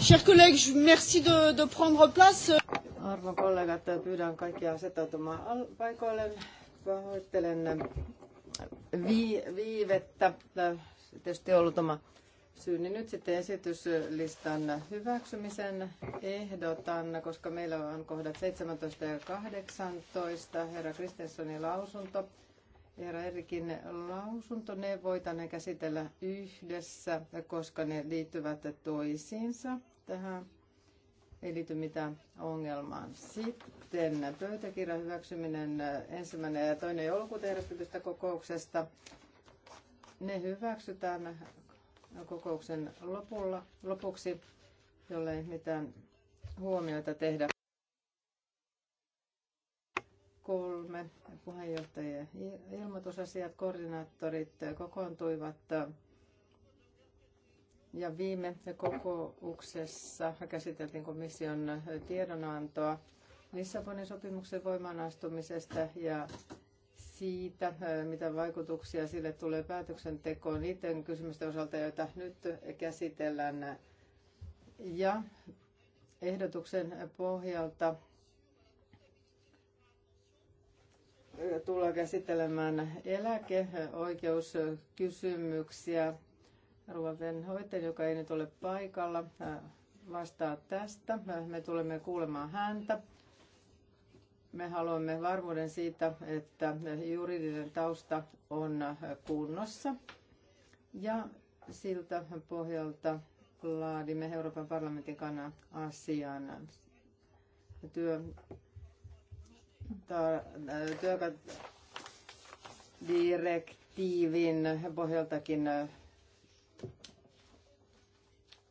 Chers collègues, merci de, de prendre place. Arvon kollegat, pyydän kaikkia asettautumaan paikoilleen. Pahoittelen äh, vi, viivettä. Äh, tietysti ollut oma syyni nyt sitten esityslistan hyväksymisen ehdotan, koska meillä on kohdat 17 ja 18, herra Kristenssonin lausunto herra Erikin lausunto, ne voitaneen käsitellä yhdessä, koska ne liittyvät toisiinsa tähän. Ei liity mitään ongelmaa. Sitten pöytäkirjan hyväksyminen ensimmäinen ja toinen joulukuuta järjestetystä kokouksesta. Ne hyväksytään kokouksen lopulla, lopuksi, jollei mitään huomioita tehdä kolme puheenjohtajien ilmoitusasiat, koordinaattorit kokoontuivat ja viime kokouksessa käsiteltiin komission tiedonantoa Lissabonin sopimuksen voimaanastumisesta ja siitä, mitä vaikutuksia sille tulee päätöksentekoon niiden kysymysten osalta, joita nyt käsitellään. Ja ehdotuksen pohjalta tullaan käsittelemään eläkeoikeuskysymyksiä. Ruoven hoitaja, joka ei nyt ole paikalla, äh, vastaa tästä. Me tulemme kuulemaan häntä. Me haluamme varmuuden siitä, että juridinen tausta on kunnossa. Ja siltä pohjalta laadimme Euroopan parlamentin kannan asian. Työ direktiivin pohjaltakin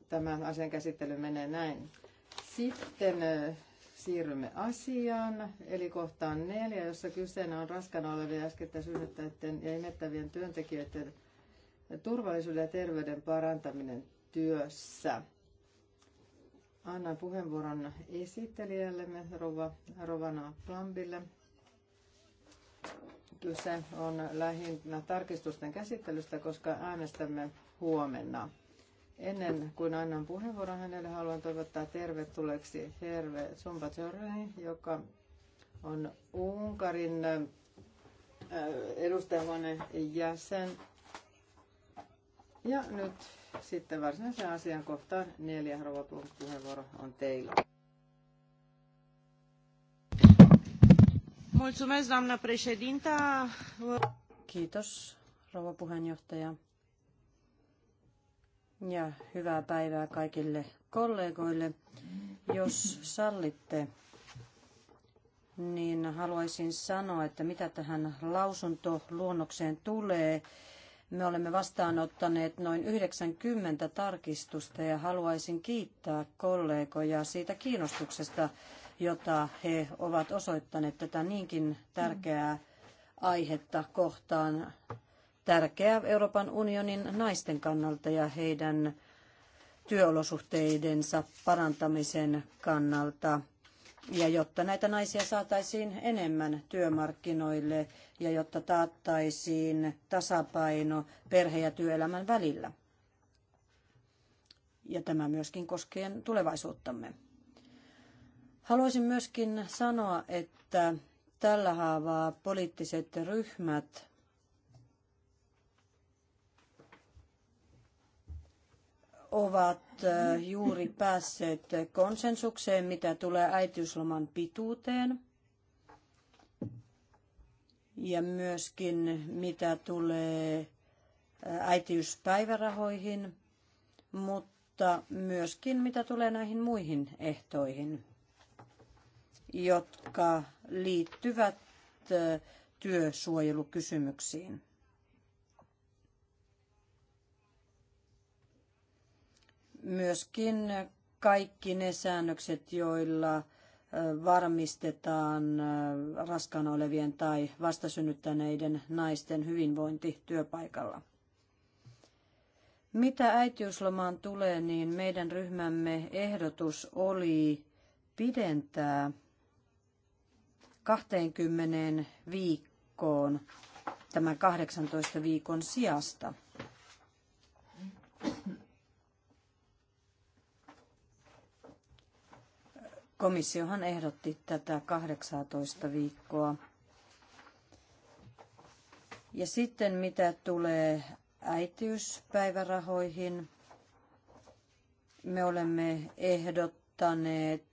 tämän asian käsittely menee näin. Sitten siirrymme asiaan, eli kohtaan neljä, jossa kyseenä on raskana olevien äskettä synnyttäjien ja imettävien työntekijöiden turvallisuuden ja terveyden parantaminen työssä. Annan puheenvuoron esittelijällemme Rova, Rovana Plambille. Kyse on lähinnä tarkistusten käsittelystä, koska äänestämme huomenna. Ennen kuin annan puheenvuoron hänelle, haluan toivottaa tervetulleeksi Herve Zumbatsörni, joka on Unkarin äh, edustajahuoneen jäsen. Ja nyt sitten varsinaisen asian kohtaan neljä. rouva puheenvuoro on teillä. Mulțumesc, doamnă Kiitos, rouva puheenjohtaja. Ja hyvää päivää kaikille kollegoille. Jos sallitte, niin haluaisin sanoa, että mitä tähän lausuntoluonnokseen tulee, me olemme vastaanottaneet noin 90 tarkistusta ja haluaisin kiittää kollegoja siitä kiinnostuksesta, jota he ovat osoittaneet tätä niinkin tärkeää aihetta kohtaan. Tärkeää Euroopan unionin naisten kannalta ja heidän työolosuhteidensa parantamisen kannalta. Ja jotta näitä naisia saataisiin enemmän työmarkkinoille ja jotta taattaisiin tasapaino perhe- ja työelämän välillä. Ja tämä myöskin koskien tulevaisuuttamme. Haluaisin myöskin sanoa, että tällä haavaa poliittiset ryhmät ovat äh, juuri päässeet konsensukseen, mitä tulee äitiysloman pituuteen ja myöskin mitä tulee äh, äitiyspäivärahoihin, mutta myöskin mitä tulee näihin muihin ehtoihin, jotka liittyvät äh, työsuojelukysymyksiin. myöskin kaikki ne säännökset, joilla varmistetaan raskaana olevien tai vastasynnyttäneiden naisten hyvinvointi työpaikalla. Mitä äitiyslomaan tulee, niin meidän ryhmämme ehdotus oli pidentää 20 viikkoon tämän 18 viikon sijasta – Komissiohan ehdotti tätä 18 viikkoa. Ja sitten mitä tulee äitiyspäivärahoihin, me olemme ehdottaneet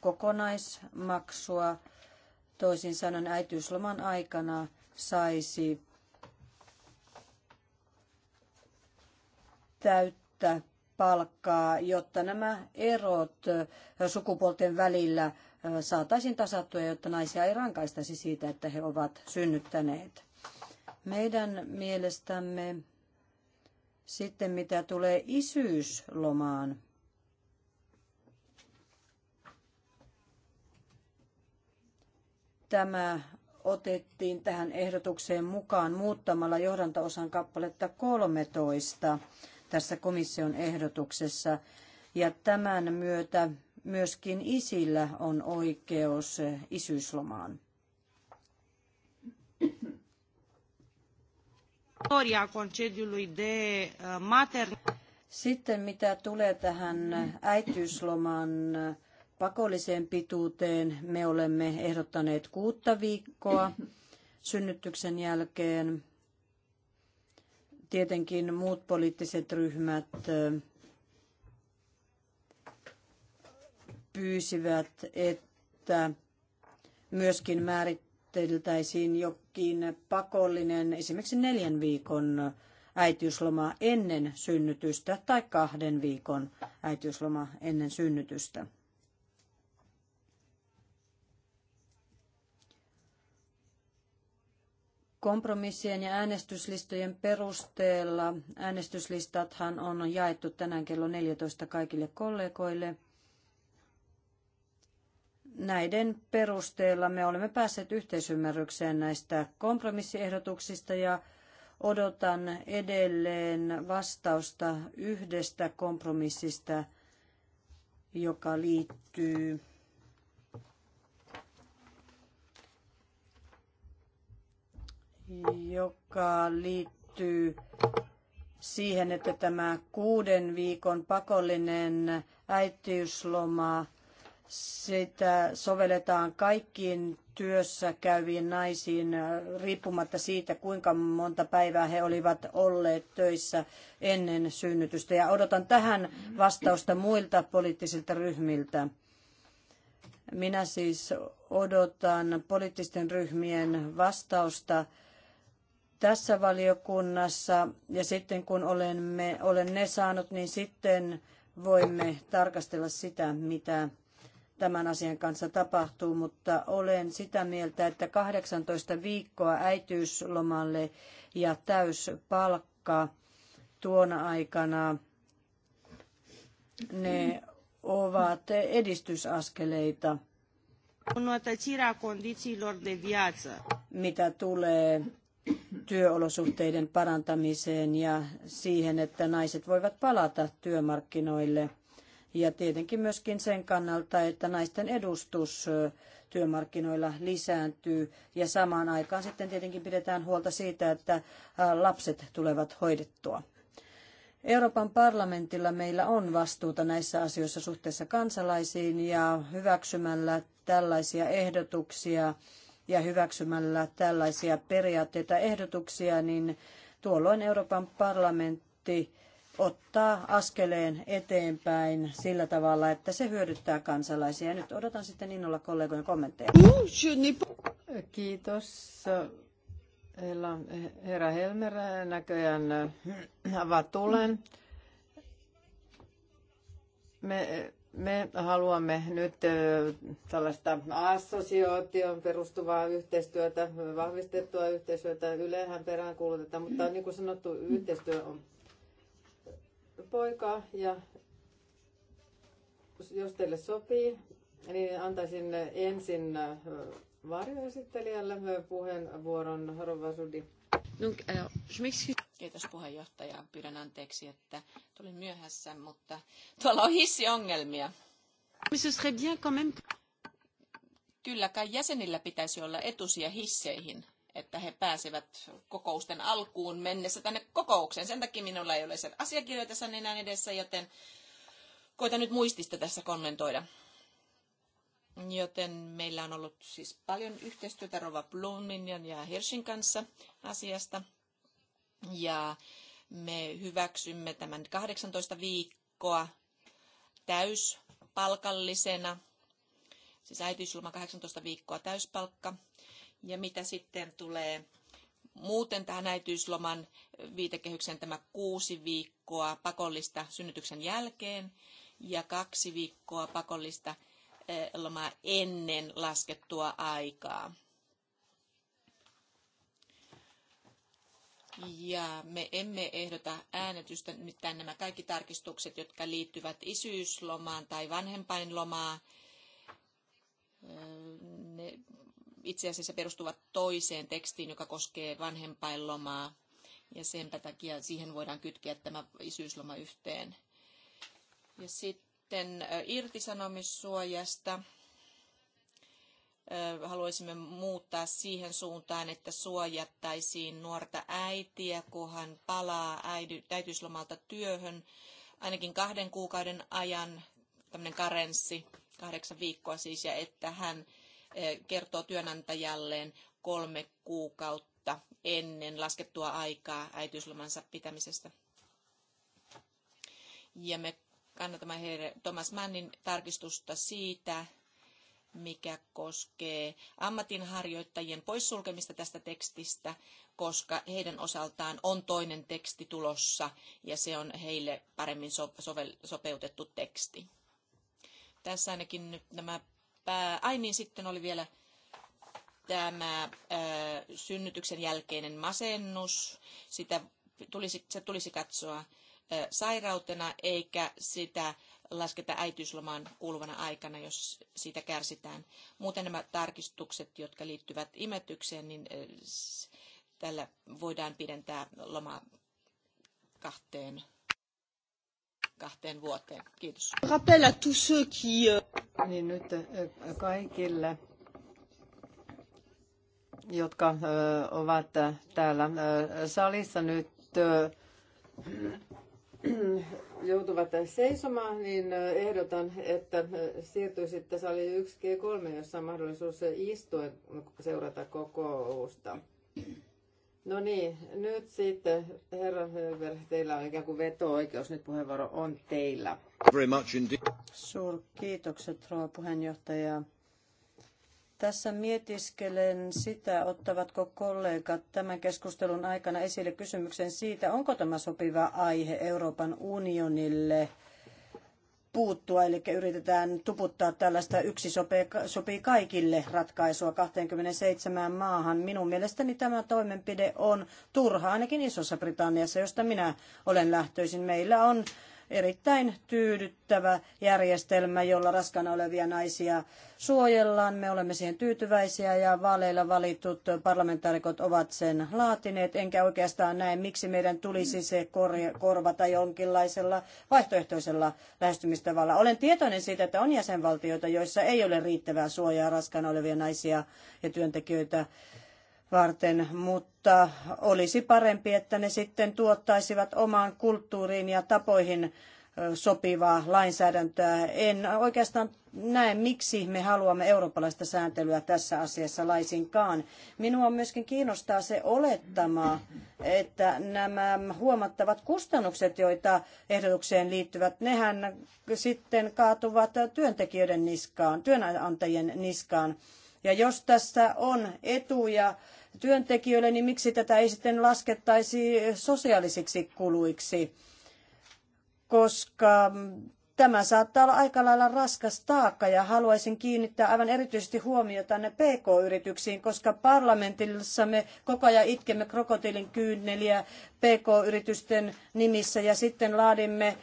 kokonaismaksua. Toisin sanoen äitiysloman aikana saisi täyttää palkkaa, jotta nämä erot sukupuolten välillä saataisiin tasattua, jotta naisia ei rankaistaisi siitä, että he ovat synnyttäneet. Meidän mielestämme sitten mitä tulee isyyslomaan, tämä otettiin tähän ehdotukseen mukaan muuttamalla johdantaosan kappaletta 13 tässä komission ehdotuksessa. Ja tämän myötä myöskin isillä on oikeus isyyslomaan. Uh, Sitten mitä tulee tähän äitiysloman pakolliseen pituuteen, me olemme ehdottaneet kuutta viikkoa synnytyksen jälkeen. Tietenkin muut poliittiset ryhmät pyysivät, että myöskin määriteltäisiin jokin pakollinen esimerkiksi neljän viikon äitiysloma ennen synnytystä tai kahden viikon äitiysloma ennen synnytystä. kompromissien ja äänestyslistojen perusteella. Äänestyslistathan on jaettu tänään kello 14 kaikille kollegoille. Näiden perusteella me olemme päässeet yhteisymmärrykseen näistä kompromissiehdotuksista ja odotan edelleen vastausta yhdestä kompromissista, joka liittyy joka liittyy siihen, että tämä kuuden viikon pakollinen äitiysloma, sitä sovelletaan kaikkiin työssä käyviin naisiin riippumatta siitä, kuinka monta päivää he olivat olleet töissä ennen synnytystä. Ja odotan tähän vastausta muilta poliittisilta ryhmiltä. Minä siis odotan poliittisten ryhmien vastausta tässä valiokunnassa ja sitten kun olen, olen ne saanut, niin sitten voimme tarkastella sitä, mitä tämän asian kanssa tapahtuu, mutta olen sitä mieltä, että 18 viikkoa äityslomalle ja täyspalkka tuona aikana, ne ovat edistysaskeleita. Mitä tulee työolosuhteiden parantamiseen ja siihen, että naiset voivat palata työmarkkinoille. Ja tietenkin myöskin sen kannalta, että naisten edustus työmarkkinoilla lisääntyy ja samaan aikaan sitten tietenkin pidetään huolta siitä, että lapset tulevat hoidettua. Euroopan parlamentilla meillä on vastuuta näissä asioissa suhteessa kansalaisiin ja hyväksymällä tällaisia ehdotuksia ja hyväksymällä tällaisia periaatteita ehdotuksia, niin tuolloin Euroopan parlamentti ottaa askeleen eteenpäin sillä tavalla, että se hyödyttää kansalaisia. Ja nyt odotan sitten innolla kollegojen kommentteja. Kiitos. Herra Helmer näköjään avaa tulen. Me me haluamme nyt tällaista assosiaation perustuvaa yhteistyötä, vahvistettua yhteistyötä. Yleenhän peräänkuulutetaan, mutta niin kuin sanottu, yhteistyö on poika ja jos teille sopii, niin antaisin ensin varjoesittelijälle puheenvuoron Rova Donc, alors, je Kiitos puheenjohtaja. Pyydän anteeksi, että tulin myöhässä, mutta tuolla on hissiongelmia. Kyllä kai jäsenillä pitäisi olla etusia hisseihin, että he pääsevät kokousten alkuun mennessä tänne kokoukseen. Sen takia minulla ei ole se asiakirjoja tässä enää edessä, joten koitan nyt muistista tässä kommentoida. Joten meillä on ollut siis paljon yhteistyötä Rova Blumin ja Hirschin kanssa asiasta. Ja me hyväksymme tämän 18 viikkoa täyspalkallisena, siis äitiysloma 18 viikkoa täyspalkka. Ja mitä sitten tulee muuten tähän äitiysloman viitekehykseen tämä kuusi viikkoa pakollista synnytyksen jälkeen ja kaksi viikkoa pakollista eh, lomaa ennen laskettua aikaa. Ja me emme ehdota äänetystä, mitään nämä kaikki tarkistukset, jotka liittyvät isyyslomaan tai vanhempainlomaan, öö, ne itse asiassa perustuvat toiseen tekstiin, joka koskee vanhempainlomaa. Ja senpä takia siihen voidaan kytkeä tämä isyysloma yhteen. Ja sitten irtisanomissuojasta haluaisimme muuttaa siihen suuntaan, että suojattaisiin nuorta äitiä, kun hän palaa äitiyslomalta työhön ainakin kahden kuukauden ajan, tämmöinen karenssi, kahdeksan viikkoa siis, ja että hän kertoo työnantajalleen kolme kuukautta ennen laskettua aikaa äitiyslomansa pitämisestä. Ja me kannatamme Thomas Mannin tarkistusta siitä, mikä koskee ammatinharjoittajien poissulkemista tästä tekstistä, koska heidän osaltaan on toinen teksti tulossa ja se on heille paremmin sopeutettu teksti. Tässä ainakin nyt nämä pää... Ai niin, sitten oli vielä tämä ää, synnytyksen jälkeinen masennus. Sitä tulisi, se tulisi katsoa sairautena eikä sitä lasketa äitiyslomaan kuuluvana aikana, jos siitä kärsitään. Muuten nämä tarkistukset, jotka liittyvät imetykseen, niin eh, tällä voidaan pidentää lomaa kahteen, kahteen vuoteen. Kiitos. Rappel à tous ceux qui... Eh, niin nyt eh, kaikille, jotka ovat täällä salissa nyt joutuvat seisomaan, niin ehdotan, että siirtyisitte sali 1G3, jossa on mahdollisuus istuen seurata kokousta. No niin, nyt sitten, herra Höver, teillä on ikään kuin veto-oikeus, nyt puheenvuoro on teillä. Very much indeed. Suur kiitokset, rouva puheenjohtaja. Tässä mietiskelen sitä, ottavatko kollegat tämän keskustelun aikana esille kysymyksen siitä, onko tämä sopiva aihe Euroopan unionille puuttua, eli yritetään tuputtaa tällaista yksi sopii, sopii kaikille ratkaisua 27 maahan. Minun mielestäni tämä toimenpide on turha, ainakin Isossa Britanniassa, josta minä olen lähtöisin. Meillä on erittäin tyydyttävä järjestelmä, jolla raskana olevia naisia suojellaan. Me olemme siihen tyytyväisiä ja vaaleilla valitut parlamentaarikot ovat sen laatineet. Enkä oikeastaan näe, miksi meidän tulisi se korvata jonkinlaisella vaihtoehtoisella lähestymistavalla. Olen tietoinen siitä, että on jäsenvaltioita, joissa ei ole riittävää suojaa raskana olevia naisia ja työntekijöitä varten, mutta olisi parempi, että ne sitten tuottaisivat omaan kulttuuriin ja tapoihin sopivaa lainsäädäntöä. En oikeastaan näe, miksi me haluamme eurooppalaista sääntelyä tässä asiassa laisinkaan. Minua myöskin kiinnostaa se olettama, että nämä huomattavat kustannukset, joita ehdotukseen liittyvät, nehän sitten kaatuvat työntekijöiden niskaan, työnantajien niskaan. Ja jos tässä on etuja työntekijöille, niin miksi tätä ei sitten laskettaisi sosiaalisiksi kuluiksi? Koska Tämä saattaa olla aika lailla raskas taakka ja haluaisin kiinnittää aivan erityisesti huomiota ne PK-yrityksiin, koska parlamentissa me koko ajan itkemme krokotiilin kyyneliä PK-yritysten nimissä ja sitten laadimme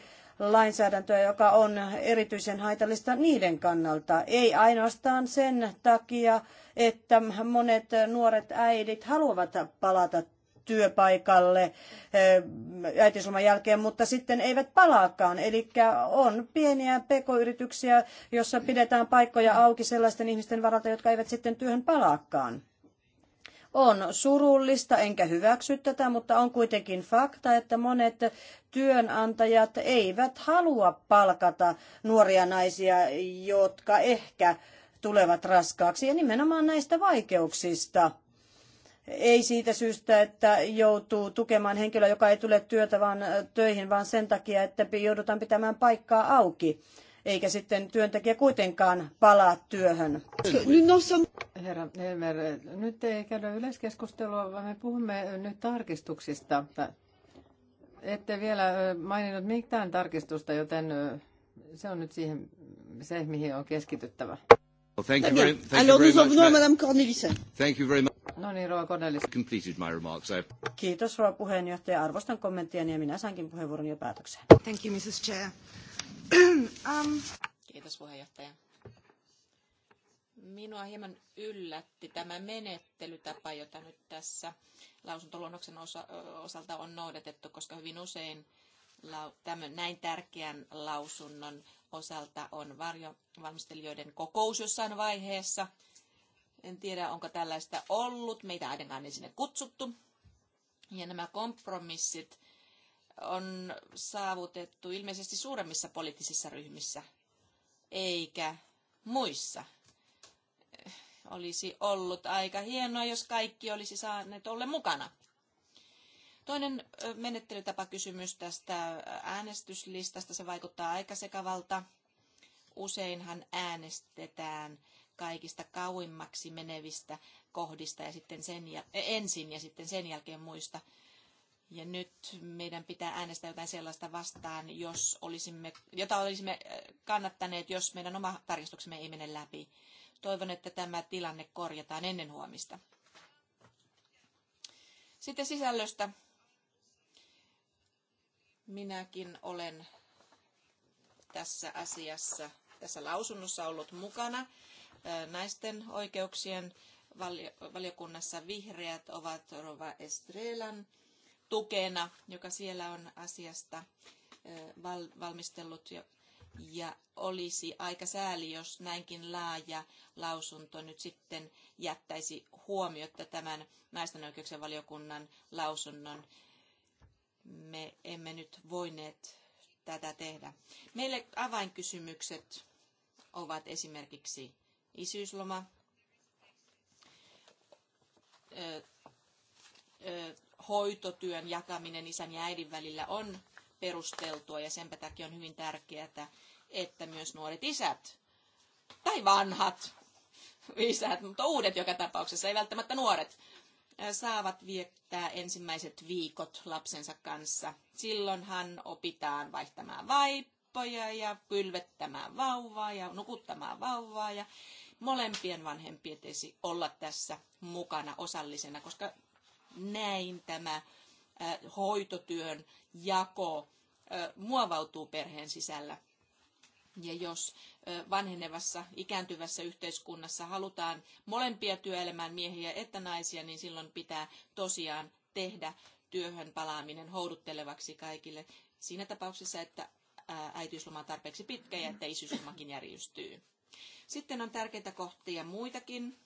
lainsäädäntöä, joka on erityisen haitallista niiden kannalta. Ei ainoastaan sen takia, että monet nuoret äidit haluavat palata työpaikalle eh, äitiysloman jälkeen, mutta sitten eivät palaakaan. Eli on pieniä pk-yrityksiä, joissa pidetään paikkoja auki sellaisten ihmisten varalta, jotka eivät sitten työhön palaakaan. On surullista, enkä hyväksy tätä, mutta on kuitenkin fakta, että monet työnantajat eivät halua palkata nuoria naisia, jotka ehkä tulevat raskaaksi ja nimenomaan näistä vaikeuksista ei siitä syystä, että joutuu tukemaan henkilöä, joka ei tule työtä vaan töihin, vaan sen takia, että joudutaan pitämään paikkaa auki eikä sitten työntekijä kuitenkaan palaa työhön. Herra Helmer, nyt ei käydä yleiskeskustelua, vaan me puhumme nyt tarkistuksista. Ette vielä maininnut mitään tarkistusta, joten se on nyt siihen, se, mihin on keskityttävä. thank you very, thank Thank you very much. No niin, Rova Cornelis. Kiitos, Rova puheenjohtaja. Arvostan kommenttia ja minä sainkin puheenvuoron jo päätökseen. Thank you, Mrs. Chair um. Kiitos puheenjohtaja. Minua hieman yllätti tämä menettelytapa, jota nyt tässä lausuntoluonnoksen osa- osalta on noudatettu, koska hyvin usein tämän, näin tärkeän lausunnon osalta on varjovalmistelijoiden kokous jossain vaiheessa. En tiedä, onko tällaista ollut. Meitä ainakaan ei sinne kutsuttu. Ja nämä kompromissit on saavutettu ilmeisesti suuremmissa poliittisissa ryhmissä, eikä muissa. Olisi ollut aika hienoa, jos kaikki olisi saaneet olla mukana. Toinen menettelytapakysymys tästä äänestyslistasta, se vaikuttaa aika sekavalta. Useinhan äänestetään kaikista kauimmaksi menevistä kohdista ja sitten sen ensin ja sitten sen jälkeen muista ja nyt meidän pitää äänestää jotain sellaista vastaan, jos olisimme, jota olisimme äh, kannattaneet, jos meidän oma tarkistuksemme ei mene läpi. Toivon, että tämä tilanne korjataan ennen huomista. Sitten sisällöstä. Minäkin olen tässä asiassa, tässä lausunnossa ollut mukana äh, naisten oikeuksien valiokunnassa vihreät ovat Rova Estrelan tukena, joka siellä on asiasta valmistellut. Ja olisi aika sääli, jos näinkin laaja lausunto nyt sitten jättäisi huomiota tämän naisten oikeuksien valiokunnan lausunnon. Me emme nyt voineet tätä tehdä. Meille avainkysymykset ovat esimerkiksi isyysloma, hoitotyön jakaminen isän ja äidin välillä on perusteltua ja senpä takia on hyvin tärkeää, että myös nuoret isät tai vanhat isät, mutta uudet joka tapauksessa, ei välttämättä nuoret, saavat viettää ensimmäiset viikot lapsensa kanssa. Silloinhan opitaan vaihtamaan vaippoja ja kylvettämään vauvaa ja nukuttamaan vauvaa ja molempien vanhempien pitäisi olla tässä mukana osallisena, koska näin tämä hoitotyön jako muovautuu perheen sisällä. Ja jos vanhenevassa, ikääntyvässä yhteiskunnassa halutaan molempia työelämään miehiä että naisia, niin silloin pitää tosiaan tehdä työhön palaaminen houduttelevaksi kaikille siinä tapauksessa, että äitiysloma on tarpeeksi pitkä ja että isyyslomakin järjestyy. Sitten on tärkeitä kohtia muitakin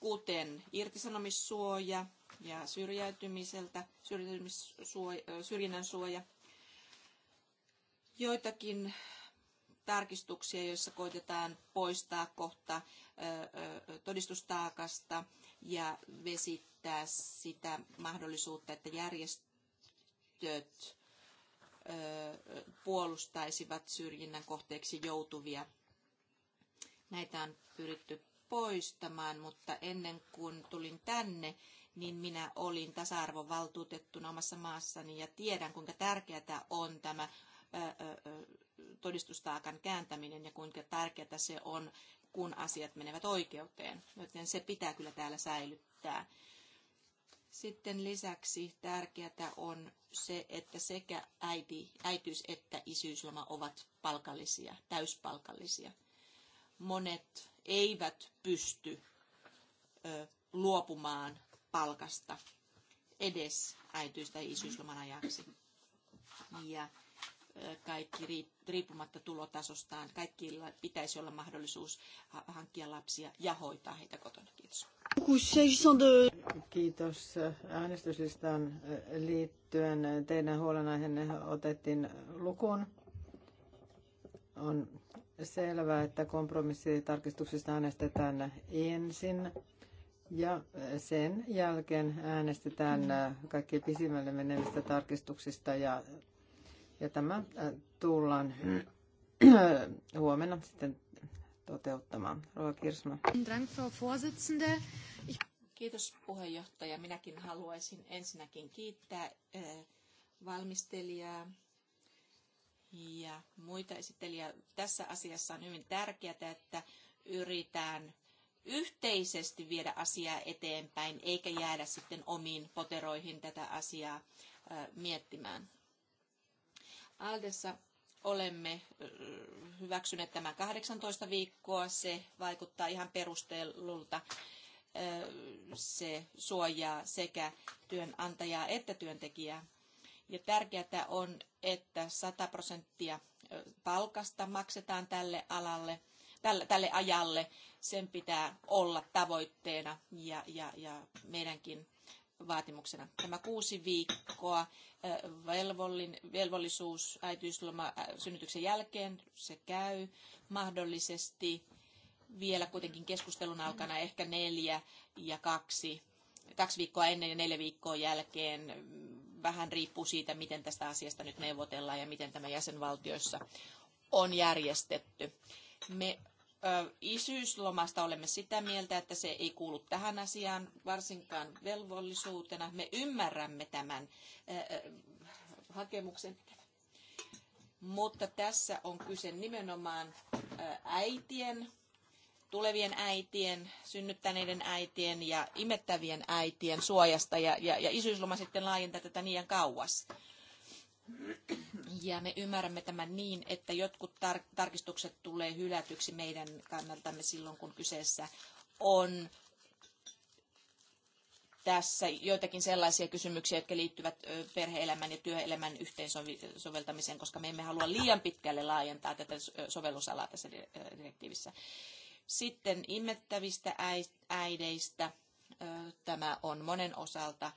kuten irtisanomissuoja ja syrjäytymiseltä, syrjinnän suoja. Joitakin tarkistuksia, joissa koitetaan poistaa kohta todistustaakasta ja vesittää sitä mahdollisuutta, että järjestöt puolustaisivat syrjinnän kohteeksi joutuvia. Näitä on pyritty poistamaan, mutta ennen kuin tulin tänne, niin minä olin tasa-arvovaltuutettuna omassa maassani ja tiedän, kuinka tärkeää on tämä todistustaakan kääntäminen ja kuinka tärkeää se on, kun asiat menevät oikeuteen. Joten se pitää kyllä täällä säilyttää. Sitten lisäksi tärkeää on se, että sekä äiti, äitiys että isyysloma ovat palkallisia, täyspalkallisia monet eivät pysty luopumaan palkasta edes äitiys- tai isyysloman ajaksi. Ja kaikki riippumatta tulotasostaan, kaikilla pitäisi olla mahdollisuus hankkia lapsia ja hoitaa heitä kotona. Kiitos. Kiitos äänestyslistaan liittyen. Teidän huolenaiheenne otettiin lukuun. On selvää, että kompromissitarkistuksista äänestetään ensin ja sen jälkeen äänestetään kaikki pisimmälle menevistä tarkistuksista ja, ja tämä tullaan huomenna sitten toteuttamaan. Rova Kirsma. Kiitos puheenjohtaja. Minäkin haluaisin ensinnäkin kiittää valmistelijaa ja muita esittelijä. Tässä asiassa on hyvin tärkeää, että yritetään yhteisesti viedä asiaa eteenpäin, eikä jäädä sitten omiin poteroihin tätä asiaa miettimään. Aldessa olemme hyväksyneet tämän 18 viikkoa. Se vaikuttaa ihan perustellulta. Se suojaa sekä työnantajaa että työntekijää ja tärkeää on, että 100 prosenttia palkasta maksetaan tälle alalle, tälle, tälle ajalle. Sen pitää olla tavoitteena ja, ja, ja meidänkin vaatimuksena. Tämä kuusi viikkoa velvollin, velvollisuus äitiysloma synnytyksen jälkeen, se käy mahdollisesti vielä kuitenkin keskustelun aikana ehkä neljä ja kaksi, kaksi viikkoa ennen ja neljä viikkoa jälkeen vähän riippuu siitä, miten tästä asiasta nyt neuvotellaan ja miten tämä jäsenvaltioissa on järjestetty. Me isyyslomasta olemme sitä mieltä, että se ei kuulu tähän asiaan varsinkaan velvollisuutena. Me ymmärrämme tämän hakemuksen, mutta tässä on kyse nimenomaan äitien tulevien äitien, synnyttäneiden äitien ja imettävien äitien suojasta ja, ja, ja isyysloma sitten laajentaa tätä niin kauas. Ja me ymmärrämme tämän niin, että jotkut tar- tarkistukset tulee hylätyksi meidän kannaltamme silloin, kun kyseessä on tässä joitakin sellaisia kysymyksiä, jotka liittyvät perheelämän ja työelämän yhteensoveltamiseen, koska me emme halua liian pitkälle laajentaa tätä sovellusalaa tässä direktiivissä. Sitten imettävistä äideistä. Tämä on monen osalta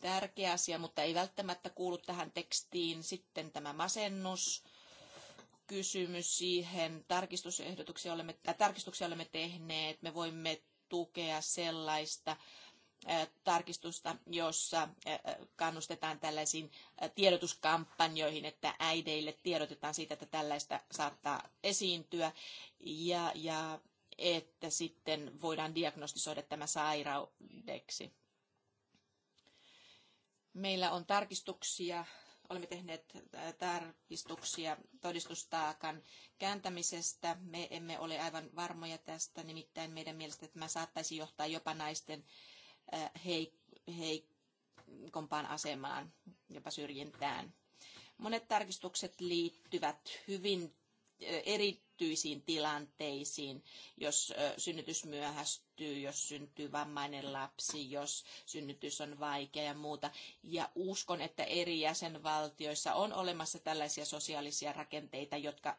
tärkeä asia, mutta ei välttämättä kuulu tähän tekstiin. Sitten tämä masennus, kysymys siihen, tarkistusehdotuksia olemme, äh, tarkistuksia olemme tehneet, me voimme tukea sellaista tarkistusta, jossa kannustetaan tällaisiin tiedotuskampanjoihin, että äideille tiedotetaan siitä, että tällaista saattaa esiintyä ja, ja että sitten voidaan diagnostisoida tämä sairaudeksi. Meillä on tarkistuksia, olemme tehneet tarkistuksia todistustaakan kääntämisestä. Me emme ole aivan varmoja tästä, nimittäin meidän mielestä tämä saattaisi johtaa jopa naisten heikompaan asemaan, jopa syrjintään. Monet tarkistukset liittyvät hyvin erityisiin tilanteisiin, jos synnytys myöhästyy, jos syntyy vammainen lapsi, jos synnytys on vaikea ja muuta. Ja uskon, että eri jäsenvaltioissa on olemassa tällaisia sosiaalisia rakenteita, jotka,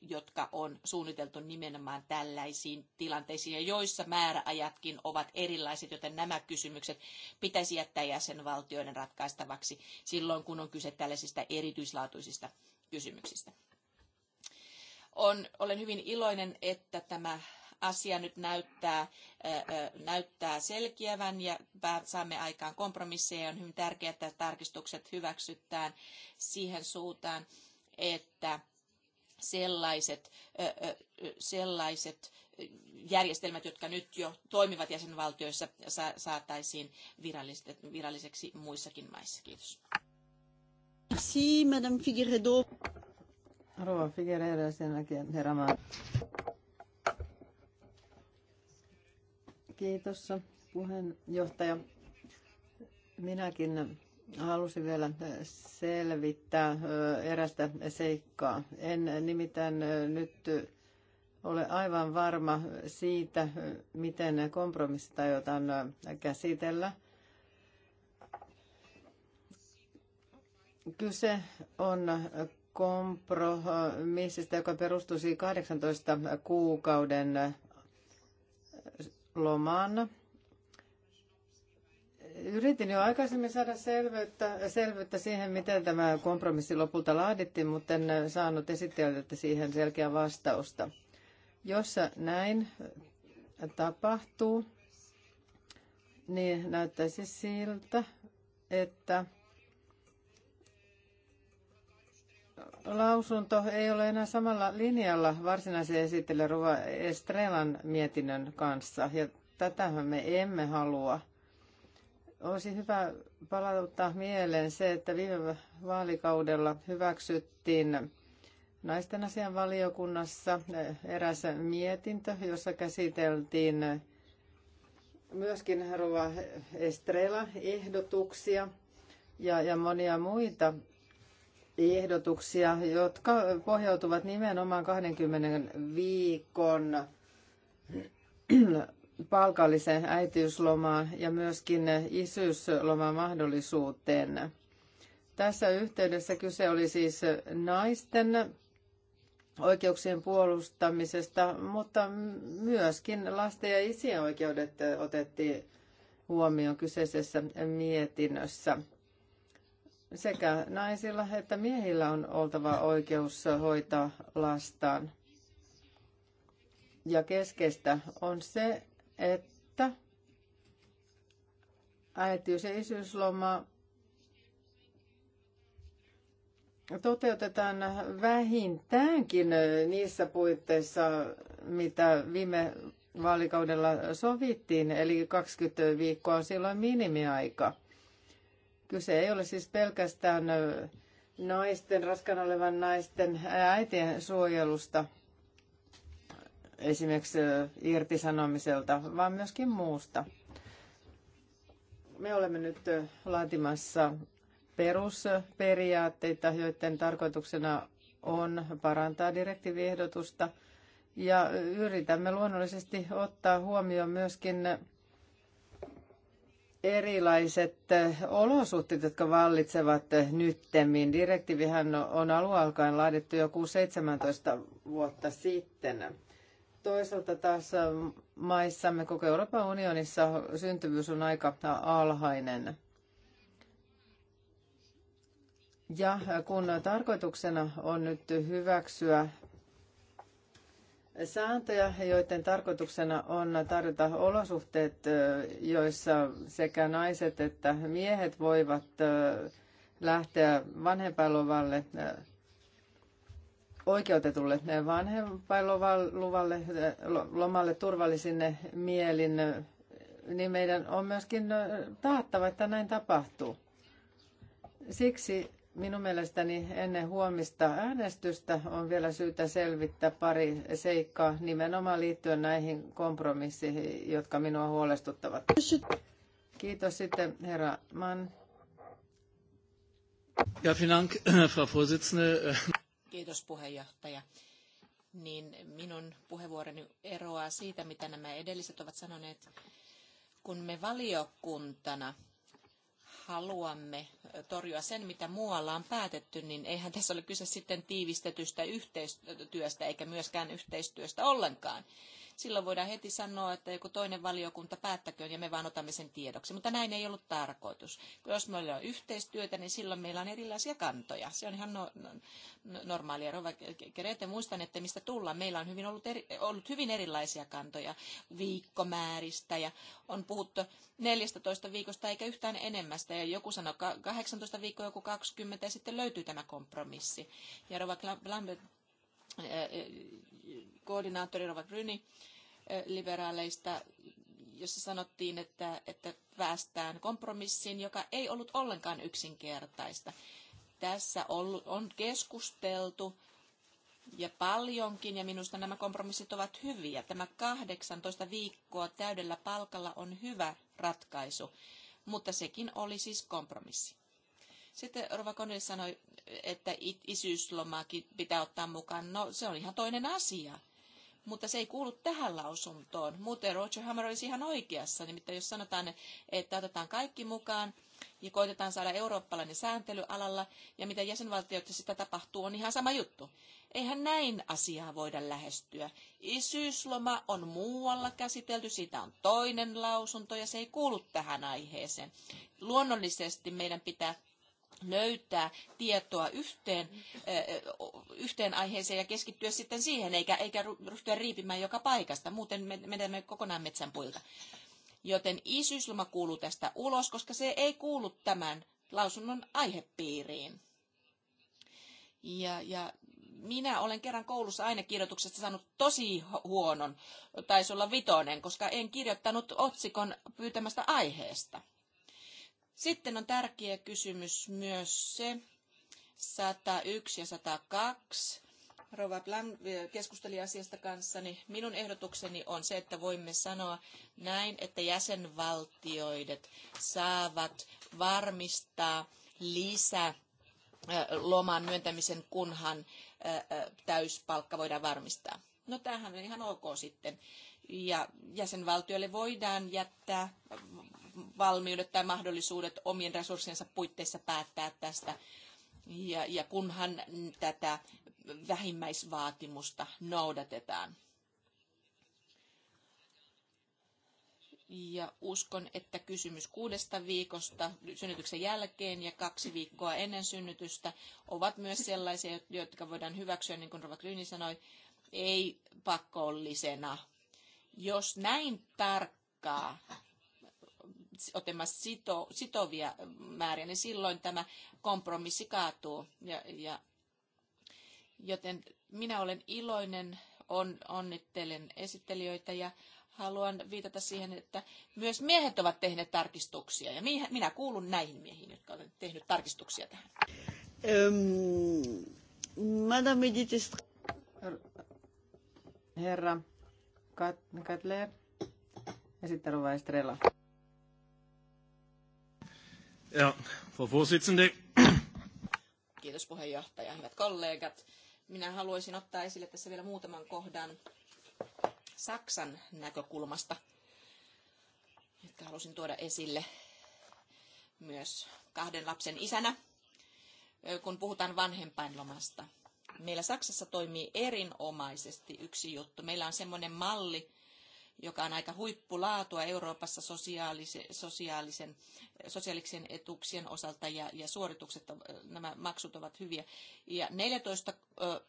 jotka on suunniteltu nimenomaan tällaisiin tilanteisiin, ja joissa määräajatkin ovat erilaiset, joten nämä kysymykset pitäisi jättää jäsenvaltioiden ratkaistavaksi silloin, kun on kyse tällaisista erityislaatuisista kysymyksistä. On, olen hyvin iloinen, että tämä asia nyt näyttää, näyttää selkiävän ja saamme aikaan kompromisseja. On hyvin tärkeää, että tarkistukset hyväksytään siihen suuntaan, että sellaiset, sellaiset järjestelmät, jotka nyt jo toimivat jäsenvaltioissa, saataisiin viralliseksi muissakin maissa. Kiitos. Merci, Madame Figueredo. Rova Figueiredo ja sen jälkeen herra Maa. Kiitos puheenjohtaja. Minäkin halusin vielä selvittää erästä seikkaa. En nimittäin nyt ole aivan varma siitä, miten kompromissita jotain käsitellä. Kyse on kompromissista, joka perustuisi 18 kuukauden lomaan. Yritin jo aikaisemmin saada selvyyttä, selvyyttä siihen, miten tämä kompromissi lopulta laadittiin, mutta en saanut esittelijältä siihen selkeää vastausta. Jos näin tapahtuu, niin näyttäisi siltä, että lausunto ei ole enää samalla linjalla varsinaisen esittelijän Ruva Estrelan mietinnön kanssa, ja tätähän me emme halua. Olisi hyvä palauttaa mieleen se, että viime vaalikaudella hyväksyttiin naisten asian valiokunnassa eräs mietintö, jossa käsiteltiin myöskin Rova Estrela ehdotuksia ja, ja monia muita ehdotuksia, jotka pohjautuvat nimenomaan 20 viikon palkalliseen äitiyslomaan ja myöskin isyysloman mahdollisuuteen. Tässä yhteydessä kyse oli siis naisten oikeuksien puolustamisesta, mutta myöskin lasten ja isien oikeudet otettiin huomioon kyseisessä mietinnössä sekä naisilla että miehillä on oltava oikeus hoitaa lastaan. Ja keskeistä on se, että äitiys- ja isyysloma toteutetaan vähintäänkin niissä puitteissa, mitä viime vaalikaudella sovittiin, eli 20 viikkoa on silloin minimiaika. Kyse ei ole siis pelkästään naisten, raskan olevan naisten äitien suojelusta esimerkiksi irtisanomiselta, vaan myöskin muusta. Me olemme nyt laatimassa perusperiaatteita, joiden tarkoituksena on parantaa direktiiviehdotusta ja yritämme luonnollisesti ottaa huomioon myöskin erilaiset eh, olosuhteet, jotka vallitsevat eh, nyttemmin. Direktiivihän on alkaen laadittu joku 17 vuotta sitten. Toisaalta taas eh, maissamme koko Euroopan unionissa syntyvyys on aika alhainen. Ja kun tarkoituksena on nyt hyväksyä sääntöjä, joiden tarkoituksena on tarjota olosuhteet, joissa sekä naiset että miehet voivat lähteä vanhempainluvalle oikeutetulle vanhempainluvalle lomalle turvallisin mielin, niin meidän on myöskin taattava, että näin tapahtuu. Siksi Minun mielestäni ennen huomista äänestystä on vielä syytä selvittää pari seikkaa nimenomaan liittyen näihin kompromisseihin, jotka minua huolestuttavat. Kiitos sitten herra Mann. Ja, finank, äh, Frau Vorsitzende. Kiitos puheenjohtaja. Niin minun puheenvuoroni eroaa siitä, mitä nämä edelliset ovat sanoneet. Kun me valiokuntana haluamme torjua sen, mitä muualla on päätetty, niin eihän tässä ole kyse sitten tiivistetystä yhteistyöstä eikä myöskään yhteistyöstä ollenkaan silloin voidaan heti sanoa, että joku toinen valiokunta päättäköön ja me vaan otamme sen tiedoksi. Mutta näin ei ollut tarkoitus. Jos meillä on yhteistyötä, niin silloin meillä on erilaisia kantoja. Se on ihan no, no, no normaalia. Rova Kerete, muistan, että mistä tullaan. Meillä on hyvin ollut, eri, ollut hyvin erilaisia kantoja viikkomääristä ja on puhuttu 14 viikosta eikä yhtään enemmästä. Ja joku sanoi 18 viikkoa, joku 20 ja sitten löytyy tämä kompromissi. Ja Rova Lambert eh, eh, koordinaattori Rova Gryni liberaaleista, jossa sanottiin, että, että päästään kompromissiin, joka ei ollut ollenkaan yksinkertaista. Tässä on keskusteltu ja paljonkin, ja minusta nämä kompromissit ovat hyviä. Tämä 18 viikkoa täydellä palkalla on hyvä ratkaisu, mutta sekin oli siis kompromissi. Sitten Rova Konil sanoi, että isyyslomaakin pitää ottaa mukaan. No, se on ihan toinen asia mutta se ei kuulu tähän lausuntoon. Muuten Roger Hammer olisi ihan oikeassa, nimittäin jos sanotaan, että otetaan kaikki mukaan ja koitetaan saada eurooppalainen sääntely alalla ja mitä jäsenvaltioita sitä tapahtuu, on ihan sama juttu. Eihän näin asiaa voida lähestyä. Isyysloma on muualla käsitelty, siitä on toinen lausunto ja se ei kuulu tähän aiheeseen. Luonnollisesti meidän pitää löytää tietoa yhteen, yhteen aiheeseen ja keskittyä sitten siihen, eikä, eikä ryhtyä riipimään joka paikasta. Muuten me menemme kokonaan metsän puilta. Joten isyysloma kuuluu tästä ulos, koska se ei kuulu tämän lausunnon aihepiiriin. Ja, ja minä olen kerran koulussa ainekirjoituksesta saanut tosi huonon, taisi olla vitonen, koska en kirjoittanut otsikon pyytämästä aiheesta. Sitten on tärkeä kysymys myös se, 101 ja 102. Rova Blam eh, keskusteli asiasta kanssani. Minun ehdotukseni on se, että voimme sanoa näin, että jäsenvaltioidet saavat varmistaa lisä eh, loman myöntämisen, kunhan eh, täyspalkka voidaan varmistaa. No tämähän on ihan ok sitten. Ja jäsenvaltioille voidaan jättää valmiudet tai mahdollisuudet omien resurssiensa puitteissa päättää tästä. Ja, ja kunhan tätä vähimmäisvaatimusta noudatetaan. Ja uskon, että kysymys kuudesta viikosta synnytyksen jälkeen ja kaksi viikkoa ennen synnytystä ovat myös sellaisia, jotka voidaan hyväksyä, niin kuin Rova Klyni sanoi, ei pakollisena. Jos näin tarkkaa olemassa sito, sitovia määriä, niin silloin tämä kompromissi kaatuu. Ja, ja, joten minä olen iloinen, on, onnittelen esittelijöitä ja haluan viitata siihen, että myös miehet ovat tehneet tarkistuksia. Ja minä kuulun näihin miehiin, jotka ovat tehneet tarkistuksia tähän. Ähm, Madame Herra Katler ja sitten Estrella. Ja, Frau Vorsitzende. Kiitos puheenjohtaja, hyvät kollegat. Minä haluaisin ottaa esille tässä vielä muutaman kohdan Saksan näkökulmasta, jotka halusin tuoda esille myös kahden lapsen isänä, kun puhutaan vanhempainlomasta. Meillä Saksassa toimii erinomaisesti yksi juttu. Meillä on semmoinen malli, joka on aika huippulaatua Euroopassa sosiaalisen, sosiaalisen, sosiaalisen etuuksien osalta ja, ja suoritukset, äh, nämä maksut ovat hyviä. Ja 14 ö,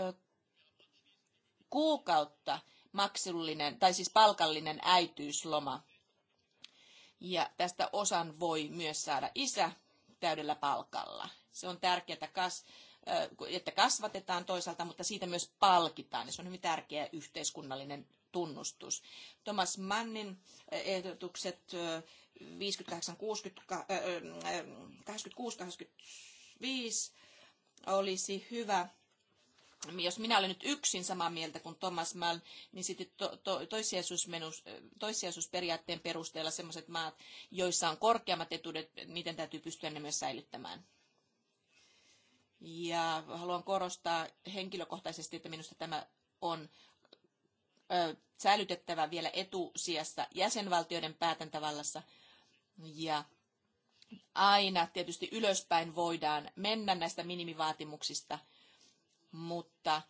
ö, kuukautta maksullinen tai siis palkallinen äityysloma. Ja tästä osan voi myös saada isä täydellä palkalla. Se on tärkeää, että kasvatetaan toisaalta, mutta siitä myös palkitaan. Ja se on hyvin tärkeä yhteiskunnallinen tunnustus. Thomas Mannin eh, ehdotukset 56 eh, 85 olisi hyvä jos minä olen nyt yksin samaa mieltä kuin Thomas Mann, niin sitten to, to, toissijaisuusperiaatteen perusteella sellaiset maat, joissa on korkeammat etuudet, niiden täytyy pystyä ne myös säilyttämään. Ja haluan korostaa henkilökohtaisesti, että minusta tämä on säilytettävä vielä etusijassa jäsenvaltioiden päätäntävallassa. Ja aina tietysti ylöspäin voidaan mennä näistä minimivaatimuksista, mutta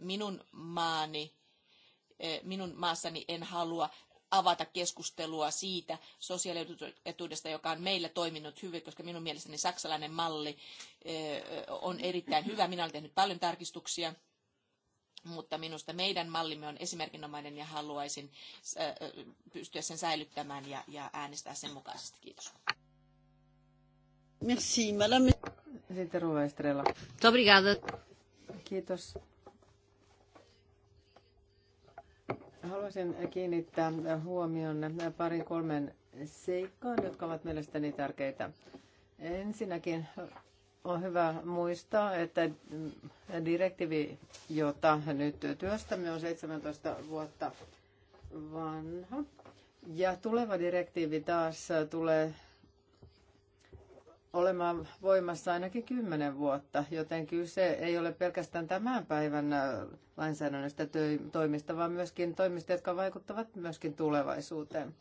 minun maani, minun maassani en halua avata keskustelua siitä sosiaalietuudesta, joka on meillä toiminut hyvin, koska minun mielestäni saksalainen malli on erittäin hyvä. Minä olen tehnyt paljon tarkistuksia mutta minusta meidän mallimme on esimerkinomainen ja haluaisin äh, äh, pystyä sen säilyttämään ja, ja äänestää sen mukaisesti. Kiitos. Merci, madame. Sitten Ruva Estrella. Obrigada. Kiitos. Haluaisin kiinnittää huomion parin kolmen seikkaan, jotka ovat mielestäni tärkeitä. Ensinnäkin on hyvä muistaa, että direktiivi, jota nyt työstämme, on 17 vuotta vanha. Ja tuleva direktiivi taas tulee olemaan voimassa ainakin 10 vuotta, joten kyse ei ole pelkästään tämän päivän lainsäädännöstä toimista, vaan myöskin toimista, jotka vaikuttavat myöskin tulevaisuuteen.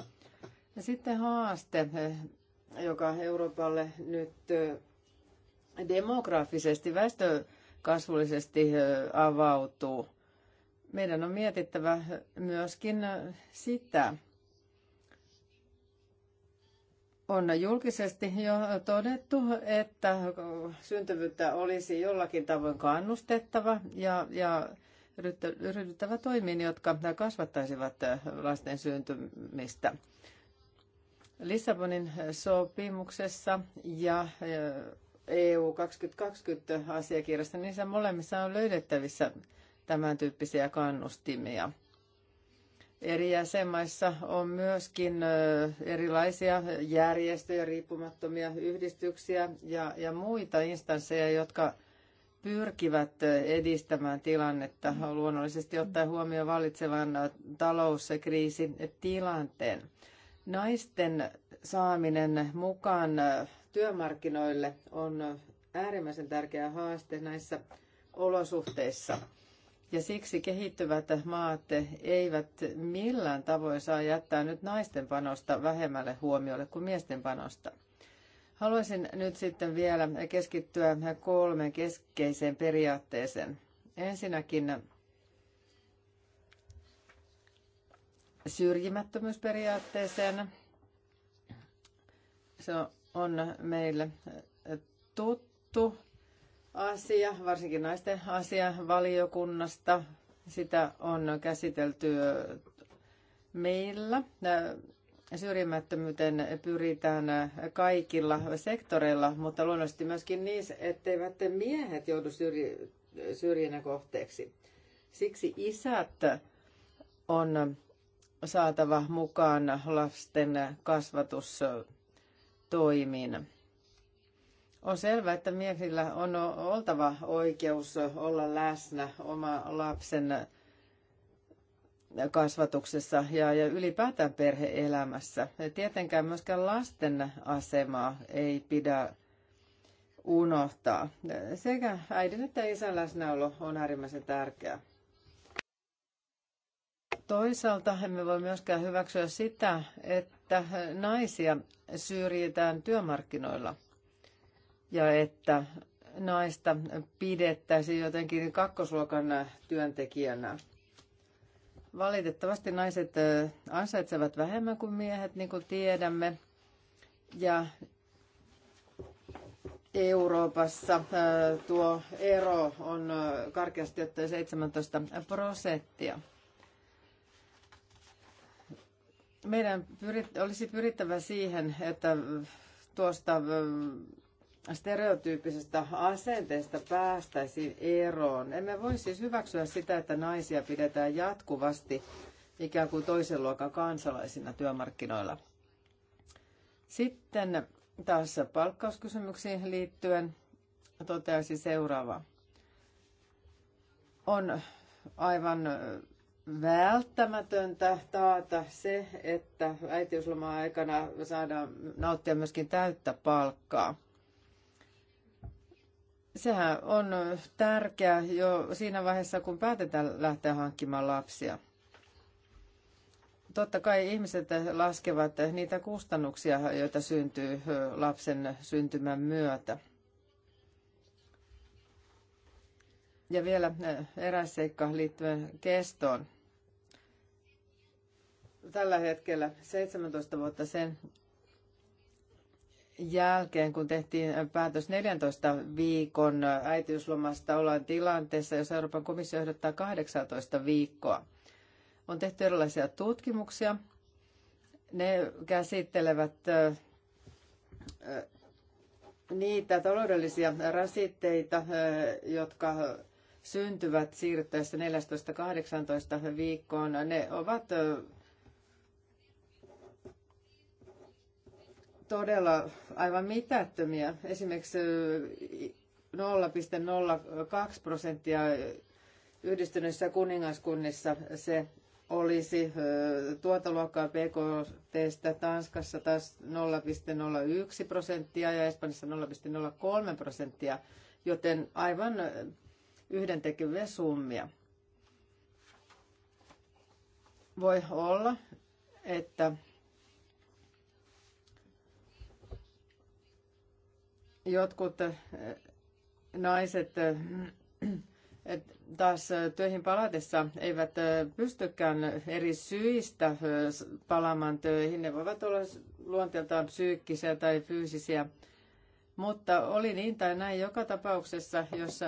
Ja sitten haaste, joka Euroopalle nyt demografisesti, väestökasvullisesti avautuu. Meidän on mietittävä myöskin sitä. On julkisesti jo todettu, että syntyvyyttä olisi jollakin tavoin kannustettava ja, ja ryhdyttävä toimiin, jotka kasvattaisivat lasten syntymistä. Lissabonin sopimuksessa ja EU 2020-asiakirjasta, niissä molemmissa on löydettävissä tämän tyyppisiä kannustimia. Eri jäsenmaissa on myöskin erilaisia järjestöjä, riippumattomia yhdistyksiä ja, ja muita instansseja, jotka pyrkivät edistämään tilannetta luonnollisesti ottaen huomioon vallitsevan talous- ja kriisin tilanteen. Naisten saaminen mukaan työmarkkinoille on äärimmäisen tärkeä haaste näissä olosuhteissa. Ja siksi kehittyvät maat eivät millään tavoin saa jättää nyt naisten panosta vähemmälle huomiolle kuin miesten panosta. Haluaisin nyt sitten vielä keskittyä kolmeen keskeiseen periaatteeseen. Ensinnäkin syrjimättömyysperiaatteeseen. Se on on meille tuttu asia, varsinkin naisten asia valiokunnasta. Sitä on käsitelty meillä. Syrjimättömyyteen pyritään kaikilla sektoreilla, mutta luonnollisesti myöskin niissä, etteivät miehet joudu syrji, syrjinnän kohteeksi. Siksi isät on saatava mukaan lasten kasvatus toimin. On selvää, että miehillä on oltava oikeus olla läsnä oma lapsen kasvatuksessa ja, ja ylipäätään perheelämässä. Ja tietenkään myöskään lasten asemaa ei pidä unohtaa. Sekä äidin että isän läsnäolo on äärimmäisen tärkeää. Toisaalta emme voi myöskään hyväksyä sitä, että naisia syrjitään työmarkkinoilla ja että naista pidettäisiin jotenkin kakkosluokan työntekijänä. Valitettavasti naiset ansaitsevat vähemmän kuin miehet, niin kuin tiedämme. Ja Euroopassa tuo ero on karkeasti ottaen 17 prosenttia. Meidän pyrit, olisi pyrittävä siihen, että tuosta stereotyyppisestä asenteesta päästäisiin eroon. Emme voi siis hyväksyä sitä, että naisia pidetään jatkuvasti ikään kuin toisen luokan kansalaisina työmarkkinoilla. Sitten taas palkkauskysymyksiin liittyen toteaisin seuraava: On aivan välttämätöntä taata se, että äitiysloma aikana saadaan nauttia myöskin täyttä palkkaa. Sehän on tärkeää jo siinä vaiheessa, kun päätetään lähteä hankkimaan lapsia. Totta kai ihmiset laskevat niitä kustannuksia, joita syntyy lapsen syntymän myötä. Ja vielä eh, eräs seikka liittyen kestoon tällä hetkellä 17 vuotta sen jälkeen, kun tehtiin päätös 14 viikon äitiyslomasta, ollaan tilanteessa, jos Euroopan komissio ehdottaa 18 viikkoa. On tehty erilaisia tutkimuksia. Ne käsittelevät niitä taloudellisia rasitteita, jotka syntyvät siirryttäessä 14-18 viikkoon. Ne ovat todella aivan mitättömiä. Esimerkiksi 0,02 prosenttia yhdistyneissä kuningaskunnissa se olisi tuota luokkaa PKTstä Tanskassa taas 0,01 prosenttia ja Espanjassa 0,03 prosenttia, joten aivan yhdentekeviä summia. Voi olla, että Jotkut eh, naiset eh, taas eh, töihin palatessa eivät pystykään eri syistä palaamaan töihin. Ne voivat olla luonteeltaan psyykkisiä tai fyysisiä. Mutta oli niin tai näin joka tapauksessa, jossa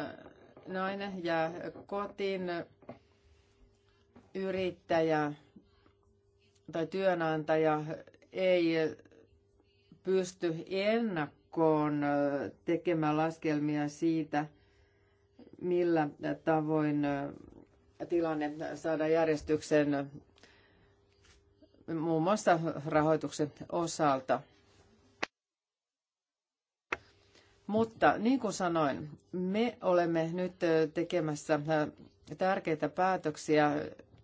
nainen jää kotiin yrittäjä tai työnantaja ei pysty ennakkoon viikkoon tekemään laskelmia siitä, millä tavoin tilanne saada järjestyksen muun muassa rahoituksen osalta. Mutta niin kuin sanoin, me olemme nyt tekemässä tärkeitä päätöksiä,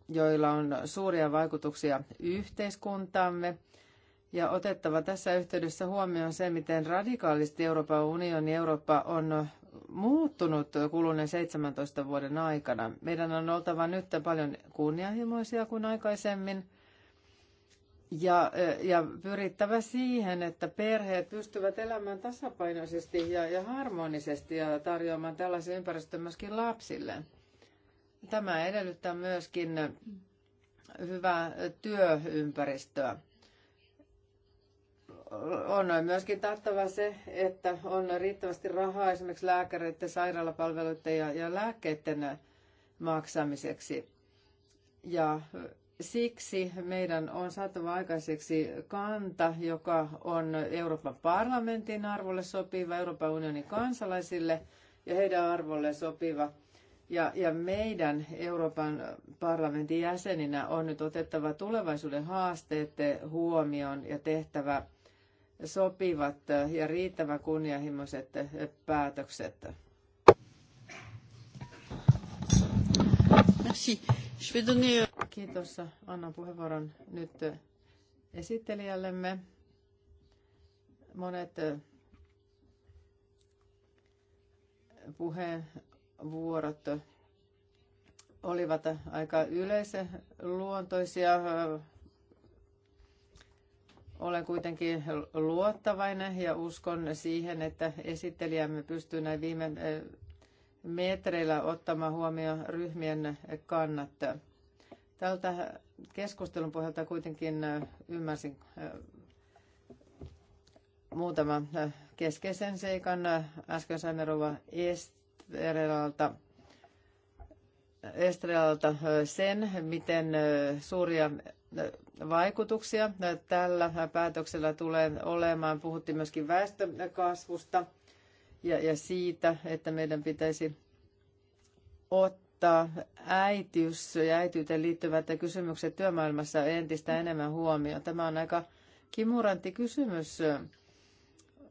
joilla on suuria vaikutuksia yhteiskuntaamme – ja otettava tässä yhteydessä huomioon se, miten radikaalisti Euroopan unioni Eurooppa on muuttunut kuluneen 17 vuoden aikana. Meidän on oltava nyt paljon kunnianhimoisia kuin aikaisemmin ja, ja pyrittävä siihen, että perheet pystyvät elämään tasapainoisesti ja, ja harmonisesti ja tarjoamaan tällaisen ympäristön myöskin lapsille. Tämä edellyttää myöskin hyvää työympäristöä on myöskin tahtava se, että on riittävästi rahaa esimerkiksi lääkäreiden, sairaalapalveluiden ja, ja lääkkeiden maksamiseksi. Ja siksi meidän on saatava aikaiseksi kanta, joka on Euroopan parlamentin arvolle sopiva, Euroopan unionin kansalaisille ja heidän arvolle sopiva. Ja, ja meidän Euroopan parlamentin jäseninä on nyt otettava tulevaisuuden haasteet huomioon ja tehtävä sopivat ja riittävän kunnianhimoiset päätökset. Merci. Je vais donner... Euh, Kiitos. Annan puheenvuoron nyt esittelijällemme. Monet äh, puheenvuorot olivat aika yleisen luontoisia, olen kuitenkin luottavainen ja uskon siihen, että esittelijämme pystyy näin viime metreillä ottamaan huomioon ryhmien kannat. Tältä keskustelun pohjalta kuitenkin ymmärsin muutaman keskeisen seikan. Äsken saimme rouva Estrelalta, Estrelalta sen, miten suuria vaikutuksia tällä päätöksellä tulee olemaan. Puhuttiin myöskin väestönkasvusta ja, ja siitä, että meidän pitäisi ottaa äitiys ja äityyteen liittyvät kysymykset työmaailmassa entistä enemmän huomioon. Tämä on aika kimurantti kysymys.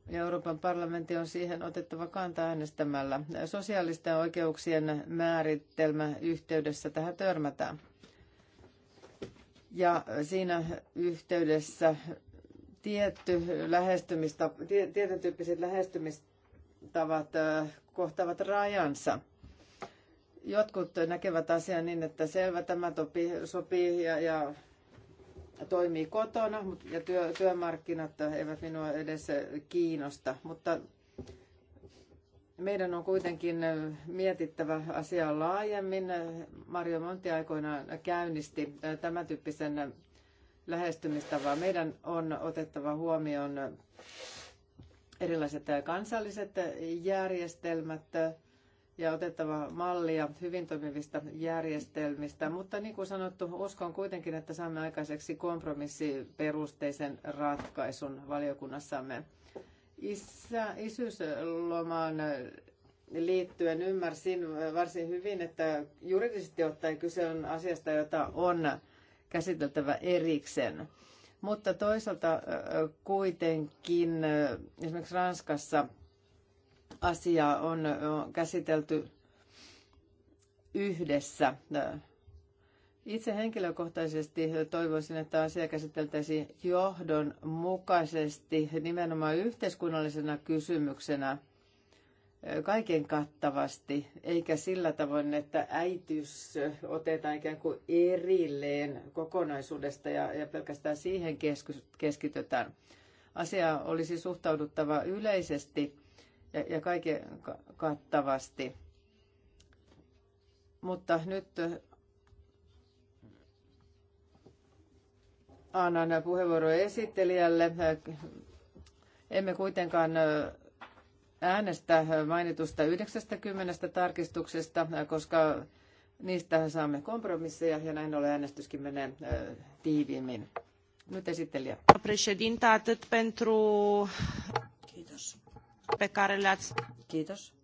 Euroopan parlamentti on siihen otettava kanta äänestämällä. Sosiaalisten oikeuksien määritelmä yhteydessä tähän törmätään. Ja siinä yhteydessä tietty lähestymistap, tietyn tyyppiset lähestymistavat kohtaavat rajansa. Jotkut näkevät asian niin, että selvä tämä topi, sopii ja, ja toimii kotona ja työ, työmarkkinat eivät minua edes kiinnosta, mutta meidän on kuitenkin mietittävä asiaa laajemmin. Mario Monti aikoinaan käynnisti tämän tyyppisen lähestymistavan. Meidän on otettava huomioon erilaiset kansalliset järjestelmät ja otettava mallia hyvin toimivista järjestelmistä. Mutta niin kuin sanottu, uskon kuitenkin, että saamme aikaiseksi kompromissiperusteisen ratkaisun valiokunnassamme. Isä, isyysloman liittyen ymmärsin varsin hyvin, että juridisesti ottaen kyse on asiasta, jota on käsiteltävä erikseen. Mutta toisaalta kuitenkin esimerkiksi Ranskassa asia on käsitelty yhdessä itse henkilökohtaisesti toivoisin, että asia käsiteltäisiin johdonmukaisesti nimenomaan yhteiskunnallisena kysymyksenä kaiken kattavasti, eikä sillä tavoin, että äitys otetaan ikään kuin erilleen kokonaisuudesta ja, ja pelkästään siihen keskitytään. Asia olisi suhtauduttava yleisesti ja, ja kaiken kattavasti. Mutta nyt annan puheenvuoron esittelijälle. Emme kuitenkaan äänestä mainitusta 90 tarkistuksesta, koska niistä saamme kompromisseja ja näin ollen äänestyskin menee tiiviimmin. Nyt esittelijä. Președinte, atât pentru... Kiitos. Pe care Kiitos.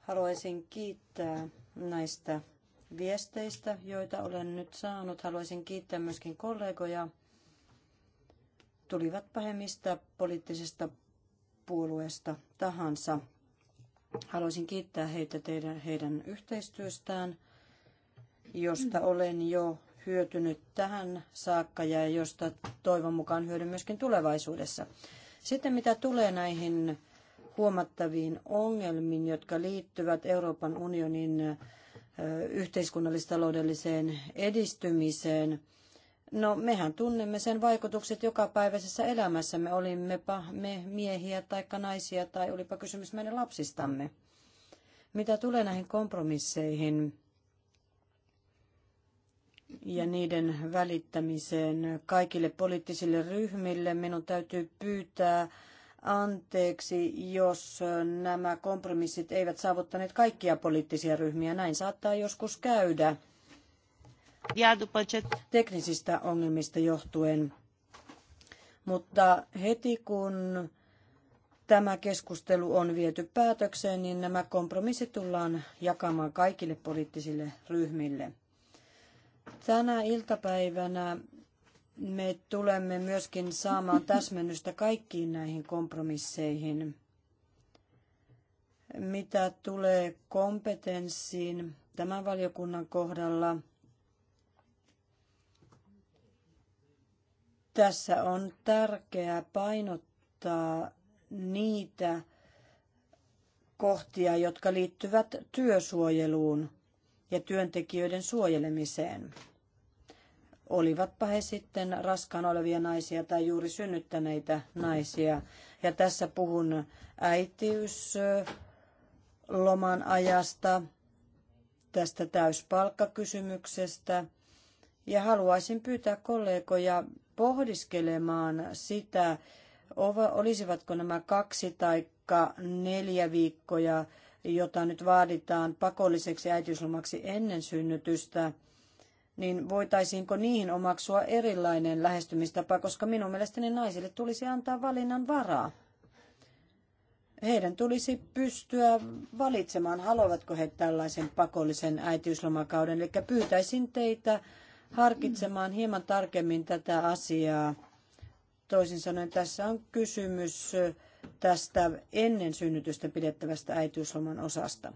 Haluaisin kiittää näistä viesteistä, joita olen nyt saanut. Haluaisin kiittää myöskin kollegoja. tulivat pahemmista poliittisesta puolueesta tahansa. Haluaisin kiittää heitä teidän, heidän yhteistyöstään, josta olen jo hyötynyt tähän saakka ja josta toivon mukaan hyödyn myöskin tulevaisuudessa. Sitten mitä tulee näihin huomattaviin ongelmiin, jotka liittyvät Euroopan unionin yhteiskunnallistaloudelliseen edistymiseen. No mehän tunnemme sen vaikutukset jokapäiväisessä elämässämme, olimmepa me miehiä tai naisia tai olipa kysymys meidän lapsistamme. Mitä tulee näihin kompromisseihin ja niiden välittämiseen kaikille poliittisille ryhmille, minun täytyy pyytää anteeksi, jos nämä kompromissit eivät saavuttaneet kaikkia poliittisia ryhmiä. Näin saattaa joskus käydä teknisistä ongelmista johtuen. Mutta heti kun tämä keskustelu on viety päätökseen, niin nämä kompromissit tullaan jakamaan kaikille poliittisille ryhmille. Tänä iltapäivänä me tulemme myöskin saamaan täsmennystä kaikkiin näihin kompromisseihin. Mitä tulee kompetenssiin tämän valiokunnan kohdalla, tässä on tärkeää painottaa niitä kohtia, jotka liittyvät työsuojeluun ja työntekijöiden suojelemiseen olivatpa he sitten raskaana olevia naisia tai juuri synnyttäneitä naisia. Ja tässä puhun äitiysloman ajasta, tästä täyspalkkakysymyksestä. Ja haluaisin pyytää kollegoja pohdiskelemaan sitä, olisivatko nämä kaksi tai neljä viikkoja, jota nyt vaaditaan pakolliseksi äitiyslomaksi ennen synnytystä – niin voitaisiinko niihin omaksua erilainen lähestymistapa, koska minun mielestäni naisille tulisi antaa valinnan varaa. Heidän tulisi pystyä valitsemaan, haluavatko he tällaisen pakollisen äitiyslomakauden. Eli pyytäisin teitä harkitsemaan hieman tarkemmin tätä asiaa. Toisin sanoen tässä on kysymys tästä ennen synnytystä pidettävästä äitiysloman osasta.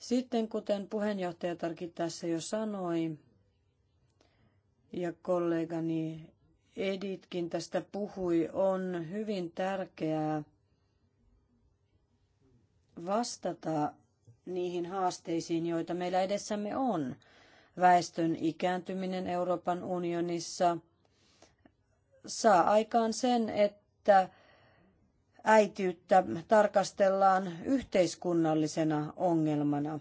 Sitten kuten Tarki tässä jo sanoi, ja kollegani Editkin tästä puhui, on hyvin tärkeää vastata niihin haasteisiin, joita meillä edessämme on. Väestön ikääntyminen Euroopan unionissa saa aikaan sen, että äitiyttä tarkastellaan yhteiskunnallisena ongelmana.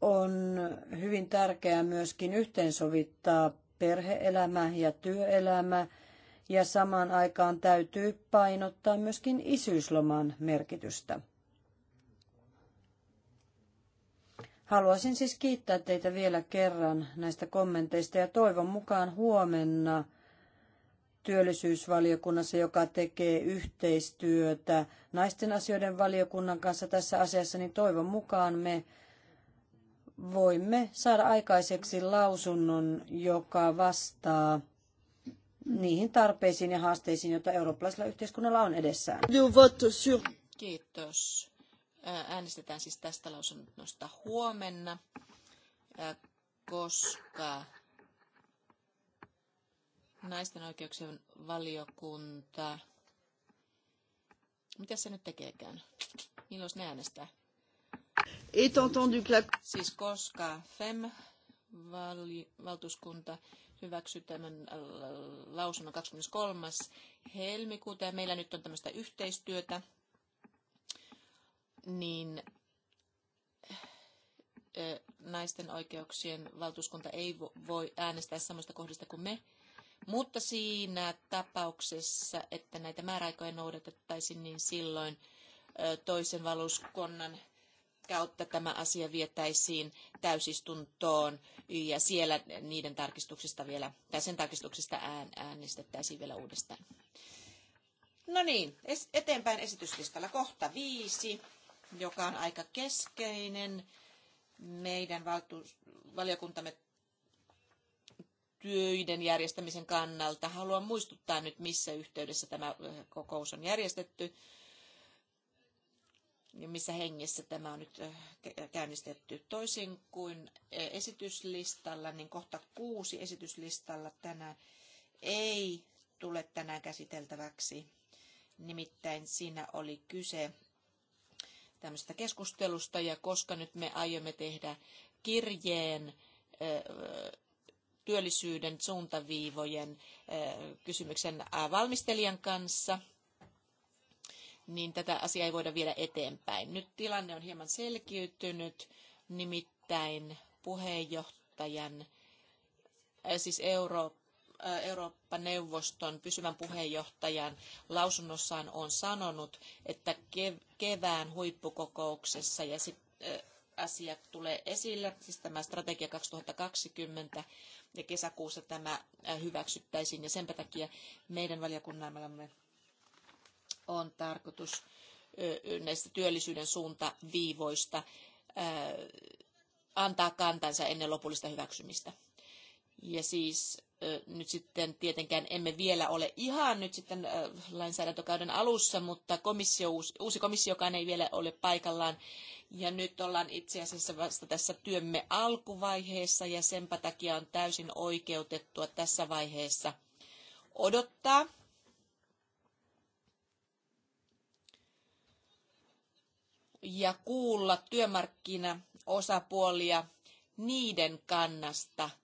On hyvin tärkeää myöskin yhteensovittaa perheelämä ja työelämä ja samaan aikaan täytyy painottaa myöskin isyysloman merkitystä. Haluaisin siis kiittää teitä vielä kerran näistä kommenteista ja toivon mukaan huomenna työllisyysvaliokunnassa, joka tekee yhteistyötä naisten asioiden valiokunnan kanssa tässä asiassa, niin toivon mukaan me voimme saada aikaiseksi lausunnon, joka vastaa niihin tarpeisiin ja haasteisiin, joita eurooppalaisella yhteiskunnalla on edessään. Kiitos. Äänestetään siis tästä lausunnosta huomenna, koska naisten oikeuksien valiokunta... Mitä se nyt tekeekään? Milloin ne äänestää? Et entendu Siis koska FEM vali, valtuuskunta hyväksyi tämän äh, lausunnon 23. helmikuuta ja meillä nyt on tämmöistä yhteistyötä niin naisten oikeuksien valtuuskunta ei voi äänestää samoista kohdista kuin me. Mutta siinä tapauksessa, että näitä määräaikoja noudatettaisiin, niin silloin toisen valuskunnan kautta tämä asia vietäisiin täysistuntoon ja siellä niiden tarkistuksista vielä, tai sen tarkistuksista ään, äänestettäisiin vielä uudestaan. No niin, eteenpäin esityslistalla kohta viisi joka on aika keskeinen meidän valtuus, valiokuntamme työiden järjestämisen kannalta. Haluan muistuttaa nyt, missä yhteydessä tämä kokous on järjestetty ja missä hengessä tämä on nyt käynnistetty. Toisin kuin esityslistalla, niin kohta kuusi esityslistalla tänään ei tule tänään käsiteltäväksi. Nimittäin siinä oli kyse tämmöistä keskustelusta ja koska nyt me aiomme tehdä kirjeen työllisyyden suuntaviivojen kysymyksen valmistelijan kanssa, niin tätä asiaa ei voida viedä eteenpäin. Nyt tilanne on hieman selkiytynyt, nimittäin puheenjohtajan, siis Eurooppa Eurooppa-neuvoston pysyvän puheenjohtajan lausunnossaan on sanonut, että kevään huippukokouksessa ja sit, asia tulee esille, siis tämä strategia 2020, ja kesäkuussa tämä hyväksyttäisiin, ja sen takia meidän valiokunnallamme on tarkoitus näistä työllisyyden suuntaviivoista antaa kantansa ennen lopullista hyväksymistä. Ja siis nyt sitten tietenkään emme vielä ole ihan nyt sitten lainsäädäntökauden alussa, mutta komissio, uusi komissiokaan ei vielä ole paikallaan. Ja nyt ollaan itse asiassa vasta tässä työmme alkuvaiheessa ja senpä takia on täysin oikeutettua tässä vaiheessa odottaa. Ja kuulla työmarkkinaosapuolia niiden kannasta –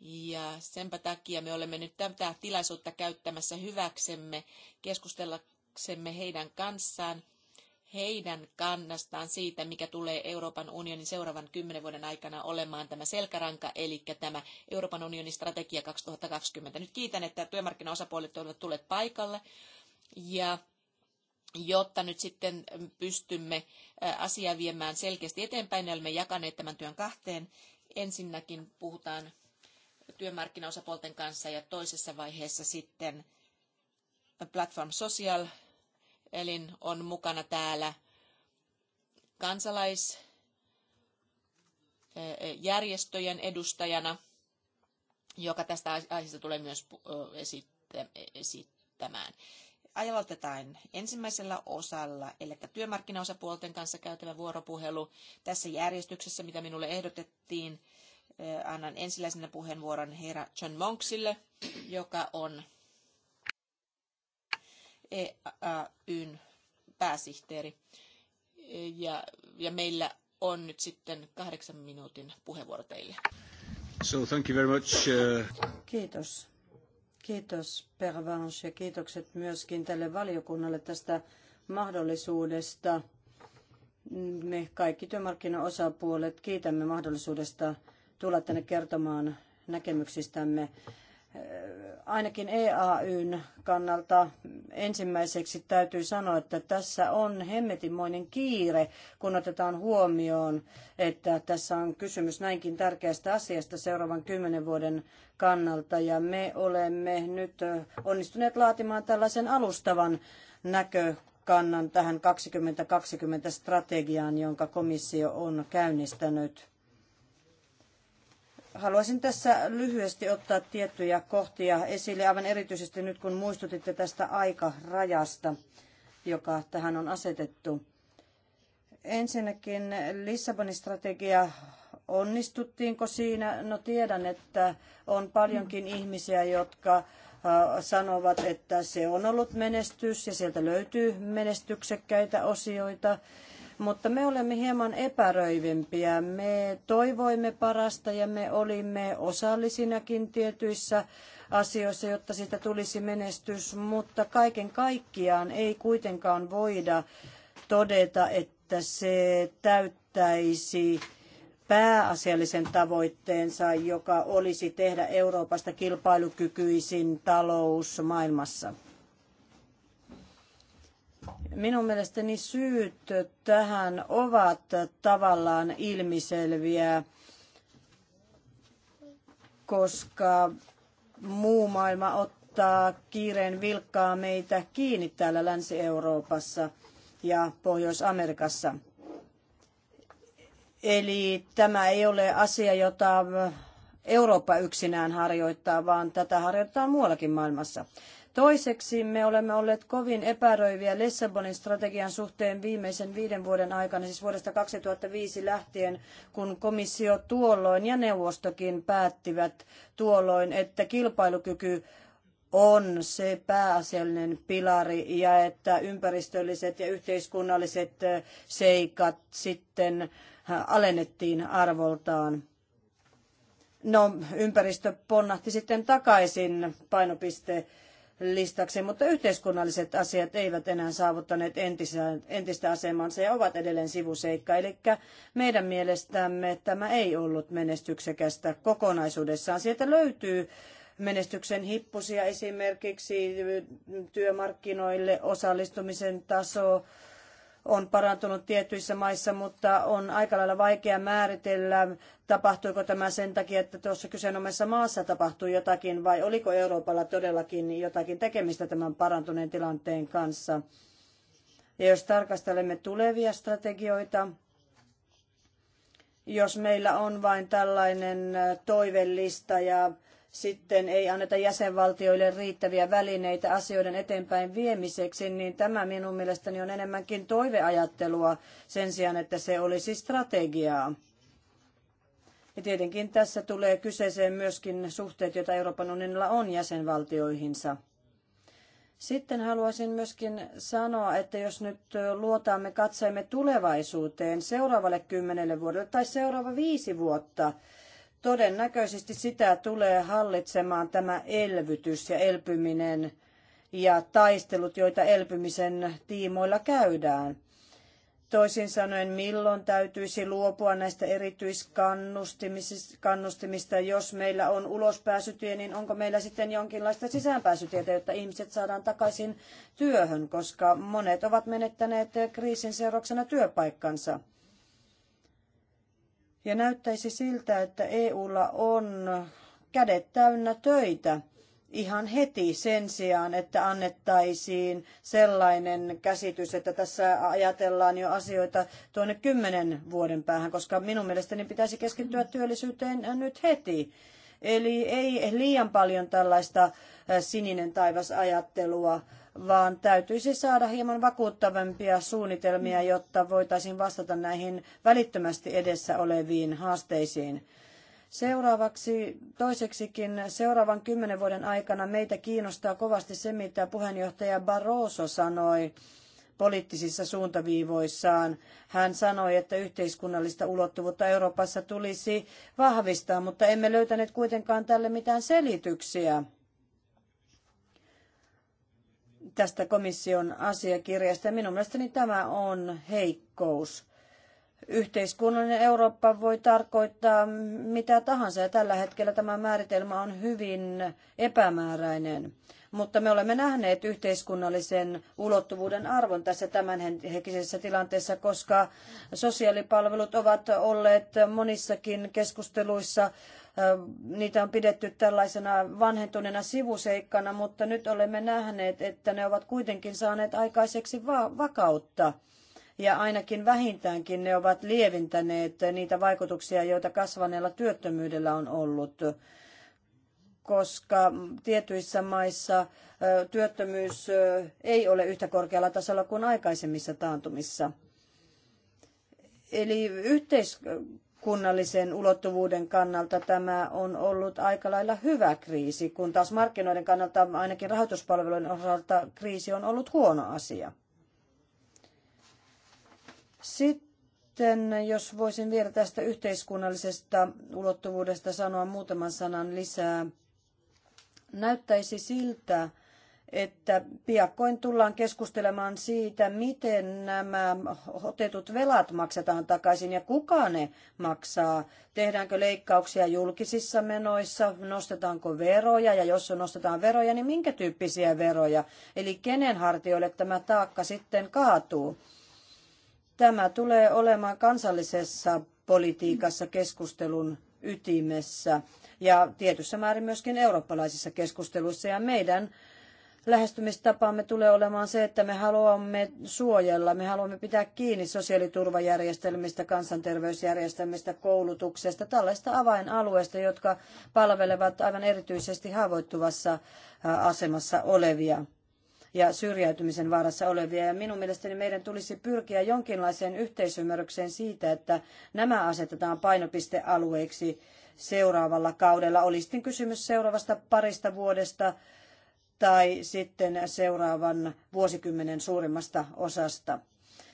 ja senpä takia me olemme nyt tätä tilaisuutta käyttämässä hyväksemme, keskustellaksemme heidän kanssaan, heidän kannastaan siitä, mikä tulee Euroopan unionin seuraavan kymmenen vuoden aikana olemaan tämä selkäranka, eli tämä Euroopan unionin strategia 2020. Nyt kiitän, että työmarkkinaosapuolet ovat tulleet paikalle. Ja jotta nyt sitten pystymme asiaa viemään selkeästi eteenpäin, niin olemme jakaneet tämän työn kahteen. Ensinnäkin puhutaan työmarkkinaosapuolten kanssa ja toisessa vaiheessa sitten Platform Social elin on mukana täällä kansalaisjärjestöjen edustajana, joka tästä aiheesta tulee myös esittämään. Aloitetaan ensimmäisellä osalla, eli työmarkkinaosapuolten kanssa käytävä vuoropuhelu tässä järjestyksessä, mitä minulle ehdotettiin annan ensimmäisenä puheenvuoron herra John Monksille, joka on EAYn pääsihteeri. Ja, ja meillä on nyt sitten kahdeksan minuutin puheenvuoro teille. So, thank you very much. Uh... Kiitos. Kiitos Pervans ja kiitokset myöskin tälle valiokunnalle tästä mahdollisuudesta. Me kaikki työmarkkinaosapuolet kiitämme mahdollisuudesta tulla tänne kertomaan näkemyksistämme. Äh, ainakin EAYn kannalta ensimmäiseksi täytyy sanoa, että tässä on hemmetimoinen kiire, kun otetaan huomioon, että tässä on kysymys näinkin tärkeästä asiasta seuraavan kymmenen vuoden kannalta. Ja me olemme nyt äh, onnistuneet laatimaan tällaisen alustavan näkökannan tähän 2020 strategiaan, jonka komissio on käynnistänyt. Haluaisin tässä lyhyesti ottaa tiettyjä kohtia esille, aivan erityisesti nyt kun muistutitte tästä aikarajasta, joka tähän on asetettu. Ensinnäkin Lissabonin strategia onnistuttiinko siinä? No tiedän, että on paljonkin ihmisiä, jotka äh, sanovat, että se on ollut menestys ja sieltä löytyy menestyksekkäitä osioita mutta me olemme hieman epäröivimpiä. Me toivoimme parasta ja me olimme osallisinakin tietyissä asioissa, jotta siitä tulisi menestys, mutta kaiken kaikkiaan ei kuitenkaan voida todeta, että se täyttäisi pääasiallisen tavoitteensa, joka olisi tehdä Euroopasta kilpailukykyisin talous maailmassa. Minun mielestäni syyt tähän ovat tavallaan ilmiselviä, koska muu maailma ottaa kiireen vilkkaa meitä kiinni täällä Länsi-Euroopassa ja Pohjois-Amerikassa. Eli tämä ei ole asia, jota Eurooppa yksinään harjoittaa, vaan tätä harjoittaa muuallakin maailmassa. Toiseksi me olemme olleet kovin epäröiviä Lissabonin strategian suhteen viimeisen viiden vuoden aikana, siis vuodesta 2005 lähtien, kun komissio tuolloin ja neuvostokin päättivät tuolloin, että kilpailukyky on se pääasiallinen pilari ja että ympäristölliset ja yhteiskunnalliset seikat sitten äh, alennettiin arvoltaan. No, ympäristö ponnahti sitten takaisin painopiste listaksi, mutta yhteiskunnalliset asiat eivät enää saavuttaneet entistä, entistä asemansa ja ovat edelleen sivuseikka. Eli meidän mielestämme tämä ei ollut menestyksekästä kokonaisuudessaan. Sieltä löytyy menestyksen hippusia esimerkiksi työmarkkinoille osallistumisen taso, on parantunut tietyissä maissa, mutta on aika lailla vaikea määritellä, tapahtuiko tämä sen takia, että tuossa kyseenomaisessa maassa tapahtui jotakin, vai oliko Euroopalla todellakin jotakin tekemistä tämän parantuneen tilanteen kanssa. Ja jos tarkastelemme tulevia strategioita, jos meillä on vain tällainen toivellista ja sitten ei anneta jäsenvaltioille riittäviä välineitä asioiden eteenpäin viemiseksi, niin tämä minun mielestäni on enemmänkin toiveajattelua sen sijaan, että se olisi strategiaa. Ja tietenkin tässä tulee kyseeseen myöskin suhteet, joita Euroopan unionilla on jäsenvaltioihinsa. Sitten haluaisin myöskin sanoa, että jos nyt luotaamme katseemme tulevaisuuteen seuraavalle kymmenelle vuodelle tai seuraava viisi vuotta, todennäköisesti sitä tulee hallitsemaan tämä elvytys ja elpyminen ja taistelut, joita elpymisen tiimoilla käydään. Toisin sanoen, milloin täytyisi luopua näistä erityiskannustimista, jos meillä on ulospääsytie, niin onko meillä sitten jonkinlaista sisäänpääsytietä, jotta ihmiset saadaan takaisin työhön, koska monet ovat menettäneet kriisin seurauksena työpaikkansa. Ja näyttäisi siltä, että EUlla on kädet täynnä töitä ihan heti sen sijaan, että annettaisiin sellainen käsitys, että tässä ajatellaan jo asioita tuonne kymmenen vuoden päähän, koska minun mielestäni pitäisi keskittyä työllisyyteen nyt heti. Eli ei liian paljon tällaista sininen taivas ajattelua vaan täytyisi saada hieman vakuuttavampia suunnitelmia, jotta voitaisiin vastata näihin välittömästi edessä oleviin haasteisiin. Seuraavaksi toiseksikin seuraavan kymmenen vuoden aikana meitä kiinnostaa kovasti se, mitä puheenjohtaja Barroso sanoi poliittisissa suuntaviivoissaan. Hän sanoi, että yhteiskunnallista ulottuvuutta Euroopassa tulisi vahvistaa, mutta emme löytäneet kuitenkaan tälle mitään selityksiä tästä komission asiakirjasta. Minun mielestäni tämä on heikkous. Yhteiskunnallinen Eurooppa voi tarkoittaa mitä tahansa ja tällä hetkellä tämä määritelmä on hyvin epämääräinen. Mutta me olemme nähneet yhteiskunnallisen ulottuvuuden arvon tässä tämänhetkisessä tilanteessa, koska sosiaalipalvelut ovat olleet monissakin keskusteluissa Niitä on pidetty tällaisena vanhentuneena sivuseikkana, mutta nyt olemme nähneet, että ne ovat kuitenkin saaneet aikaiseksi va- vakautta. Ja ainakin vähintäänkin ne ovat lieventäneet niitä vaikutuksia, joita kasvaneella työttömyydellä on ollut koska tietyissä maissa työttömyys ei ole yhtä korkealla tasolla kuin aikaisemmissa taantumissa. Eli yhteiskunta kunnallisen ulottuvuuden kannalta tämä on ollut aika lailla hyvä kriisi, kun taas markkinoiden kannalta ainakin rahoituspalvelujen osalta kriisi on ollut huono asia. Sitten jos voisin vielä tästä yhteiskunnallisesta ulottuvuudesta sanoa muutaman sanan lisää. Näyttäisi siltä, että piakkoin tullaan keskustelemaan siitä, miten nämä otetut velat maksetaan takaisin ja kuka ne maksaa. Tehdäänkö leikkauksia julkisissa menoissa, nostetaanko veroja ja jos nostetaan veroja, niin minkä tyyppisiä veroja? Eli kenen hartioille tämä taakka sitten kaatuu? Tämä tulee olemaan kansallisessa politiikassa keskustelun ytimessä ja tietyssä määrin myöskin eurooppalaisissa keskusteluissa ja meidän lähestymistapaamme tulee olemaan se, että me haluamme suojella, me haluamme pitää kiinni sosiaaliturvajärjestelmistä, kansanterveysjärjestelmistä, koulutuksesta, tällaista avainalueista, jotka palvelevat aivan erityisesti haavoittuvassa asemassa olevia ja syrjäytymisen vaarassa olevia. Ja minun mielestäni meidän tulisi pyrkiä jonkinlaiseen yhteisymmärrykseen siitä, että nämä asetetaan painopistealueiksi seuraavalla kaudella. Oli sitten kysymys seuraavasta parista vuodesta tai sitten seuraavan vuosikymmenen suurimmasta osasta.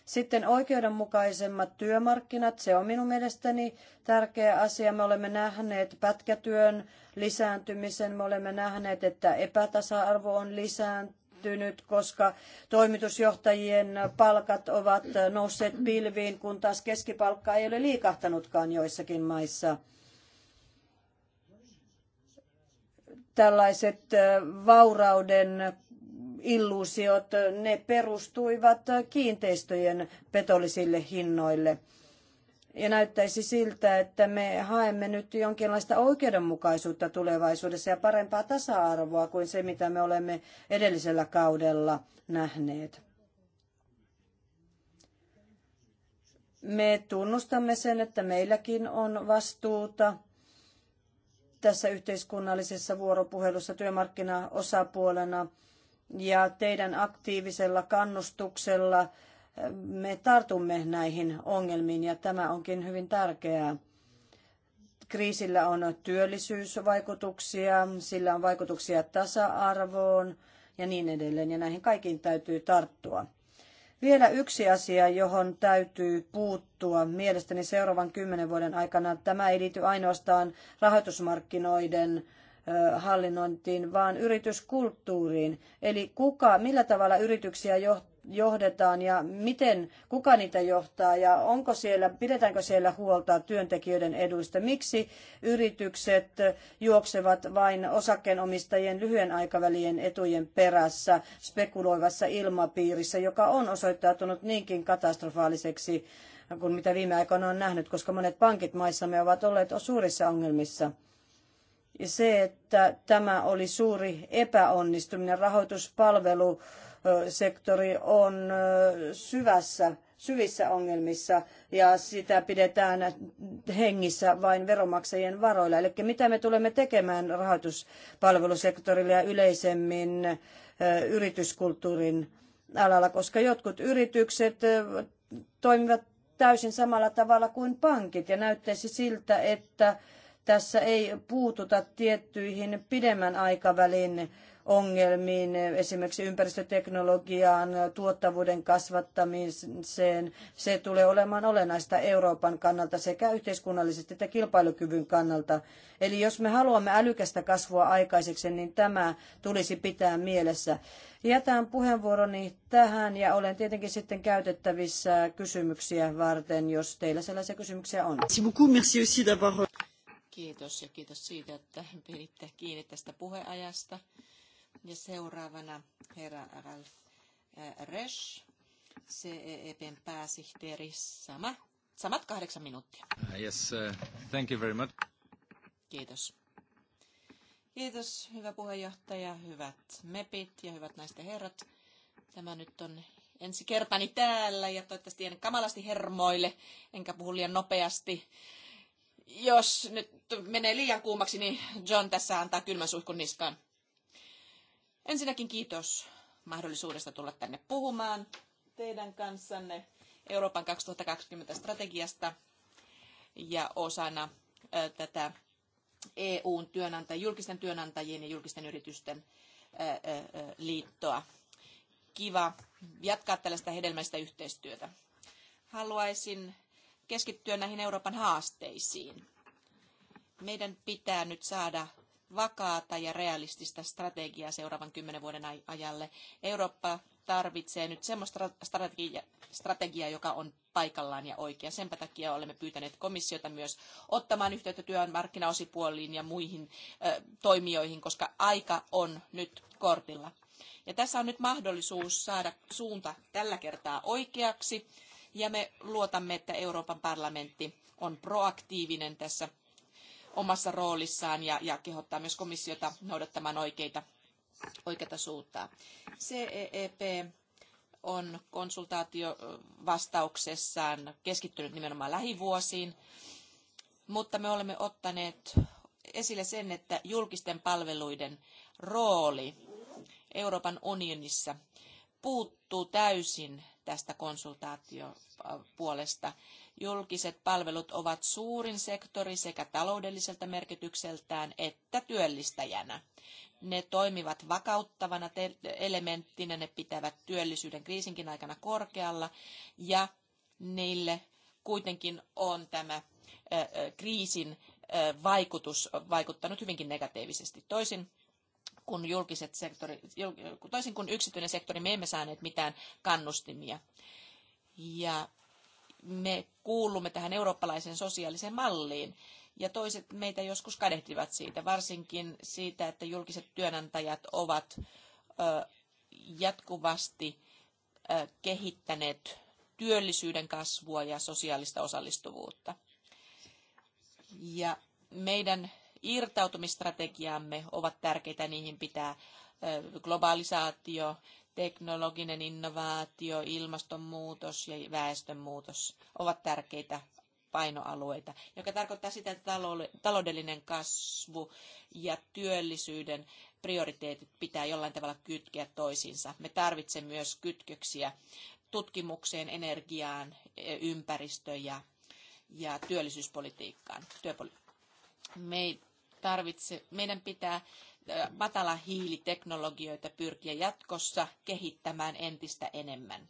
Sitten oikeudenmukaisemmat työmarkkinat, se on minun mielestäni tärkeä asia. Me olemme nähneet pätkätyön lisääntymisen, me olemme nähneet, että epätasa-arvo on lisääntynyt, koska toimitusjohtajien palkat ovat nousseet pilviin, kun taas keskipalkka ei ole liikahtanutkaan joissakin maissa. tällaiset vaurauden illuusiot, ne perustuivat kiinteistöjen petollisille hinnoille. Ja näyttäisi siltä, että me haemme nyt jonkinlaista oikeudenmukaisuutta tulevaisuudessa ja parempaa tasa-arvoa kuin se, mitä me olemme edellisellä kaudella nähneet. Me tunnustamme sen, että meilläkin on vastuuta – tässä yhteiskunnallisessa vuoropuhelussa työmarkkinaosapuolena ja teidän aktiivisella kannustuksella me tartumme näihin ongelmiin ja tämä onkin hyvin tärkeää. Kriisillä on työllisyysvaikutuksia, sillä on vaikutuksia tasa-arvoon ja niin edelleen ja näihin kaikkiin täytyy tarttua. Vielä yksi asia, johon täytyy puuttua mielestäni seuraavan kymmenen vuoden aikana. Tämä ei liity ainoastaan rahoitusmarkkinoiden hallinnointiin, vaan yrityskulttuuriin. Eli kuka, millä tavalla yrityksiä johtaa johdetaan ja miten, kuka niitä johtaa ja onko siellä, pidetäänkö siellä huolta työntekijöiden eduista. Miksi yritykset juoksevat vain osakkeenomistajien lyhyen aikavälien etujen perässä spekuloivassa ilmapiirissä, joka on osoittautunut niinkin katastrofaaliseksi kuin mitä viime aikoina on nähnyt, koska monet pankit maissamme ovat olleet suurissa ongelmissa se, että tämä oli suuri epäonnistuminen rahoituspalvelu sektori on syvässä syvissä ongelmissa ja sitä pidetään hengissä vain veronmaksajien varoilla. Eli mitä me tulemme tekemään rahoituspalvelusektorille ja yleisemmin yrityskulttuurin alalla, koska jotkut yritykset toimivat täysin samalla tavalla kuin pankit ja näyttäisi siltä, että tässä ei puututa tiettyihin pidemmän aikavälin ongelmiin, esimerkiksi ympäristöteknologiaan, tuottavuuden kasvattamiseen. Se tulee olemaan olennaista Euroopan kannalta sekä yhteiskunnallisesti että kilpailukyvyn kannalta. Eli jos me haluamme älykästä kasvua aikaiseksi, niin tämä tulisi pitää mielessä. Jätän puheenvuoroni tähän ja olen tietenkin sitten käytettävissä kysymyksiä varten, jos teillä sellaisia kysymyksiä on. Kiitos ja kiitos siitä, että piditte kiinni tästä puheajasta. Ja seuraavana herra Ralf eh, Resch, CEEPn pääsihteeri, sama, samat kahdeksan minuuttia. Ah, yes, uh, thank you very much. Kiitos. Kiitos, hyvä puheenjohtaja, hyvät mepit ja hyvät naisten herrat. Tämä nyt on ensi kertani täällä ja toivottavasti en kamalasti hermoille, enkä puhu liian nopeasti. Jos nyt menee liian kuumaksi, niin John tässä antaa kylmän suihkun niskaan. Ensinnäkin kiitos mahdollisuudesta tulla tänne puhumaan teidän kanssanne Euroopan 2020 strategiasta ja osana tätä EUn työnantajien, julkisten työnantajien ja julkisten yritysten liittoa. Kiva jatkaa tällaista hedelmällistä yhteistyötä. Haluaisin keskittyä näihin Euroopan haasteisiin. Meidän pitää nyt saada vakaata ja realistista strategiaa seuraavan kymmenen vuoden ajalle. Eurooppa tarvitsee nyt semmoista strategia, strategiaa, joka on paikallaan ja oikea. Sen takia olemme pyytäneet komissiota myös ottamaan yhteyttä työmarkkinaosipuoliin ja muihin ö, toimijoihin, koska aika on nyt kortilla. Ja tässä on nyt mahdollisuus saada suunta tällä kertaa oikeaksi, ja me luotamme, että Euroopan parlamentti on proaktiivinen tässä omassa roolissaan ja, ja kehottaa myös komissiota noudattamaan oikeita, oikeata suuntaa. CEEP on konsultaatiovastauksessaan keskittynyt nimenomaan lähivuosiin, mutta me olemme ottaneet esille sen, että julkisten palveluiden rooli Euroopan unionissa puuttuu täysin tästä konsultaatiopuolesta. Julkiset palvelut ovat suurin sektori sekä taloudelliselta merkitykseltään että työllistäjänä. Ne toimivat vakauttavana elementtinä, ne pitävät työllisyyden kriisinkin aikana korkealla ja niille kuitenkin on tämä kriisin vaikutus vaikuttanut hyvinkin negatiivisesti. Toisin kun julkiset sektori, toisin kuin yksityinen sektori, me emme saaneet mitään kannustimia. Ja me kuulumme tähän eurooppalaiseen sosiaaliseen malliin. Ja toiset meitä joskus kadehtivat siitä, varsinkin siitä, että julkiset työnantajat ovat jatkuvasti kehittäneet työllisyyden kasvua ja sosiaalista osallistuvuutta. Ja meidän irtautumistrategiamme ovat tärkeitä, niihin pitää globalisaatio teknologinen innovaatio, ilmastonmuutos ja väestönmuutos ovat tärkeitä painoalueita, joka tarkoittaa sitä, että taloudellinen kasvu ja työllisyyden prioriteetit pitää jollain tavalla kytkeä toisiinsa. Me tarvitsemme myös kytköksiä tutkimukseen, energiaan, ympäristöön ja, ja työllisyyspolitiikkaan. Me tarvitse, meidän pitää matala pyrkiä jatkossa kehittämään entistä enemmän.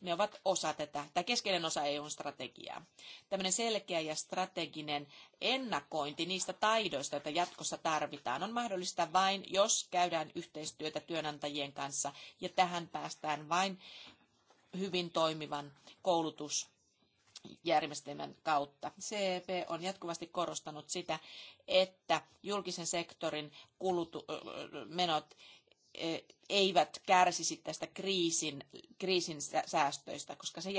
Ne ovat osa tätä, tai keskeinen osa EU-strategiaa. Tämmöinen selkeä ja strateginen ennakointi niistä taidoista, joita jatkossa tarvitaan, on mahdollista vain, jos käydään yhteistyötä työnantajien kanssa, ja tähän päästään vain hyvin toimivan koulutus- järjestelmän kautta. CEP on jatkuvasti korostanut sitä, että julkisen sektorin kulutu- menot eivät kärsisi tästä kriisin, kriisin säästöistä, koska se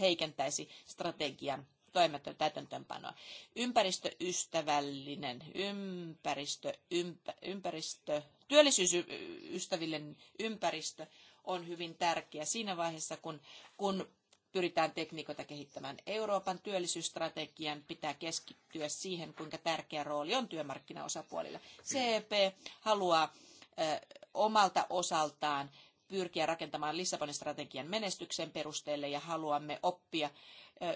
heikentäisi strategian toimintojen täytäntöönpanoa. Ympäristöystävällinen, ympäristö, ympä, ympäristö, työllisyysystävillinen ympäristö on hyvin tärkeä siinä vaiheessa, kun, kun pyritään tekniikoita kehittämään. Euroopan työllisyysstrategian pitää keskittyä siihen, kuinka tärkeä rooli on työmarkkinaosapuolilla. CEP haluaa omalta osaltaan pyrkiä rakentamaan Lissabonin strategian menestyksen perusteelle ja haluamme oppia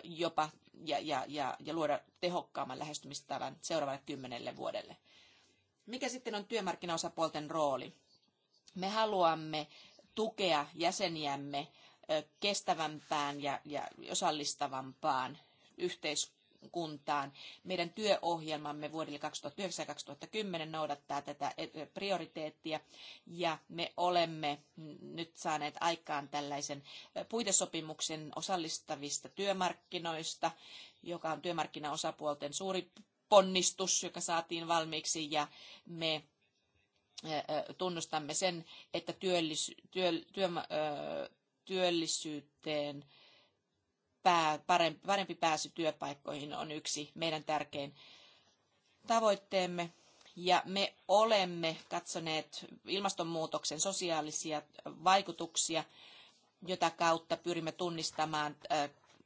jopa ja, ja, ja, ja luoda tehokkaamman lähestymistavan seuraavalle kymmenelle vuodelle. Mikä sitten on työmarkkinaosapuolten rooli? Me haluamme tukea jäseniämme kestävämpään ja, ja osallistavampaan yhteiskuntaan. Meidän työohjelmamme vuodelle 2009-2010 noudattaa tätä prioriteettia ja me olemme nyt saaneet aikaan tällaisen puitesopimuksen osallistavista työmarkkinoista, joka on työmarkkinaosapuolten suuri ponnistus, joka saatiin valmiiksi ja me tunnustamme sen, että työllis, työ, työ, työllisyyteen, pää, parempi, parempi pääsy työpaikkoihin on yksi meidän tärkein tavoitteemme. Ja me olemme katsoneet ilmastonmuutoksen sosiaalisia vaikutuksia, jota kautta pyrimme tunnistamaan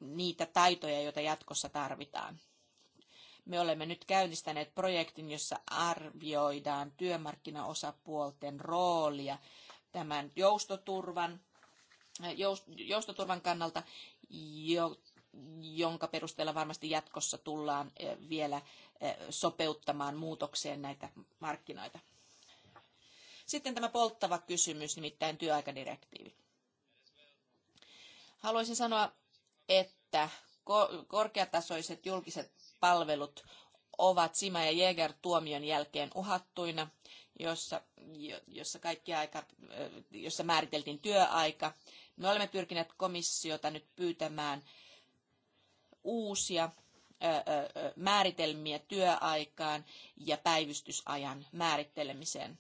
niitä taitoja, joita jatkossa tarvitaan. Me olemme nyt käynnistäneet projektin, jossa arvioidaan työmarkkinaosapuolten roolia tämän joustoturvan joustoturvan kannalta, jonka perusteella varmasti jatkossa tullaan vielä sopeuttamaan muutokseen näitä markkinoita. Sitten tämä polttava kysymys, nimittäin työaikadirektiivi. Haluaisin sanoa, että korkeatasoiset julkiset palvelut ovat Sima ja Jäger tuomion jälkeen uhattuina, jossa, jossa, kaikki aika, jossa määriteltiin työaika. Me olemme pyrkineet komissiota nyt pyytämään uusia määritelmiä työaikaan ja päivystysajan määrittelemiseen.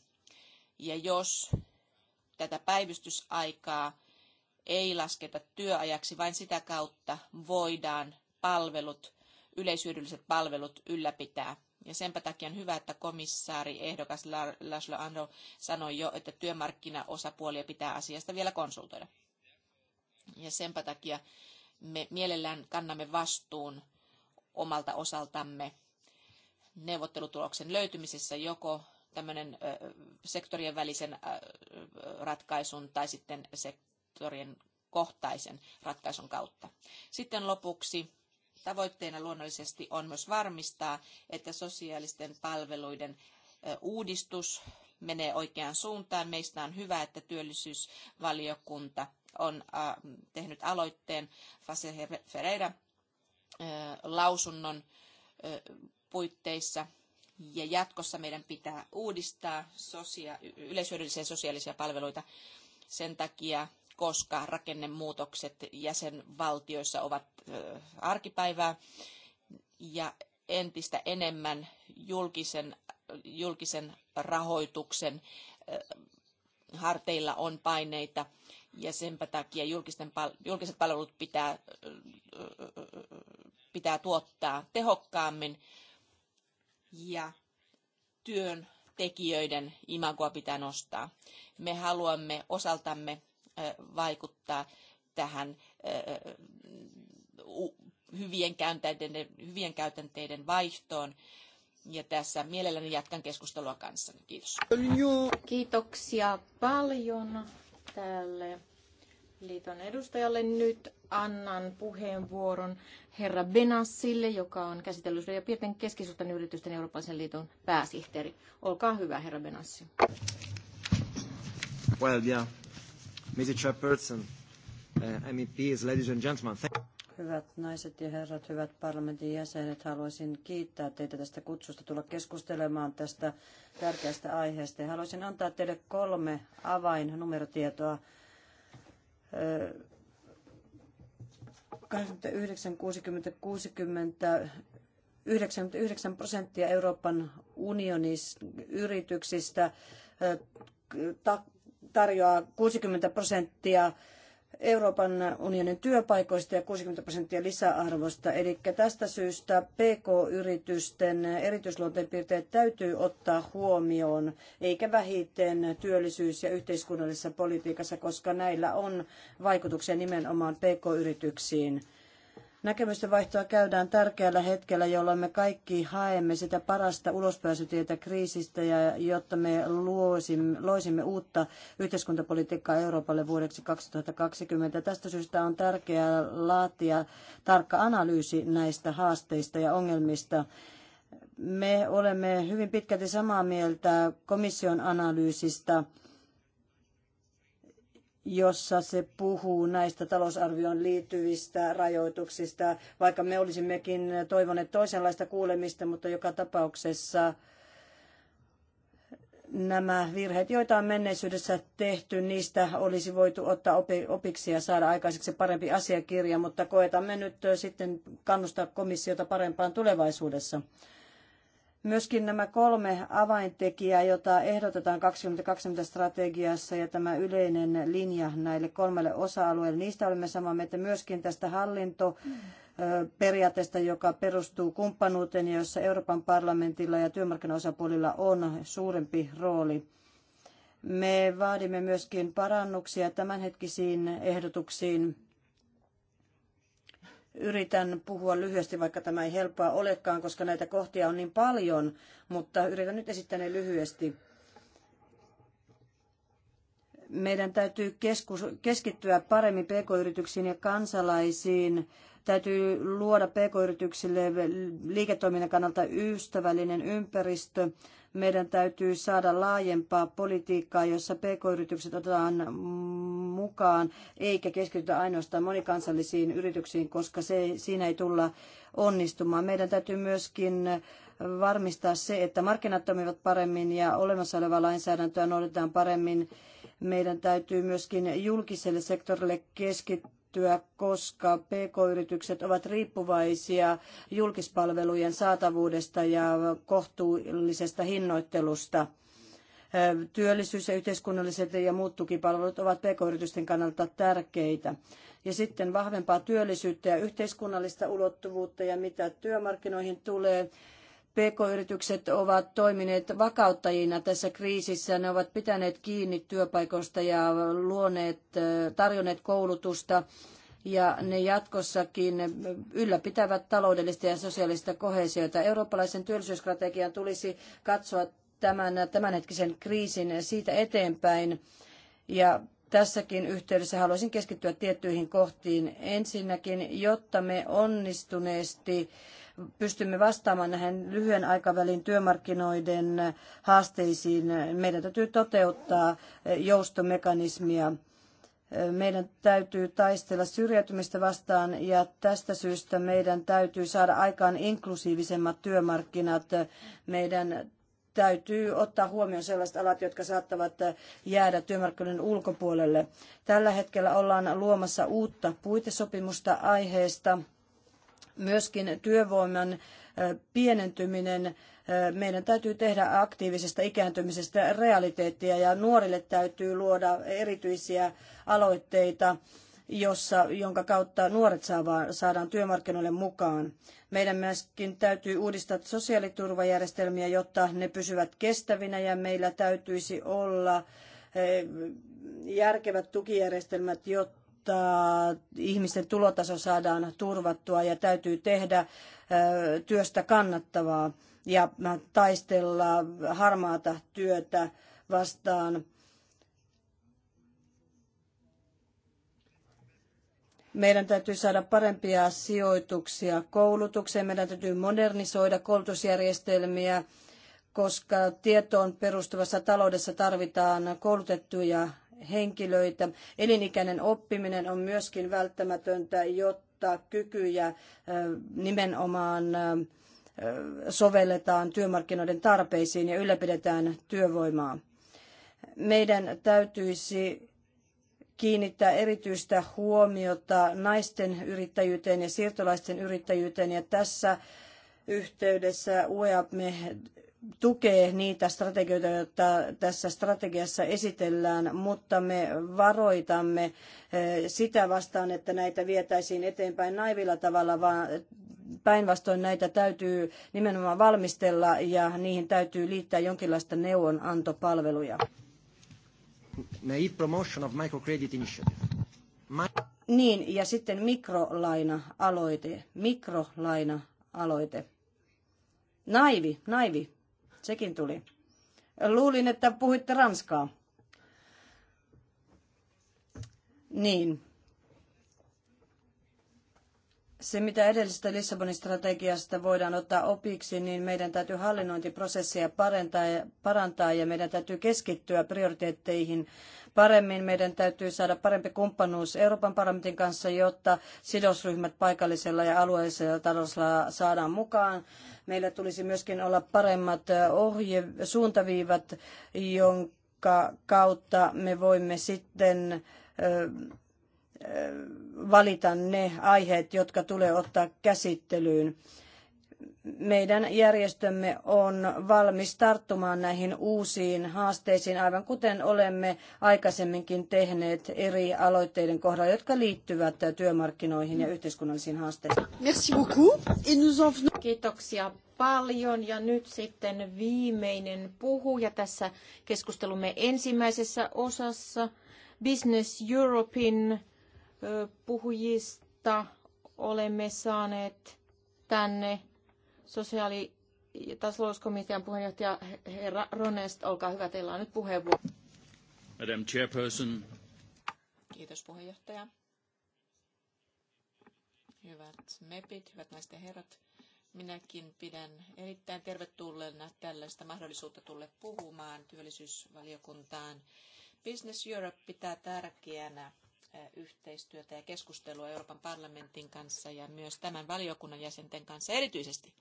Ja jos tätä päivystysaikaa ei lasketa työajaksi, vain sitä kautta voidaan palvelut yleishyödylliset palvelut ylläpitää. Ja senpä takia on hyvä, että komissaari ehdokas Laszlo Ando sanoi jo, että työmarkkinaosapuolia pitää asiasta vielä konsultoida. Ja senpä takia me mielellään kannamme vastuun omalta osaltamme neuvottelutuloksen löytymisessä joko tämmöinen sektorien välisen ratkaisun tai sitten sektorien kohtaisen ratkaisun kautta. Sitten lopuksi Tavoitteena luonnollisesti on myös varmistaa, että sosiaalisten palveluiden uudistus menee oikeaan suuntaan. Meistä on hyvä, että työllisyysvaliokunta on tehnyt aloitteen Fase Ferreira lausunnon puitteissa ja jatkossa meidän pitää uudistaa sosia- yleishyödyllisiä sosiaalisia palveluita. Sen takia koska rakennemuutokset jäsenvaltioissa ovat arkipäivää ja entistä enemmän julkisen, julkisen rahoituksen harteilla on paineita ja senpä takia julkisten, julkiset palvelut pitää, pitää tuottaa tehokkaammin ja työntekijöiden imagoa pitää nostaa. Me haluamme osaltamme vaikuttaa tähän hyvien käytänteiden, hyvien käytänteiden vaihtoon. Ja tässä mielelläni jatkan keskustelua kanssanne. Kiitos. Kiitoksia paljon tälle liiton edustajalle. Nyt annan puheenvuoron herra Benassille, joka on käsitellyt ja pienten keskisuhteen yritysten Euroopan liiton pääsihteeri. Olkaa hyvä, herra Benassi. Well, yeah. Mr. Chairperson, uh, MEPs, ladies and gentlemen. Hyvät naiset ja herrat, hyvät parlamentin jäsenet, haluaisin kiittää teitä tästä kutsusta tulla keskustelemaan tästä tärkeästä aiheesta. Haluaisin antaa teille kolme avainnumerotietoa. 29, 60, 60, 99 prosenttia Euroopan unionin yrityksistä eh, tarjoaa 60 prosenttia Euroopan unionin työpaikoista ja 60 prosenttia lisäarvosta. Eli tästä syystä PK-yritysten erityisluonteenpiirteet täytyy ottaa huomioon, eikä vähiten työllisyys- ja yhteiskunnallisessa politiikassa, koska näillä on vaikutuksia nimenomaan PK-yrityksiin. Näkemysten vaihtoa käydään tärkeällä hetkellä, jolloin me kaikki haemme sitä parasta ulospääsytietä kriisistä ja jotta me luosimme, loisimme uutta yhteiskuntapolitiikkaa Euroopalle vuodeksi 2020. Tästä syystä on tärkeää laatia tarkka analyysi näistä haasteista ja ongelmista. Me olemme hyvin pitkälti samaa mieltä komission analyysistä jossa se puhuu näistä talousarvioon liittyvistä rajoituksista, vaikka me olisimmekin toivoneet toisenlaista kuulemista, mutta joka tapauksessa nämä virheet, joita on menneisyydessä tehty, niistä olisi voitu ottaa opiksi ja saada aikaiseksi parempi asiakirja, mutta koetamme nyt sitten kannustaa komissiota parempaan tulevaisuudessa. Myöskin nämä kolme avaintekijää, joita ehdotetaan 2020 strategiassa ja tämä yleinen linja näille kolmelle osa-alueelle, niistä olemme samaa mieltä myöskin tästä hallinto periaatteesta, joka perustuu kumppanuuteen, jossa Euroopan parlamentilla ja työmarkkinaosapuolilla on suurempi rooli. Me vaadimme myöskin parannuksia tämänhetkisiin ehdotuksiin Yritän puhua lyhyesti, vaikka tämä ei helppoa olekaan, koska näitä kohtia on niin paljon, mutta yritän nyt esittää ne lyhyesti. Meidän täytyy keskus, keskittyä paremmin pk-yrityksiin ja kansalaisiin. Täytyy luoda pk-yrityksille liiketoiminnan kannalta ystävällinen ympäristö. Meidän täytyy saada laajempaa politiikkaa, jossa pk-yritykset otetaan mukaan, eikä keskitytä ainoastaan monikansallisiin yrityksiin, koska se, siinä ei tulla onnistumaan. Meidän täytyy myöskin varmistaa se, että markkinat toimivat paremmin ja olemassa olevaa lainsäädäntöä noudatetaan paremmin. Meidän täytyy myöskin julkiselle sektorille keskittyä kehittyä, koska pk-yritykset ovat riippuvaisia julkispalvelujen saatavuudesta ja kohtuullisesta hinnoittelusta. Työllisyys ja yhteiskunnalliset ja muut tukipalvelut ovat pk-yritysten kannalta tärkeitä. Ja sitten vahvempaa työllisyyttä ja yhteiskunnallista ulottuvuutta ja mitä työmarkkinoihin tulee, PK-yritykset ovat toimineet vakauttajina tässä kriisissä. Ne ovat pitäneet kiinni työpaikoista ja luoneet, tarjonneet koulutusta ja ne jatkossakin ylläpitävät taloudellista ja sosiaalista kohesiota. Eurooppalaisen työllisyysstrategian tulisi katsoa tämän, tämänhetkisen kriisin siitä eteenpäin ja tässäkin yhteydessä haluaisin keskittyä tiettyihin kohtiin. Ensinnäkin, jotta me onnistuneesti pystymme vastaamaan näihin lyhyen aikavälin työmarkkinoiden haasteisiin, meidän täytyy toteuttaa joustomekanismia. Meidän täytyy taistella syrjäytymistä vastaan ja tästä syystä meidän täytyy saada aikaan inklusiivisemmat työmarkkinat. Meidän täytyy ottaa huomioon sellaiset alat, jotka saattavat jäädä työmarkkinoiden ulkopuolelle. Tällä hetkellä ollaan luomassa uutta puitesopimusta aiheesta myöskin työvoiman pienentyminen. Meidän täytyy tehdä aktiivisesta ikääntymisestä realiteettia ja nuorille täytyy luoda erityisiä aloitteita, jossa, jonka kautta nuoret saadaan työmarkkinoille mukaan. Meidän myöskin täytyy uudistaa sosiaaliturvajärjestelmiä, jotta ne pysyvät kestävinä ja meillä täytyisi olla järkevät tukijärjestelmät, jotta jotta ihmisten tulotaso saadaan turvattua ja täytyy tehdä työstä kannattavaa ja taistella harmaata työtä vastaan. Meidän täytyy saada parempia sijoituksia koulutukseen, meidän täytyy modernisoida koulutusjärjestelmiä, koska tietoon perustuvassa taloudessa tarvitaan koulutettuja henkilöitä. Elinikäinen oppiminen on myöskin välttämätöntä, jotta kykyjä nimenomaan sovelletaan työmarkkinoiden tarpeisiin ja ylläpidetään työvoimaa. Meidän täytyisi kiinnittää erityistä huomiota naisten yrittäjyyteen ja siirtolaisten yrittäjyyteen ja tässä yhteydessä UEAP me tukee niitä strategioita, joita tässä strategiassa esitellään, mutta me varoitamme eh, sitä vastaan, että näitä vietäisiin eteenpäin naivilla tavalla, vaan päinvastoin näitä täytyy nimenomaan valmistella ja niihin täytyy liittää jonkinlaista neuvonantopalveluja. promotion of microcredit initiative. My- niin, ja sitten mikrolaina-aloite. Mikrolaina-aloite. Naivi, naivi Sekin tuli. Luulin, että puhuitte ranskaa. Niin. Se, mitä edellisestä Lissabonin strategiasta voidaan ottaa opiksi, niin meidän täytyy hallinnointiprosessia parantaa ja meidän täytyy keskittyä prioriteetteihin paremmin. Meidän täytyy saada parempi kumppanuus Euroopan parlamentin kanssa, jotta sidosryhmät paikallisella ja alueellisella tasolla saadaan mukaan. Meillä tulisi myöskin olla paremmat ohje, suuntaviivat, jonka kautta me voimme sitten valita ne aiheet, jotka tulee ottaa käsittelyyn meidän järjestömme on valmis tarttumaan näihin uusiin haasteisiin, aivan kuten olemme aikaisemminkin tehneet eri aloitteiden kohdalla, jotka liittyvät työmarkkinoihin ja yhteiskunnallisiin haasteisiin. Merci beaucoup. Kiitoksia paljon ja nyt sitten viimeinen puhuja tässä keskustelumme ensimmäisessä osassa Business Europein puhujista olemme saaneet tänne Sosiaali- ja talouskomitean puheenjohtaja herra Ronest, olkaa hyvä, teillä on nyt puheenvuoro. Madam Chairperson. Kiitos puheenjohtaja. Hyvät MEPit, hyvät naiset ja herrat. Minäkin pidän erittäin tervetulleena tällaista mahdollisuutta tulle puhumaan työllisyysvaliokuntaan. Business Europe pitää tärkeänä yhteistyötä ja keskustelua Euroopan parlamentin kanssa ja myös tämän valiokunnan jäsenten kanssa erityisesti.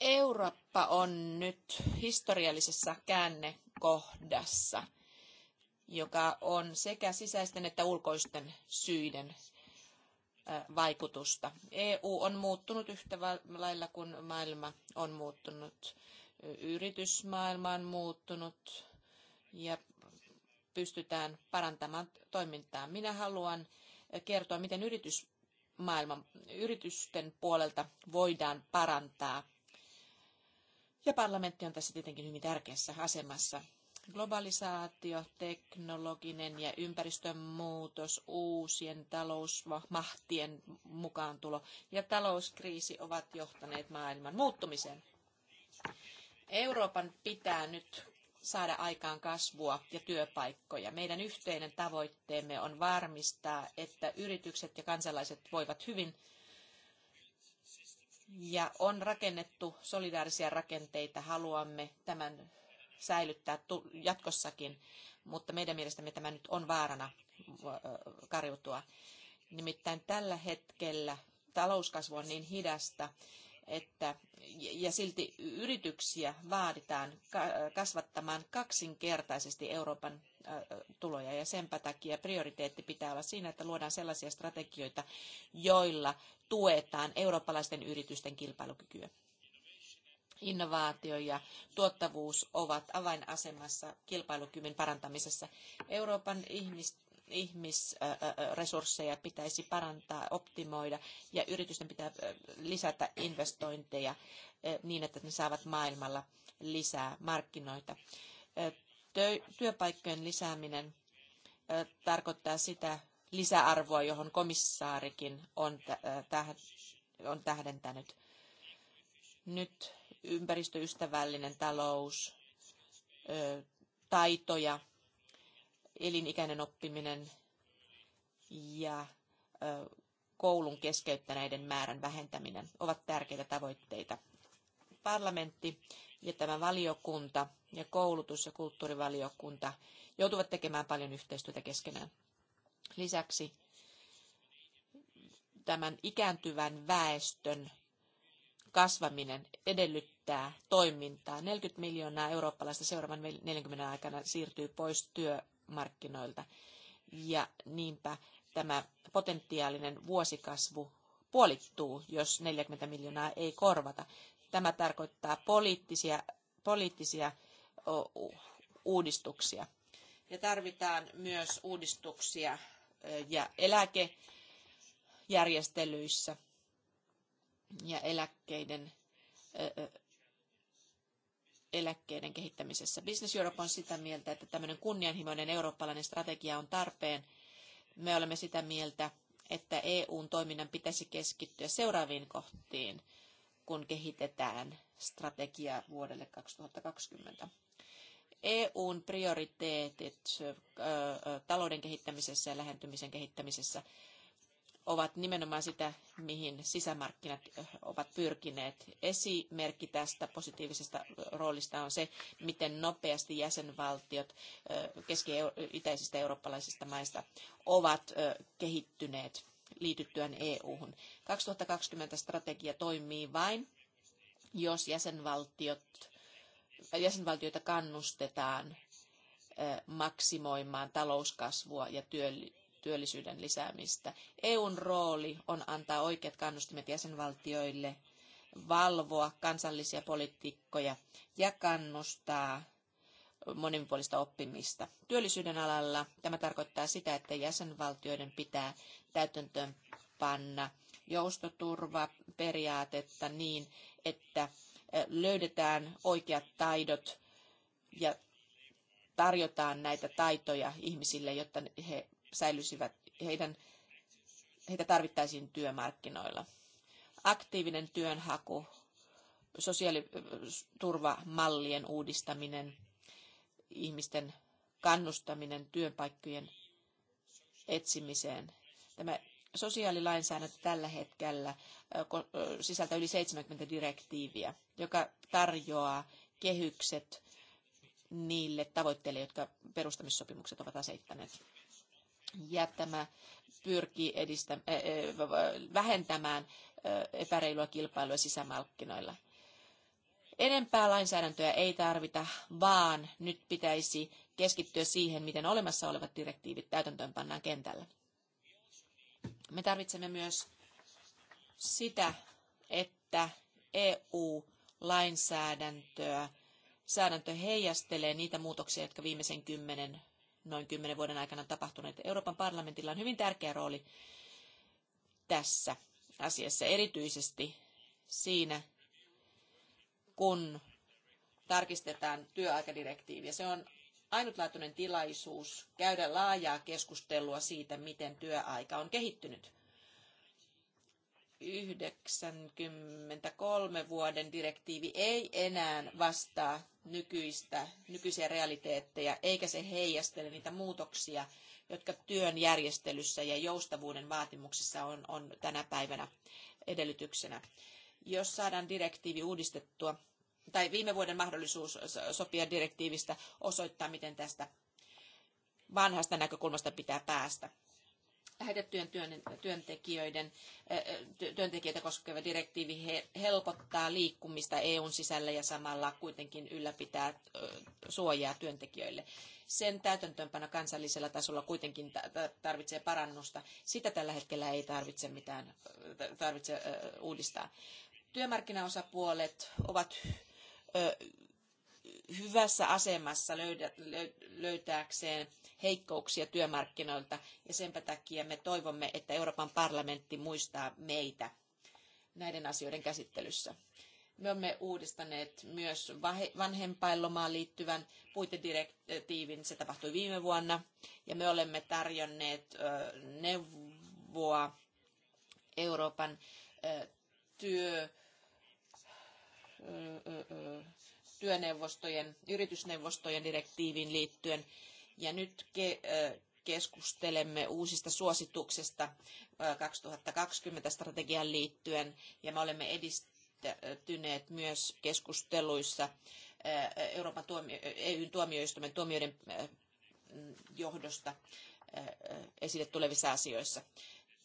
Eurooppa on nyt historiallisessa käännekohdassa, joka on sekä sisäisten että ulkoisten syiden vaikutusta. EU on muuttunut yhtä lailla kuin maailma on muuttunut. Yritysmaailma on muuttunut ja pystytään parantamaan toimintaa. Minä haluan kertoa, miten yritysmaailman, yritysten puolelta voidaan parantaa. Ja parlamentti on tässä tietenkin hyvin tärkeässä asemassa. Globalisaatio, teknologinen ja ympäristön muutos, uusien talousmahtien mukaantulo ja talouskriisi ovat johtaneet maailman muuttumiseen. Euroopan pitää nyt saada aikaan kasvua ja työpaikkoja. Meidän yhteinen tavoitteemme on varmistaa, että yritykset ja kansalaiset voivat hyvin ja on rakennettu solidaarisia rakenteita. Haluamme tämän säilyttää jatkossakin, mutta meidän mielestämme tämä nyt on vaarana karjutua. Nimittäin tällä hetkellä talouskasvu on niin hidasta, että, ja silti yrityksiä vaaditaan kasvattamaan kaksinkertaisesti Euroopan tuloja ja senpä takia prioriteetti pitää olla siinä, että luodaan sellaisia strategioita, joilla tuetaan eurooppalaisten yritysten kilpailukykyä. Innovaatio ja tuottavuus ovat avainasemassa kilpailukyvyn parantamisessa. Euroopan ihmisten ihmisresursseja pitäisi parantaa, optimoida ja yritysten pitää lisätä investointeja niin, että ne saavat maailmalla lisää markkinoita. Työpaikkojen lisääminen tarkoittaa sitä lisäarvoa, johon komissaarikin on, on tähdentänyt. Nyt ympäristöystävällinen talous, taitoja elinikäinen oppiminen ja koulun keskeyttäneiden määrän vähentäminen ovat tärkeitä tavoitteita. Parlamentti ja tämä valiokunta ja koulutus- ja kulttuurivaliokunta joutuvat tekemään paljon yhteistyötä keskenään. Lisäksi tämän ikääntyvän väestön kasvaminen edellyttää toimintaa. 40 miljoonaa eurooppalaista seuraavan 40 aikana siirtyy pois työ, markkinoilta. Ja niinpä tämä potentiaalinen vuosikasvu puolittuu, jos 40 miljoonaa ei korvata. Tämä tarkoittaa poliittisia, poliittisia uudistuksia. Ja tarvitaan myös uudistuksia ja eläkejärjestelyissä ja eläkkeiden eläkkeiden kehittämisessä. Business Europe on sitä mieltä, että tämmöinen kunnianhimoinen eurooppalainen strategia on tarpeen. Me olemme sitä mieltä, että EUn toiminnan pitäisi keskittyä seuraaviin kohtiin, kun kehitetään strategiaa vuodelle 2020. EUn prioriteetit talouden kehittämisessä ja lähentymisen kehittämisessä ovat nimenomaan sitä, mihin sisämarkkinat ovat pyrkineet. Esimerkki tästä positiivisesta roolista on se, miten nopeasti jäsenvaltiot keski-itäisistä eurooppalaisista maista ovat kehittyneet liityttyään EU-hun. 2020 strategia toimii vain, jos jäsenvaltiot, jäsenvaltioita kannustetaan maksimoimaan talouskasvua ja työllisyyttä työllisyyden lisäämistä. EUn rooli on antaa oikeat kannustimet jäsenvaltioille valvoa kansallisia politiikkoja ja kannustaa monipuolista oppimista. Työllisyyden alalla tämä tarkoittaa sitä, että jäsenvaltioiden pitää täytäntöön panna joustoturvaperiaatetta niin, että löydetään oikeat taidot ja tarjotaan näitä taitoja ihmisille, jotta he säilyisivät, heidän, heitä tarvittaisiin työmarkkinoilla. Aktiivinen työnhaku, sosiaaliturvamallien uudistaminen, ihmisten kannustaminen työpaikkojen etsimiseen. Tämä sosiaalilainsäädäntö tällä hetkellä sisältää yli 70 direktiiviä, joka tarjoaa kehykset niille tavoitteille, jotka perustamissopimukset ovat asettaneet ja tämä pyrkii edistä, vähentämään epäreilua kilpailua sisämarkkinoilla. Enempää lainsäädäntöä ei tarvita, vaan nyt pitäisi keskittyä siihen, miten olemassa olevat direktiivit täytäntöön pannaan kentällä. Me tarvitsemme myös sitä, että EU-lainsäädäntöä säädäntö heijastelee niitä muutoksia, jotka viimeisen kymmenen noin kymmenen vuoden aikana tapahtuneet. Euroopan parlamentilla on hyvin tärkeä rooli tässä asiassa, erityisesti siinä, kun tarkistetaan työaikadirektiiviä. Se on ainutlaatuinen tilaisuus käydä laajaa keskustelua siitä, miten työaika on kehittynyt 1993 vuoden direktiivi ei enää vastaa nykyistä, nykyisiä realiteetteja, eikä se heijastele niitä muutoksia, jotka työn järjestelyssä ja joustavuuden vaatimuksissa on, on tänä päivänä edellytyksenä. Jos saadaan direktiivi uudistettua, tai viime vuoden mahdollisuus sopia direktiivistä osoittaa, miten tästä vanhasta näkökulmasta pitää päästä lähetettyjen työntekijöiden, työntekijöitä koskeva direktiivi helpottaa liikkumista EUn sisällä ja samalla kuitenkin ylläpitää suojaa työntekijöille. Sen täytäntöönpano kansallisella tasolla kuitenkin tarvitsee parannusta. Sitä tällä hetkellä ei tarvitse, mitään, tarvitse uudistaa. Työmarkkinaosapuolet ovat hyvässä asemassa löydä, löytääkseen heikkouksia työmarkkinoilta ja senpä takia me toivomme, että Euroopan parlamentti muistaa meitä näiden asioiden käsittelyssä. Me olemme uudistaneet myös vanhempainlomaan liittyvän puitedirektiivin, se tapahtui viime vuonna, ja me olemme tarjonneet neuvoa Euroopan työ, työneuvostojen, yritysneuvostojen direktiiviin liittyen ja nyt keskustelemme uusista suosituksista 2020 strategian liittyen ja me olemme edistyneet myös keskusteluissa Euroopan tuomio, EUn tuomioistuimen tuomioiden johdosta esille tulevissa asioissa.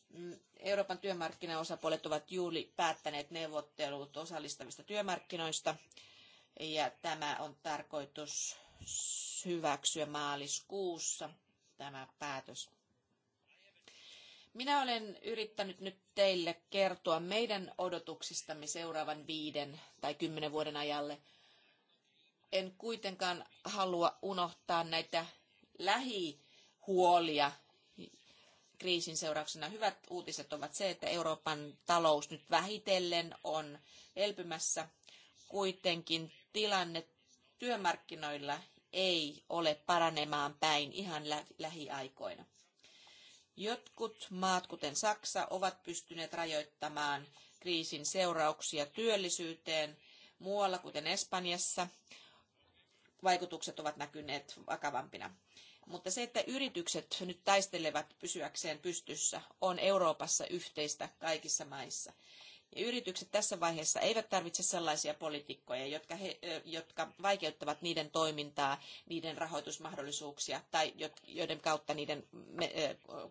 Mm, Euroopan työmarkkinaosapuolet ovat juuri päättäneet neuvottelut osallistavista työmarkkinoista ja tämä on tarkoitus hyväksyä maaliskuussa tämä päätös. Minä olen yrittänyt nyt teille kertoa meidän odotuksistamme seuraavan viiden tai kymmenen vuoden ajalle. En kuitenkaan halua unohtaa näitä lähihuolia kriisin seurauksena. Hyvät uutiset ovat se, että Euroopan talous nyt vähitellen on elpymässä. Kuitenkin tilanne työmarkkinoilla ei ole paranemaan päin ihan lä- lähiaikoina. Jotkut maat, kuten Saksa, ovat pystyneet rajoittamaan kriisin seurauksia työllisyyteen. Muualla, kuten Espanjassa, vaikutukset ovat näkyneet vakavampina. Mutta se, että yritykset nyt taistelevat pysyäkseen pystyssä, on Euroopassa yhteistä kaikissa maissa. Ja yritykset tässä vaiheessa eivät tarvitse sellaisia poliitikkoja, jotka, he, jotka vaikeuttavat niiden toimintaa, niiden rahoitusmahdollisuuksia tai joiden kautta niiden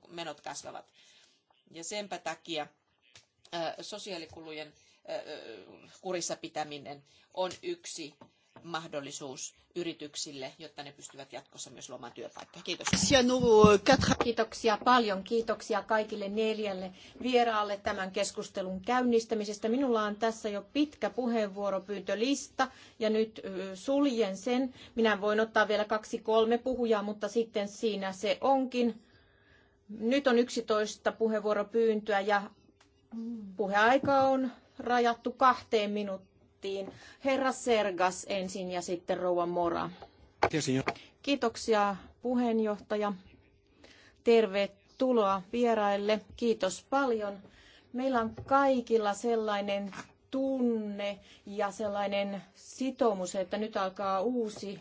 menot kasvavat. Ja senpä takia sosiaalikulujen kurissa pitäminen on yksi mahdollisuus yrityksille, jotta ne pystyvät jatkossa myös luomaan työpaikkoja. Kiitos. Kiitoksia paljon. Kiitoksia kaikille neljälle vieraalle tämän keskustelun käynnistämisestä. Minulla on tässä jo pitkä puheenvuoropyyntölista ja nyt suljen sen. Minä voin ottaa vielä kaksi kolme puhujaa, mutta sitten siinä se onkin. Nyt on 11 puheenvuoropyyntöä ja puheaika on rajattu kahteen minuuttiin debattiin. Herra Sergas ensin ja sitten rouva Mora. Kiitoksia puheenjohtaja. Tervetuloa vieraille. Kiitos paljon. Meillä on kaikilla sellainen tunne ja sellainen sitoumus, että nyt alkaa uusi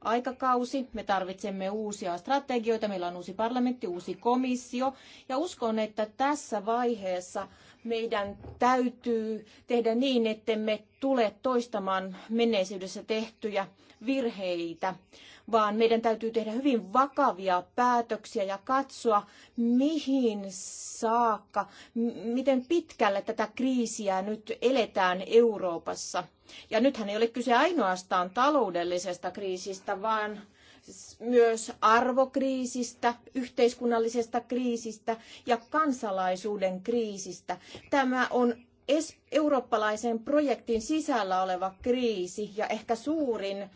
aikakausi. Me tarvitsemme uusia strategioita, meillä on uusi parlamentti, uusi komissio ja uskon, että tässä vaiheessa meidän täytyy tehdä niin, ettemme tule toistamaan menneisyydessä tehtyjä virheitä, vaan meidän täytyy tehdä hyvin vakavia päätöksiä ja katsoa, mihin saakka, miten pitkälle tätä kriisiä nyt eletään Euroopassa. Ja nythän ei ole kyse ainoastaan taloudellisesta kriisistä, vaan myös arvokriisistä, yhteiskunnallisesta kriisistä ja kansalaisuuden kriisistä. Tämä on eurooppalaisen projektin sisällä oleva kriisi ja ehkä suurin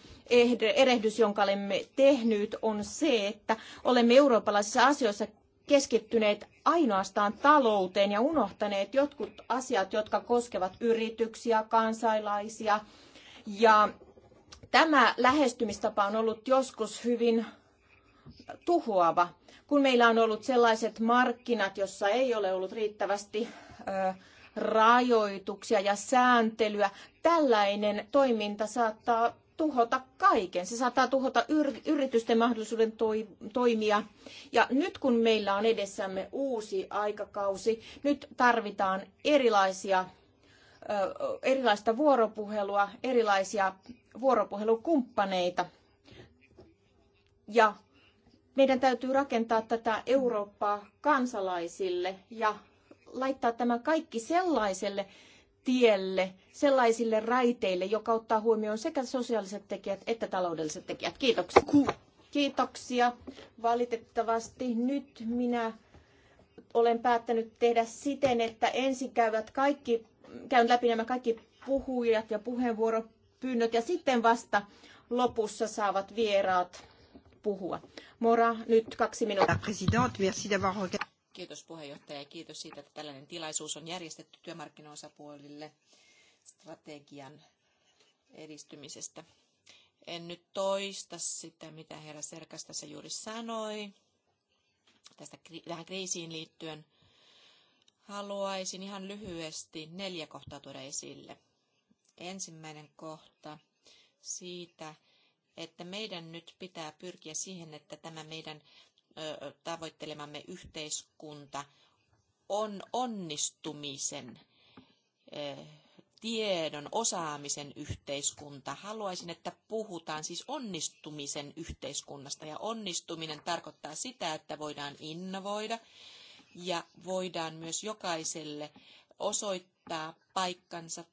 erehdys, jonka olemme tehnyt, on se, että olemme eurooppalaisissa asioissa keskittyneet ainoastaan talouteen ja unohtaneet jotkut asiat, jotka koskevat yrityksiä, kansalaisia ja Tämä lähestymistapa on ollut joskus hyvin tuhoava, kun meillä on ollut sellaiset markkinat, jossa ei ole ollut riittävästi ö, rajoituksia ja sääntelyä. Tällainen toiminta saattaa tuhota kaiken. Se saattaa tuhota yritysten mahdollisuuden toi, toimia. Ja nyt kun meillä on edessämme uusi aikakausi, nyt tarvitaan erilaisia, ö, erilaista vuoropuhelua, erilaisia vuoropuhelukumppaneita. Ja meidän täytyy rakentaa tätä Eurooppaa kansalaisille ja laittaa tämä kaikki sellaiselle tielle, sellaisille raiteille, joka ottaa huomioon sekä sosiaaliset tekijät että taloudelliset tekijät. Kiitoksia. Kiitoksia. Valitettavasti nyt minä olen päättänyt tehdä siten, että ensin käyvät kaikki, käyn läpi nämä kaikki puhujat ja puheenvuoropyytäjät pyynnöt ja sitten vasta lopussa saavat vieraat puhua. Mora, nyt kaksi minuuttia. Kiitos puheenjohtaja ja kiitos siitä, että tällainen tilaisuus on järjestetty työmarkkinoosapuolille strategian edistymisestä. En nyt toista sitä, mitä herra Serkas tässä juuri sanoi tästä, tähän kriisiin liittyen. Haluaisin ihan lyhyesti neljä kohtaa tuoda esille. Ensimmäinen kohta siitä, että meidän nyt pitää pyrkiä siihen, että tämä meidän tavoittelemamme yhteiskunta on onnistumisen tiedon, osaamisen yhteiskunta. Haluaisin, että puhutaan siis onnistumisen yhteiskunnasta. Ja onnistuminen tarkoittaa sitä, että voidaan innovoida ja voidaan myös jokaiselle osoittaa paikkansa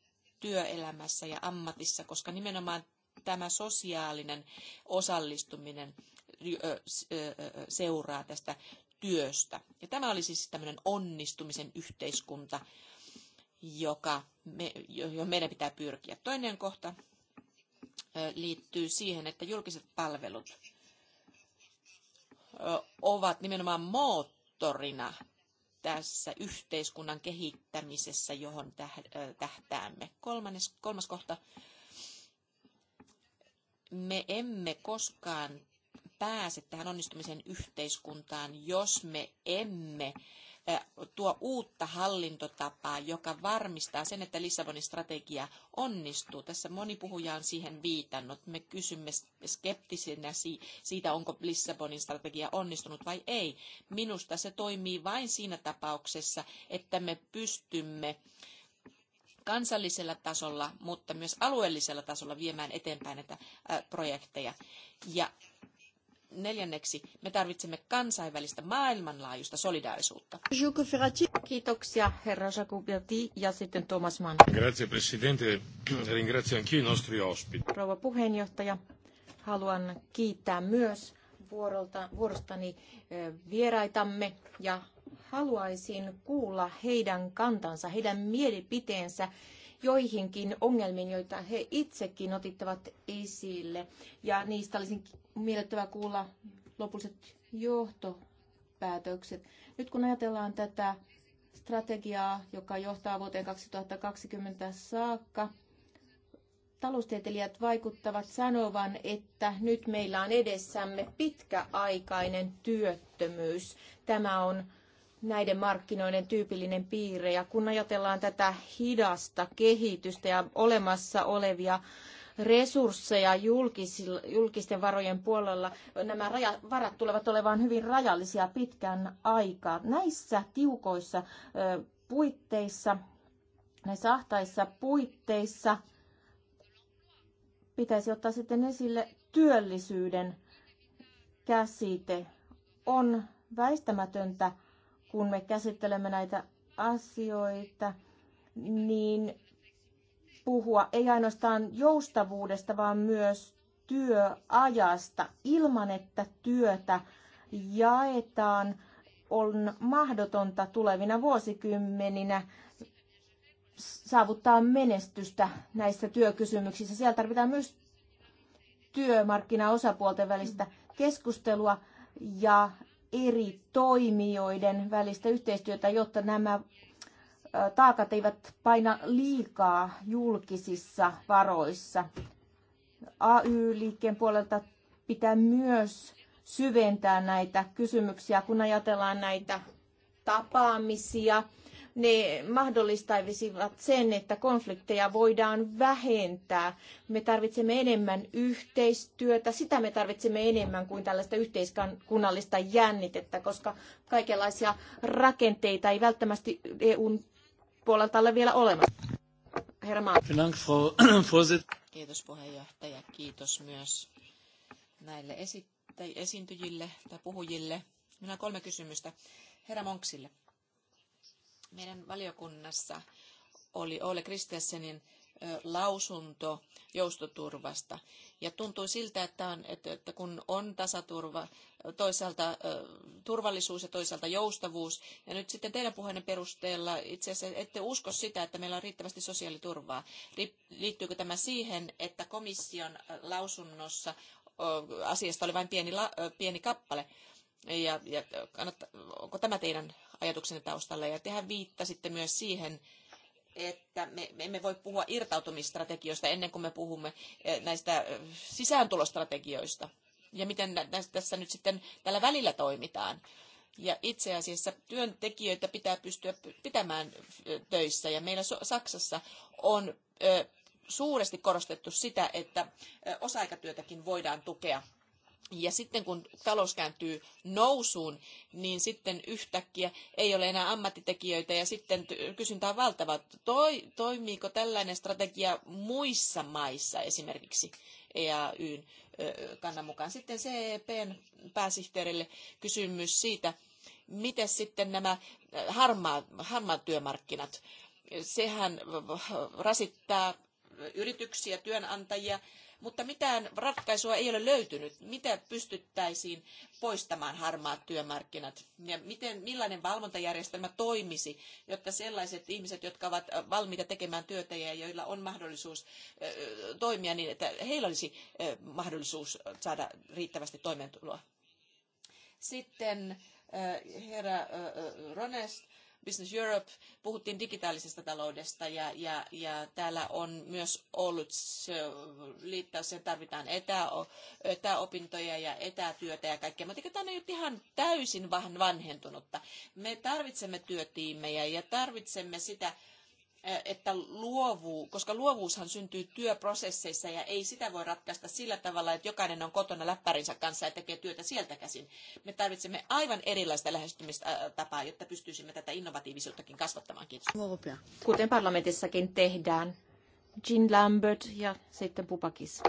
työelämässä ja ammatissa, koska nimenomaan tämä sosiaalinen osallistuminen seuraa tästä työstä. Ja tämä oli siis tämmöinen onnistumisen yhteiskunta, joka me, johon meidän pitää pyrkiä. Toinen kohta liittyy siihen, että julkiset palvelut ovat nimenomaan moottorina tässä yhteiskunnan kehittämisessä, johon tähtäämme. Kolmannes, kolmas kohta. Me emme koskaan pääse tähän onnistumisen yhteiskuntaan, jos me emme tuo uutta hallintotapaa, joka varmistaa sen, että Lissabonin strategia onnistuu. Tässä moni puhuja on siihen viitannut. Me kysymme skeptisinä siitä, onko Lissabonin strategia onnistunut vai ei. Minusta se toimii vain siinä tapauksessa, että me pystymme kansallisella tasolla, mutta myös alueellisella tasolla viemään eteenpäin näitä projekteja. Ja neljänneksi me tarvitsemme kansainvälistä maailmanlaajuista solidaarisuutta. Kiitoksia herra Jacobiati ja sitten Thomas Mann. Grazie presidente, ringrazio i nostri ospiti. Rouva puheenjohtaja, haluan kiittää myös vuorolta, vuorostani eh, vieraitamme ja haluaisin kuulla heidän kantansa, heidän mielipiteensä joihinkin ongelmiin, joita he itsekin otittavat esille. Ja niistä olisin miellyttävä kuulla lopulliset johtopäätökset. Nyt kun ajatellaan tätä strategiaa, joka johtaa vuoteen 2020 saakka, taloustieteilijät vaikuttavat sanovan, että nyt meillä on edessämme pitkäaikainen työttömyys. Tämä on näiden markkinoiden tyypillinen piirre. Ja kun ajatellaan tätä hidasta kehitystä ja olemassa olevia resursseja julkisten varojen puolella. Nämä raja, varat tulevat olemaan hyvin rajallisia pitkän aikaa. Näissä tiukoissa puitteissa, näissä ahtaissa puitteissa pitäisi ottaa sitten esille työllisyyden käsite. On väistämätöntä, kun me käsittelemme näitä asioita, niin puhua ei ainoastaan joustavuudesta, vaan myös työajasta ilman, että työtä jaetaan on mahdotonta tulevina vuosikymmeninä saavuttaa menestystä näissä työkysymyksissä. Siellä tarvitaan myös työmarkkinaosapuolten välistä keskustelua ja eri toimijoiden välistä yhteistyötä, jotta nämä taakat eivät paina liikaa julkisissa varoissa. AY-liikkeen puolelta pitää myös syventää näitä kysymyksiä, kun ajatellaan näitä tapaamisia. Ne mahdollistaisivat sen, että konflikteja voidaan vähentää. Me tarvitsemme enemmän yhteistyötä. Sitä me tarvitsemme enemmän kuin tällaista yhteiskunnallista jännitettä, koska kaikenlaisia rakenteita ei välttämättä EUn puolelta ole vielä olemassa. Herra Maa. Kiitos puheenjohtaja. Kiitos myös näille esittä- esiintyjille tai puhujille. Minulla on kolme kysymystä herra Monksille. Meidän valiokunnassa oli Ole Kristiassenin lausunto joustoturvasta. Ja tuntui siltä, että, on, että, kun on tasaturva, toisaalta turvallisuus ja toisaalta joustavuus, ja nyt sitten teidän puheenne perusteella itse asiassa ette usko sitä, että meillä on riittävästi sosiaaliturvaa. Liittyykö tämä siihen, että komission lausunnossa asiasta oli vain pieni, pieni kappale, ja, ja kannatta, onko tämä teidän ajatuksenne taustalla? Ja tehän viittasitte myös siihen, että me, emme voi puhua irtautumistrategioista ennen kuin me puhumme eh, näistä eh, sisääntulostrategioista ja miten tässä nyt sitten tällä välillä toimitaan. Ja itse asiassa työntekijöitä pitää pystyä pitämään eh, töissä. Ja meillä Saksassa on suuresti korostettu sitä, että osa-aikatyötäkin voidaan tukea ja sitten kun talous kääntyy nousuun, niin sitten yhtäkkiä ei ole enää ammattitekijöitä ja sitten kysyntä on valtava. Toi, toimiiko tällainen strategia muissa maissa esimerkiksi EAYn kannan mukaan? Sitten CEPn pääsihteerille kysymys siitä, miten sitten nämä harmaa, harmaat työmarkkinat, sehän rasittaa yrityksiä, työnantajia, mutta mitään ratkaisua ei ole löytynyt. Miten pystyttäisiin poistamaan harmaat työmarkkinat? Ja miten, millainen valvontajärjestelmä toimisi, jotta sellaiset ihmiset, jotka ovat valmiita tekemään työtä ja joilla on mahdollisuus toimia niin, että heillä olisi mahdollisuus saada riittävästi toimeentuloa? Sitten herra Ronest. Business Europe, puhuttiin digitaalisesta taloudesta ja, ja, ja täällä on myös ollut liittaus, että tarvitaan etäopintoja ja etätyötä ja kaikkea, mutta tämä on nyt ihan täysin vähän vanhentunutta. Me tarvitsemme työtiimejä ja tarvitsemme sitä että luovuu, koska luovuushan syntyy työprosesseissa ja ei sitä voi ratkaista sillä tavalla, että jokainen on kotona läppärinsä kanssa ja tekee työtä sieltä käsin. Me tarvitsemme aivan erilaista lähestymistapaa, jotta pystyisimme tätä innovatiivisuuttakin kasvattamaan. Kiitos. Kuten parlamentissakin tehdään. Jean Lambert ja sitten Pupakis.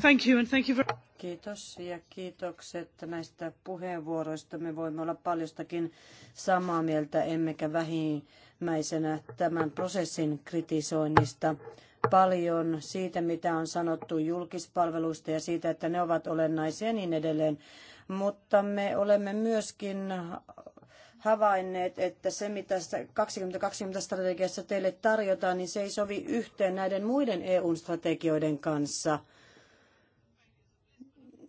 Thank you and thank you very... Kiitos ja kiitokset näistä puheenvuoroista. Me voimme olla paljostakin samaa mieltä, emmekä vähin ensimmäisenä tämän prosessin kritisoinnista. Paljon siitä, mitä on sanottu julkispalveluista ja siitä, että ne ovat olennaisia ja niin edelleen. Mutta me olemme myöskin havainneet, että se mitä 2020-strategiassa teille tarjotaan, niin se ei sovi yhteen näiden muiden EU-strategioiden kanssa –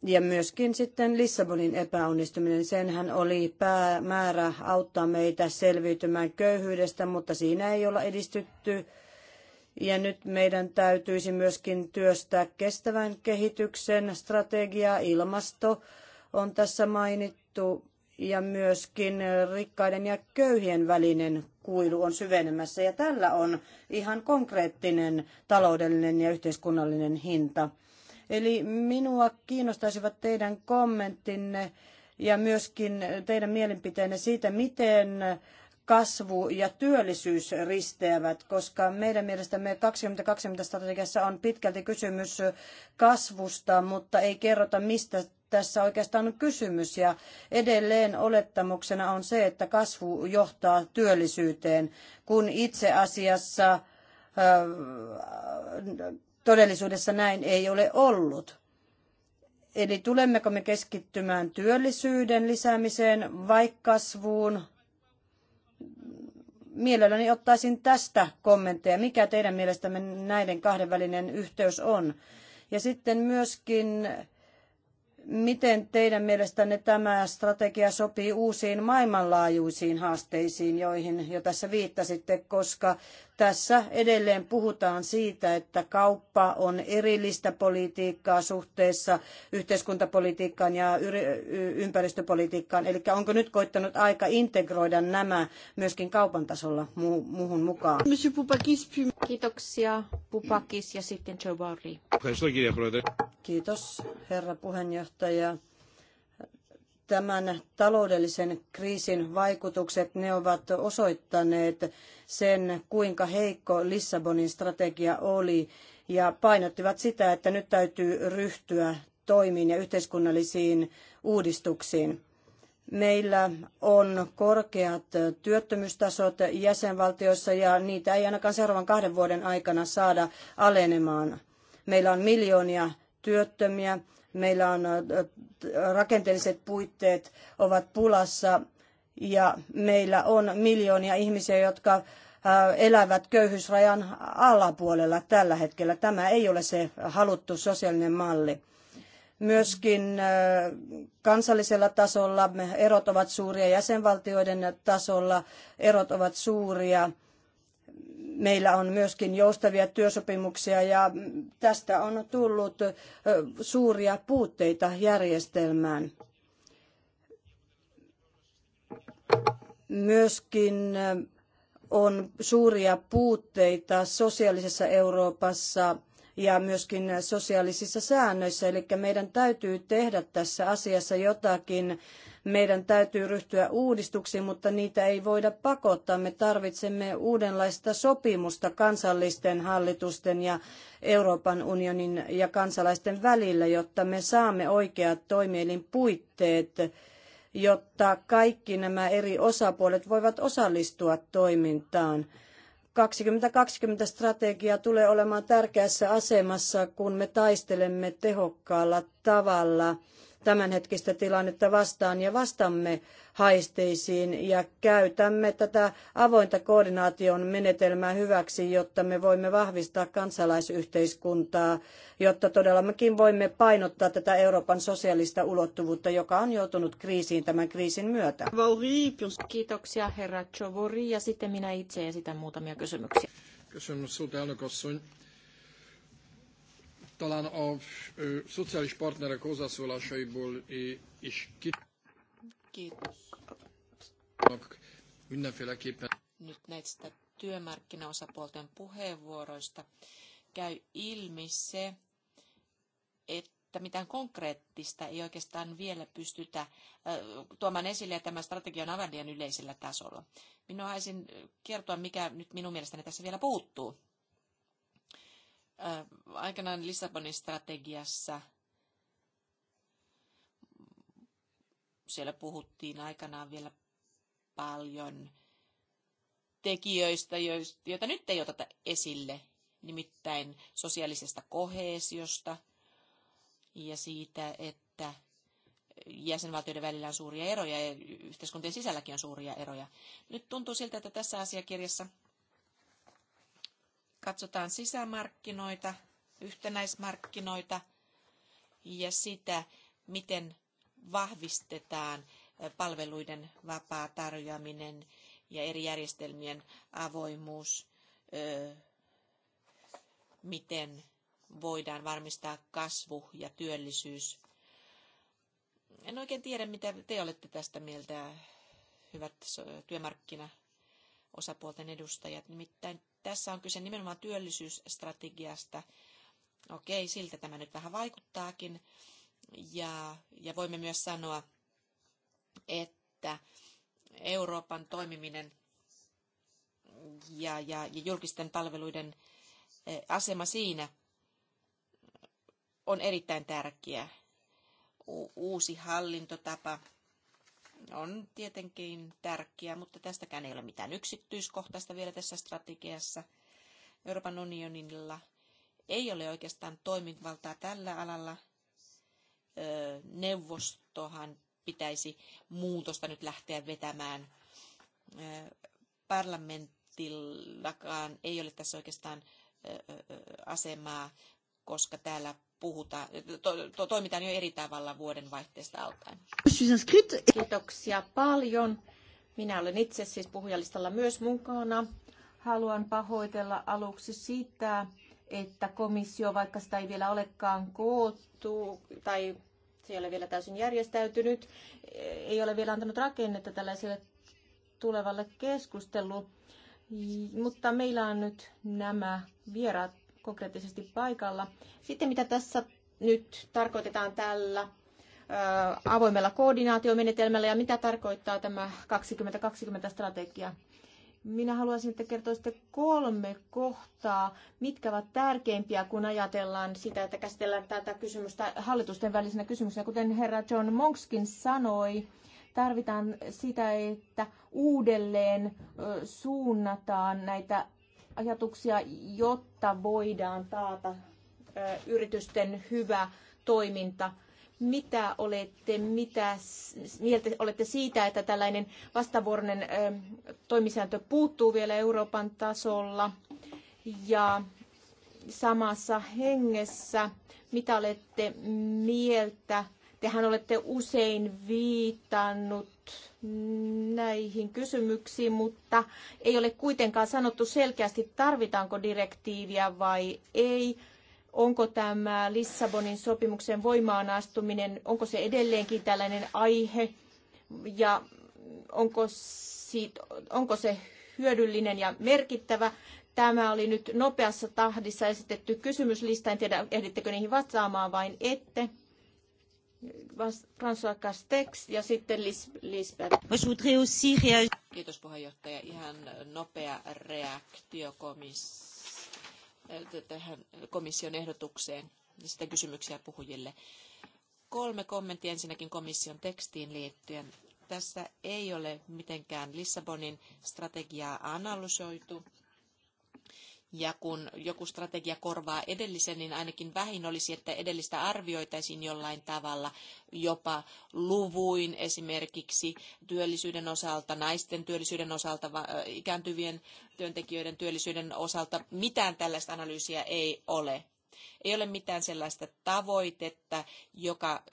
ja myöskin sitten Lissabonin epäonnistuminen, senhän oli päämäärä auttaa meitä selviytymään köyhyydestä, mutta siinä ei olla edistytty. Ja nyt meidän täytyisi myöskin työstää kestävän kehityksen strategia, ilmasto on tässä mainittu, ja myöskin rikkaiden ja köyhien välinen kuilu on syvenemässä. Ja tällä on ihan konkreettinen taloudellinen ja yhteiskunnallinen hinta. Eli minua kiinnostaisivat teidän kommenttinne ja myöskin teidän mielipiteenne siitä, miten kasvu ja työllisyys risteävät, koska meidän mielestämme 2020 strategiassa on pitkälti kysymys kasvusta, mutta ei kerrota mistä tässä oikeastaan on kysymys ja edelleen olettamuksena on se, että kasvu johtaa työllisyyteen, kun itse asiassa todellisuudessa näin ei ole ollut. Eli tulemmeko me keskittymään työllisyyden lisäämiseen vai kasvuun? Mielelläni ottaisin tästä kommentteja. Mikä teidän mielestämme näiden kahden välinen yhteys on? Ja sitten myöskin, miten teidän mielestänne tämä strategia sopii uusiin maailmanlaajuisiin haasteisiin, joihin jo tässä viittasitte, koska tässä edelleen puhutaan siitä, että kauppa on erillistä politiikkaa suhteessa yhteiskuntapolitiikkaan ja ympäristöpolitiikkaan. Eli onko nyt koittanut aika integroida nämä myöskin kaupan tasolla muuhun mukaan? Kiitoksia Pupakis ja sitten Joe Kiitos herra puheenjohtaja tämän taloudellisen kriisin vaikutukset, ne ovat osoittaneet sen, kuinka heikko Lissabonin strategia oli ja painottivat sitä, että nyt täytyy ryhtyä toimiin ja yhteiskunnallisiin uudistuksiin. Meillä on korkeat työttömyystasot jäsenvaltioissa ja niitä ei ainakaan seuraavan kahden vuoden aikana saada alenemaan. Meillä on miljoonia työttömiä meillä on äh, rakenteelliset puitteet ovat pulassa ja meillä on miljoonia ihmisiä, jotka äh, elävät köyhyysrajan alapuolella tällä hetkellä. Tämä ei ole se haluttu sosiaalinen malli. Myöskin äh, kansallisella tasolla erot ovat suuria, jäsenvaltioiden tasolla erot ovat suuria meillä on myöskin joustavia työsopimuksia ja tästä on tullut suuria puutteita järjestelmään. Myöskin on suuria puutteita sosiaalisessa Euroopassa ja myöskin sosiaalisissa säännöissä. Eli meidän täytyy tehdä tässä asiassa jotakin meidän täytyy ryhtyä uudistuksiin, mutta niitä ei voida pakottaa. Me tarvitsemme uudenlaista sopimusta kansallisten hallitusten ja Euroopan unionin ja kansalaisten välillä, jotta me saamme oikeat toimielin puitteet jotta kaikki nämä eri osapuolet voivat osallistua toimintaan. 2020 strategia tulee olemaan tärkeässä asemassa, kun me taistelemme tehokkaalla tavalla tämänhetkistä tilannetta vastaan ja vastamme haisteisiin ja käytämme tätä avointa koordinaation menetelmää hyväksi, jotta me voimme vahvistaa kansalaisyhteiskuntaa, jotta todellakin voimme painottaa tätä Euroopan sosiaalista ulottuvuutta, joka on joutunut kriisiin tämän kriisin myötä. Kiitoksia herra Chovori ja sitten minä itse esitän muutamia kysymyksiä. Kysymys talán a ö, szociális partnerek hozzászólásaiból is kitnak mindenféleképpen. Nyt näistä työmarkkinaosapuolten puheenvuoroista käy ilmi se, että mitään konkreettista ei oikeastaan vielä pystytä tuomaan esille, ja tämä strategia on aivan yleisellä tasolla. Minua haisin kertoa, mikä nyt minun mielestäni tässä vielä puuttuu Äh, aikanaan Lissabonin strategiassa siellä puhuttiin aikanaan vielä paljon tekijöistä, joita nyt ei oteta esille, nimittäin sosiaalisesta kohesiosta ja siitä, että jäsenvaltioiden välillä on suuria eroja ja yhteiskuntien sisälläkin on suuria eroja. Nyt tuntuu siltä, että tässä asiakirjassa katsotaan sisämarkkinoita, yhtenäismarkkinoita ja sitä, miten vahvistetaan palveluiden vapaa tarjoaminen ja eri järjestelmien avoimuus, miten voidaan varmistaa kasvu ja työllisyys. En oikein tiedä, mitä te olette tästä mieltä, hyvät työmarkkina osapuolten edustajat. Nimittäin tässä on kyse nimenomaan työllisyysstrategiasta. Okei, siltä tämä nyt vähän vaikuttaakin. Ja, ja voimme myös sanoa, että Euroopan toimiminen ja, ja, ja julkisten palveluiden eh, asema siinä on erittäin tärkeä. U- uusi hallintotapa on tietenkin tärkeä, mutta tästäkään ei ole mitään yksityiskohtaista vielä tässä strategiassa. Euroopan unionilla ei ole oikeastaan toimivaltaa tällä alalla. Neuvostohan pitäisi muutosta nyt lähteä vetämään. Parlamentillakaan ei ole tässä oikeastaan asemaa koska täällä puhutaan, to, to, toimitaan jo eri tavalla vuoden vaihteesta alkaen. Kiitoksia paljon. Minä olen itse siis puhujalistalla myös mukana. Haluan pahoitella aluksi sitä, että komissio, vaikka sitä ei vielä olekaan koottu tai se ei ole vielä täysin järjestäytynyt, ei ole vielä antanut rakennetta tällaiselle tulevalle keskustelulle. Mutta meillä on nyt nämä vieraat konkreettisesti paikalla. Sitten mitä tässä nyt tarkoitetaan tällä avoimella koordinaatiomenetelmällä ja mitä tarkoittaa tämä 2020-strategia. Minä haluaisin, että kertoisitte kolme kohtaa, mitkä ovat tärkeimpiä, kun ajatellaan sitä, että käsitellään tätä kysymystä hallitusten välisenä kysymyksenä. Kuten herra John Monkskin sanoi, tarvitaan sitä, että uudelleen suunnataan näitä ajatuksia, jotta voidaan taata yritysten hyvä toiminta. Mitä olette, mitä mieltä olette siitä, että tällainen vastavuoroinen toimisääntö puuttuu vielä Euroopan tasolla? Ja samassa hengessä, mitä olette mieltä? Tehän olette usein viitannut näihin kysymyksiin, mutta ei ole kuitenkaan sanottu selkeästi, tarvitaanko direktiiviä vai ei. Onko tämä Lissabonin sopimuksen voimaan astuminen, onko se edelleenkin tällainen aihe ja onko, siitä, onko se hyödyllinen ja merkittävä. Tämä oli nyt nopeassa tahdissa esitetty kysymyslista. En tiedä, ehdittekö niihin vastaamaan vain ette. François Castex ja sitten Lis- Lisbeth. Kiitos puheenjohtaja. Ihan nopea reaktio komis- tähän komission ehdotukseen ja sitten kysymyksiä puhujille. Kolme kommenttia ensinnäkin komission tekstiin liittyen. Tässä ei ole mitenkään Lissabonin strategiaa analysoitu ja kun joku strategia korvaa edellisen, niin ainakin vähin olisi, että edellistä arvioitaisiin jollain tavalla jopa luvuin esimerkiksi työllisyyden osalta, naisten työllisyyden osalta, ikääntyvien työntekijöiden työllisyyden osalta. Mitään tällaista analyysiä ei ole. Ei ole mitään sellaista tavoitetta, joka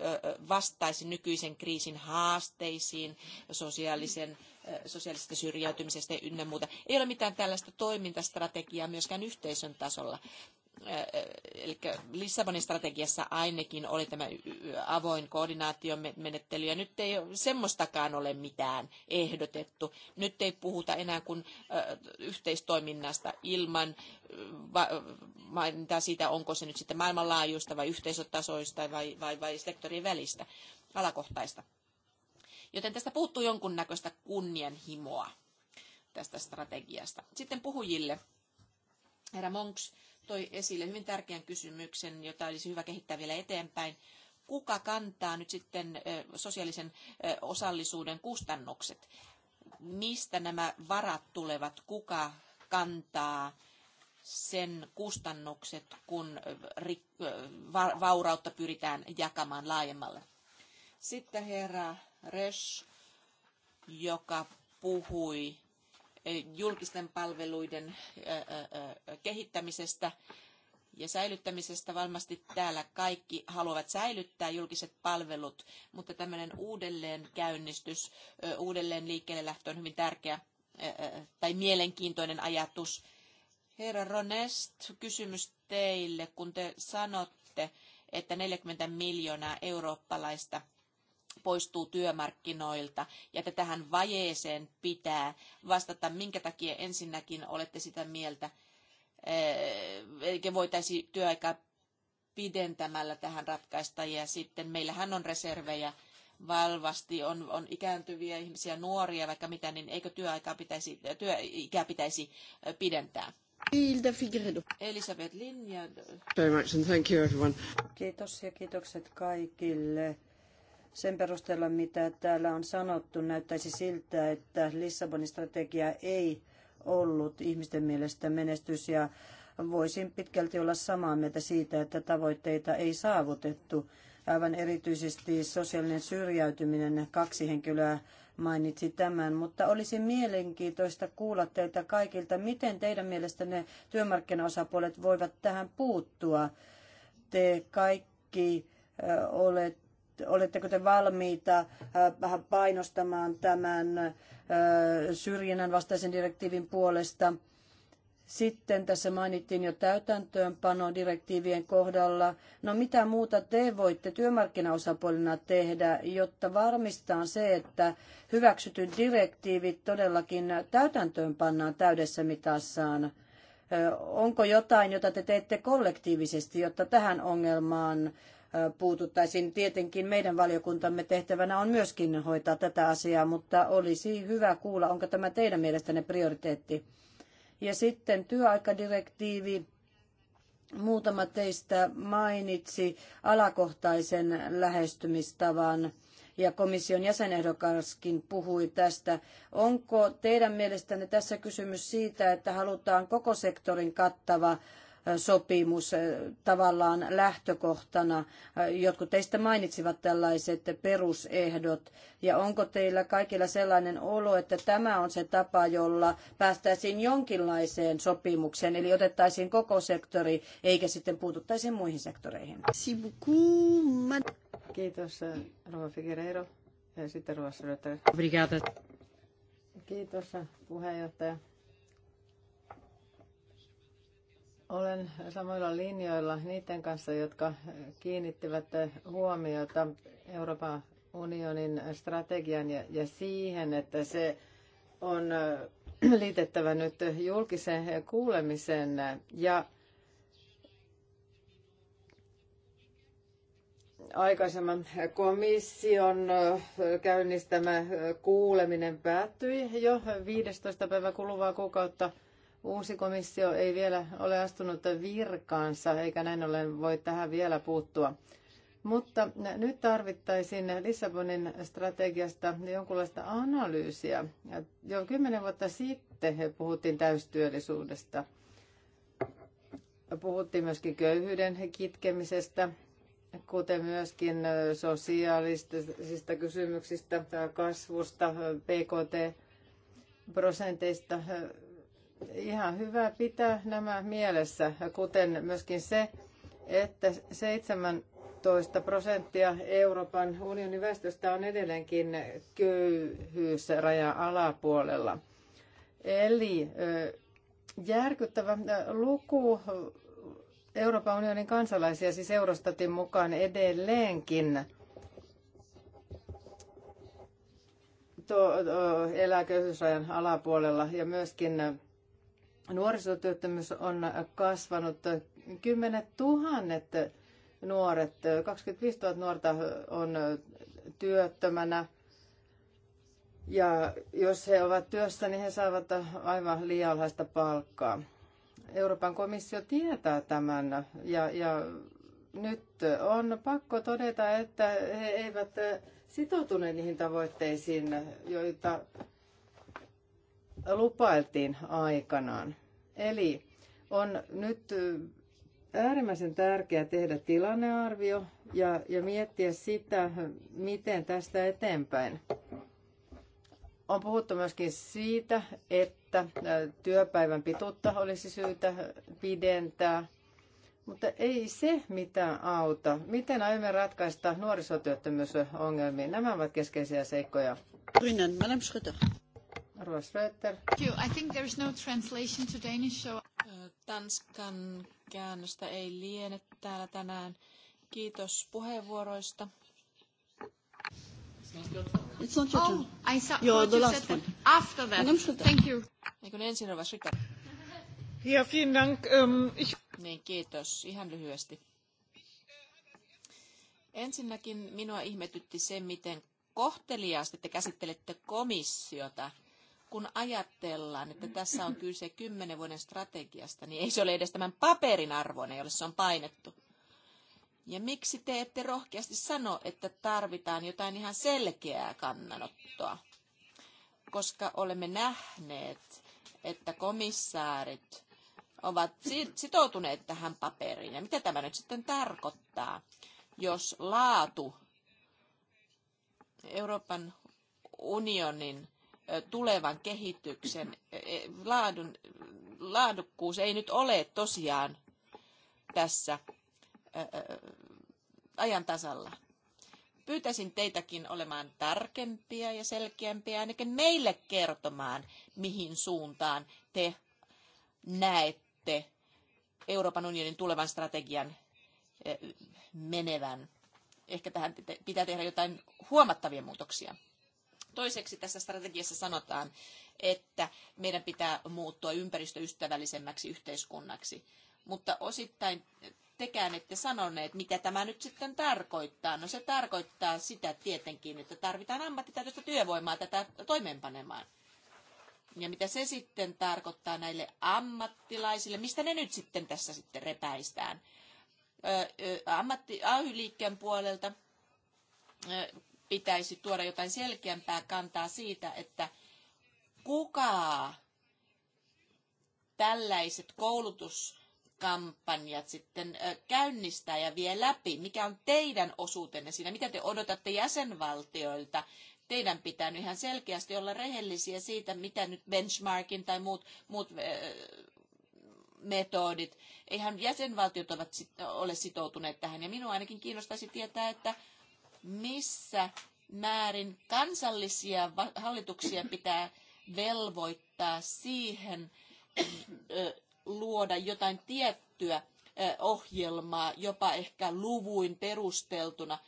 vastaisi nykyisen kriisin haasteisiin, sosiaalisen, sosiaalisesta syrjäytymisestä ynnä muuta. Ei ole mitään tällaista toimintastrategiaa myöskään yhteisön tasolla eli Lissabonin strategiassa ainakin oli tämä avoin koordinaatiomenettely, ja nyt ei semmoistakaan ole mitään ehdotettu. Nyt ei puhuta enää kuin yhteistoiminnasta ilman mainintaa siitä, onko se nyt sitten maailmanlaajuista vai yhteisötasoista vai, vai, vai sektorien välistä, alakohtaista. Joten tästä puuttuu jonkunnäköistä kunnianhimoa tästä strategiasta. Sitten puhujille. Herra Monks toi esille hyvin tärkeän kysymyksen, jota olisi hyvä kehittää vielä eteenpäin. Kuka kantaa nyt sitten sosiaalisen osallisuuden kustannukset? Mistä nämä varat tulevat? Kuka kantaa sen kustannukset, kun vaurautta pyritään jakamaan laajemmalle? Sitten herra Resch, joka puhui Eh, julkisten palveluiden eh, eh, kehittämisestä ja säilyttämisestä. Varmasti täällä kaikki haluavat säilyttää julkiset palvelut, mutta tämmöinen uudelleen käynnistys, uudelleen liikkeelle lähtö on hyvin tärkeä tai mielenkiintoinen ajatus. Herra Ronest, kysymys teille, kun te sanotte, että 40 miljoonaa eurooppalaista – poistuu työmarkkinoilta ja että tähän vajeeseen pitää vastata, minkä takia ensinnäkin olette sitä mieltä, eikä eh, voitaisi työaikaa pidentämällä tähän ratkaista ja sitten meillähän on reservejä valvasti, on, on ikääntyviä ihmisiä, nuoria vaikka mitä, niin eikö työaikaa pitäisi, työikää pitäisi eh, pidentää? Hilda Figredo. Elisabeth Linja. Very much and thank you everyone. Kiitos ja kiitokset kaikille sen perusteella, mitä täällä on sanottu, näyttäisi siltä, että Lissabonin strategia ei ollut ihmisten mielestä menestys ja voisin pitkälti olla samaa mieltä siitä, että tavoitteita ei saavutettu. Aivan erityisesti sosiaalinen syrjäytyminen, kaksi henkilöä mainitsi tämän, mutta olisi mielenkiintoista kuulla teiltä kaikilta, miten teidän mielestänne työmarkkinaosapuolet voivat tähän puuttua. Te kaikki olette oletteko te valmiita vähän painostamaan tämän syrjinnän vastaisen direktiivin puolesta? Sitten tässä mainittiin jo täytäntöönpano direktiivien kohdalla. No mitä muuta te voitte työmarkkinaosapuolina tehdä, jotta varmistaa se, että hyväksytyn direktiivit todellakin täytäntöönpannaan täydessä mitassaan? Onko jotain, jota te teette kollektiivisesti, jotta tähän ongelmaan puututtaisiin. Tietenkin meidän valiokuntamme tehtävänä on myöskin hoitaa tätä asiaa, mutta olisi hyvä kuulla, onko tämä teidän mielestänne prioriteetti. Ja sitten työaikadirektiivi. Muutama teistä mainitsi alakohtaisen lähestymistavan ja komission jäsenehdokaskin puhui tästä. Onko teidän mielestänne tässä kysymys siitä, että halutaan koko sektorin kattava sopimus äh, tavallaan lähtökohtana. Äh, jotkut teistä mainitsivat tällaiset perusehdot. Ja onko teillä kaikilla sellainen olo, että tämä on se tapa, jolla päästäisiin jonkinlaiseen sopimukseen, eli otettaisiin koko sektori, eikä sitten puututtaisiin muihin sektoreihin? Kiitos, äh, Rova Figueiredo. Ja sitten Rova Kiitos, puheenjohtaja. Olen samoilla linjoilla niiden kanssa, jotka kiinnittivät huomiota Euroopan unionin strategian ja siihen, että se on liitettävä nyt julkiseen kuulemiseen ja aikaisemman komission käynnistämä kuuleminen päättyi jo 15. päivä kuluvaa kuukautta – Uusi komissio ei vielä ole astunut virkaansa, eikä näin ollen voi tähän vielä puuttua. Mutta nyt tarvittaisiin Lissabonin strategiasta jonkunlaista analyysiä. Jo kymmenen vuotta sitten puhuttiin täystyöllisyydestä. Puhuttiin myöskin köyhyyden kitkemisestä, kuten myöskin sosiaalisista kysymyksistä, kasvusta, PKT-prosenteista, ihan hyvä pitää nämä mielessä, kuten myöskin se, että 17 prosenttia Euroopan unionin väestöstä on edelleenkin köyhyysrajan alapuolella. Eli järkyttävä luku Euroopan unionin kansalaisia, siis Eurostatin mukaan edelleenkin elää köyhyysrajan alapuolella ja myöskin Nuorisotyöttömyys on kasvanut. Kymmenet tuhannet nuoret, 25 000 nuorta on työttömänä. Ja jos he ovat työssä, niin he saavat aivan liian alhaista palkkaa. Euroopan komissio tietää tämän ja, ja nyt on pakko todeta, että he eivät sitoutuneet niihin tavoitteisiin, joita lupailtiin aikanaan. Eli on nyt äärimmäisen tärkeää tehdä tilannearvio ja, ja miettiä sitä, miten tästä eteenpäin. On puhuttu myöskin siitä, että työpäivän pituutta olisi syytä pidentää, mutta ei se mitään auta. Miten aiomme ratkaista nuorisotyöttömyysongelmia? Nämä ovat keskeisiä seikkoja. Rynnen, Madame Schröter. Thank you. I think there is no translation to Danish, so... Tanskan käännöstä ei liene täällä tänään. Kiitos puheenvuoroista. It's not your oh, turn. Oh, I saw You're the last one. After that. Thank you. Eikö ne ensin rovas Rika? Ja, vielen Dank. Um, ich... Niin, kiitos. Ihan lyhyesti. Ensinnäkin minua ihmetytti se, miten kohteliaasti te käsittelette komissiota kun ajatellaan, että tässä on kyse kymmenen vuoden strategiasta, niin ei se ole edes tämän paperin arvoinen, jolle se on painettu. Ja miksi te ette rohkeasti sano, että tarvitaan jotain ihan selkeää kannanottoa? Koska olemme nähneet, että komissaarit ovat sitoutuneet tähän paperiin. Ja mitä tämä nyt sitten tarkoittaa, jos laatu Euroopan unionin tulevan kehityksen e, laadun, laadukkuus ei nyt ole tosiaan tässä ajan tasalla. Pyytäisin teitäkin olemaan tarkempia ja selkeämpiä, ainakin meille kertomaan, mihin suuntaan te näette Euroopan unionin tulevan strategian menevän. Ehkä tähän pitää tehdä jotain huomattavia muutoksia. Toiseksi tässä strategiassa sanotaan, että meidän pitää muuttua ympäristöystävällisemmäksi yhteiskunnaksi. Mutta osittain tekään ette sanoneet, mitä tämä nyt sitten tarkoittaa. No se tarkoittaa sitä tietenkin, että tarvitaan ammattitaitoista työvoimaa tätä toimeenpanemaan. Ja mitä se sitten tarkoittaa näille ammattilaisille, mistä ne nyt sitten tässä sitten repäistään. ammatti, AY-liikkeen puolelta pitäisi tuoda jotain selkeämpää kantaa siitä, että kuka tällaiset koulutuskampanjat sitten käynnistää ja vie läpi? Mikä on teidän osuutenne siinä? Mitä te odotatte jäsenvaltioilta? Teidän pitää nyt ihan selkeästi olla rehellisiä siitä, mitä nyt benchmarkin tai muut, muut metodit. Eihän jäsenvaltiot ovat, ole sitoutuneet tähän, ja minua ainakin kiinnostaisi tietää, että missä määrin kansallisia hallituksia pitää velvoittaa siihen luoda jotain tiettyä ohjelmaa, jopa ehkä luvuin perusteltuna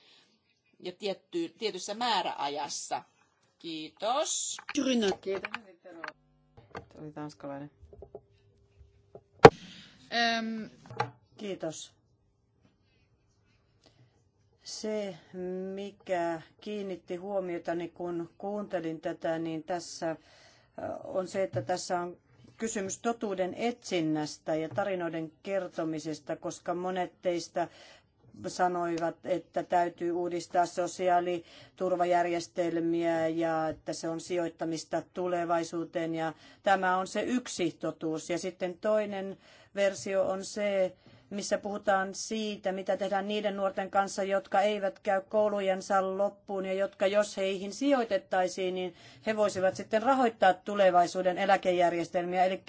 ja tietty, tietyssä määräajassa. Kiitos. Kiitos. Oli tanskalainen. Öm. Kiitos. Se, mikä kiinnitti huomiota niin kun kuuntelin tätä, niin tässä on se, että tässä on kysymys totuuden etsinnästä ja tarinoiden kertomisesta, koska monet teistä sanoivat, että täytyy uudistaa sosiaaliturvajärjestelmiä ja että se on sijoittamista tulevaisuuteen ja tämä on se yksi totuus. Ja sitten toinen versio on se, missä puhutaan siitä, mitä tehdään niiden nuorten kanssa, jotka eivät käy koulujensa loppuun ja jotka, jos heihin sijoitettaisiin, niin he voisivat sitten rahoittaa tulevaisuuden eläkejärjestelmiä. Eli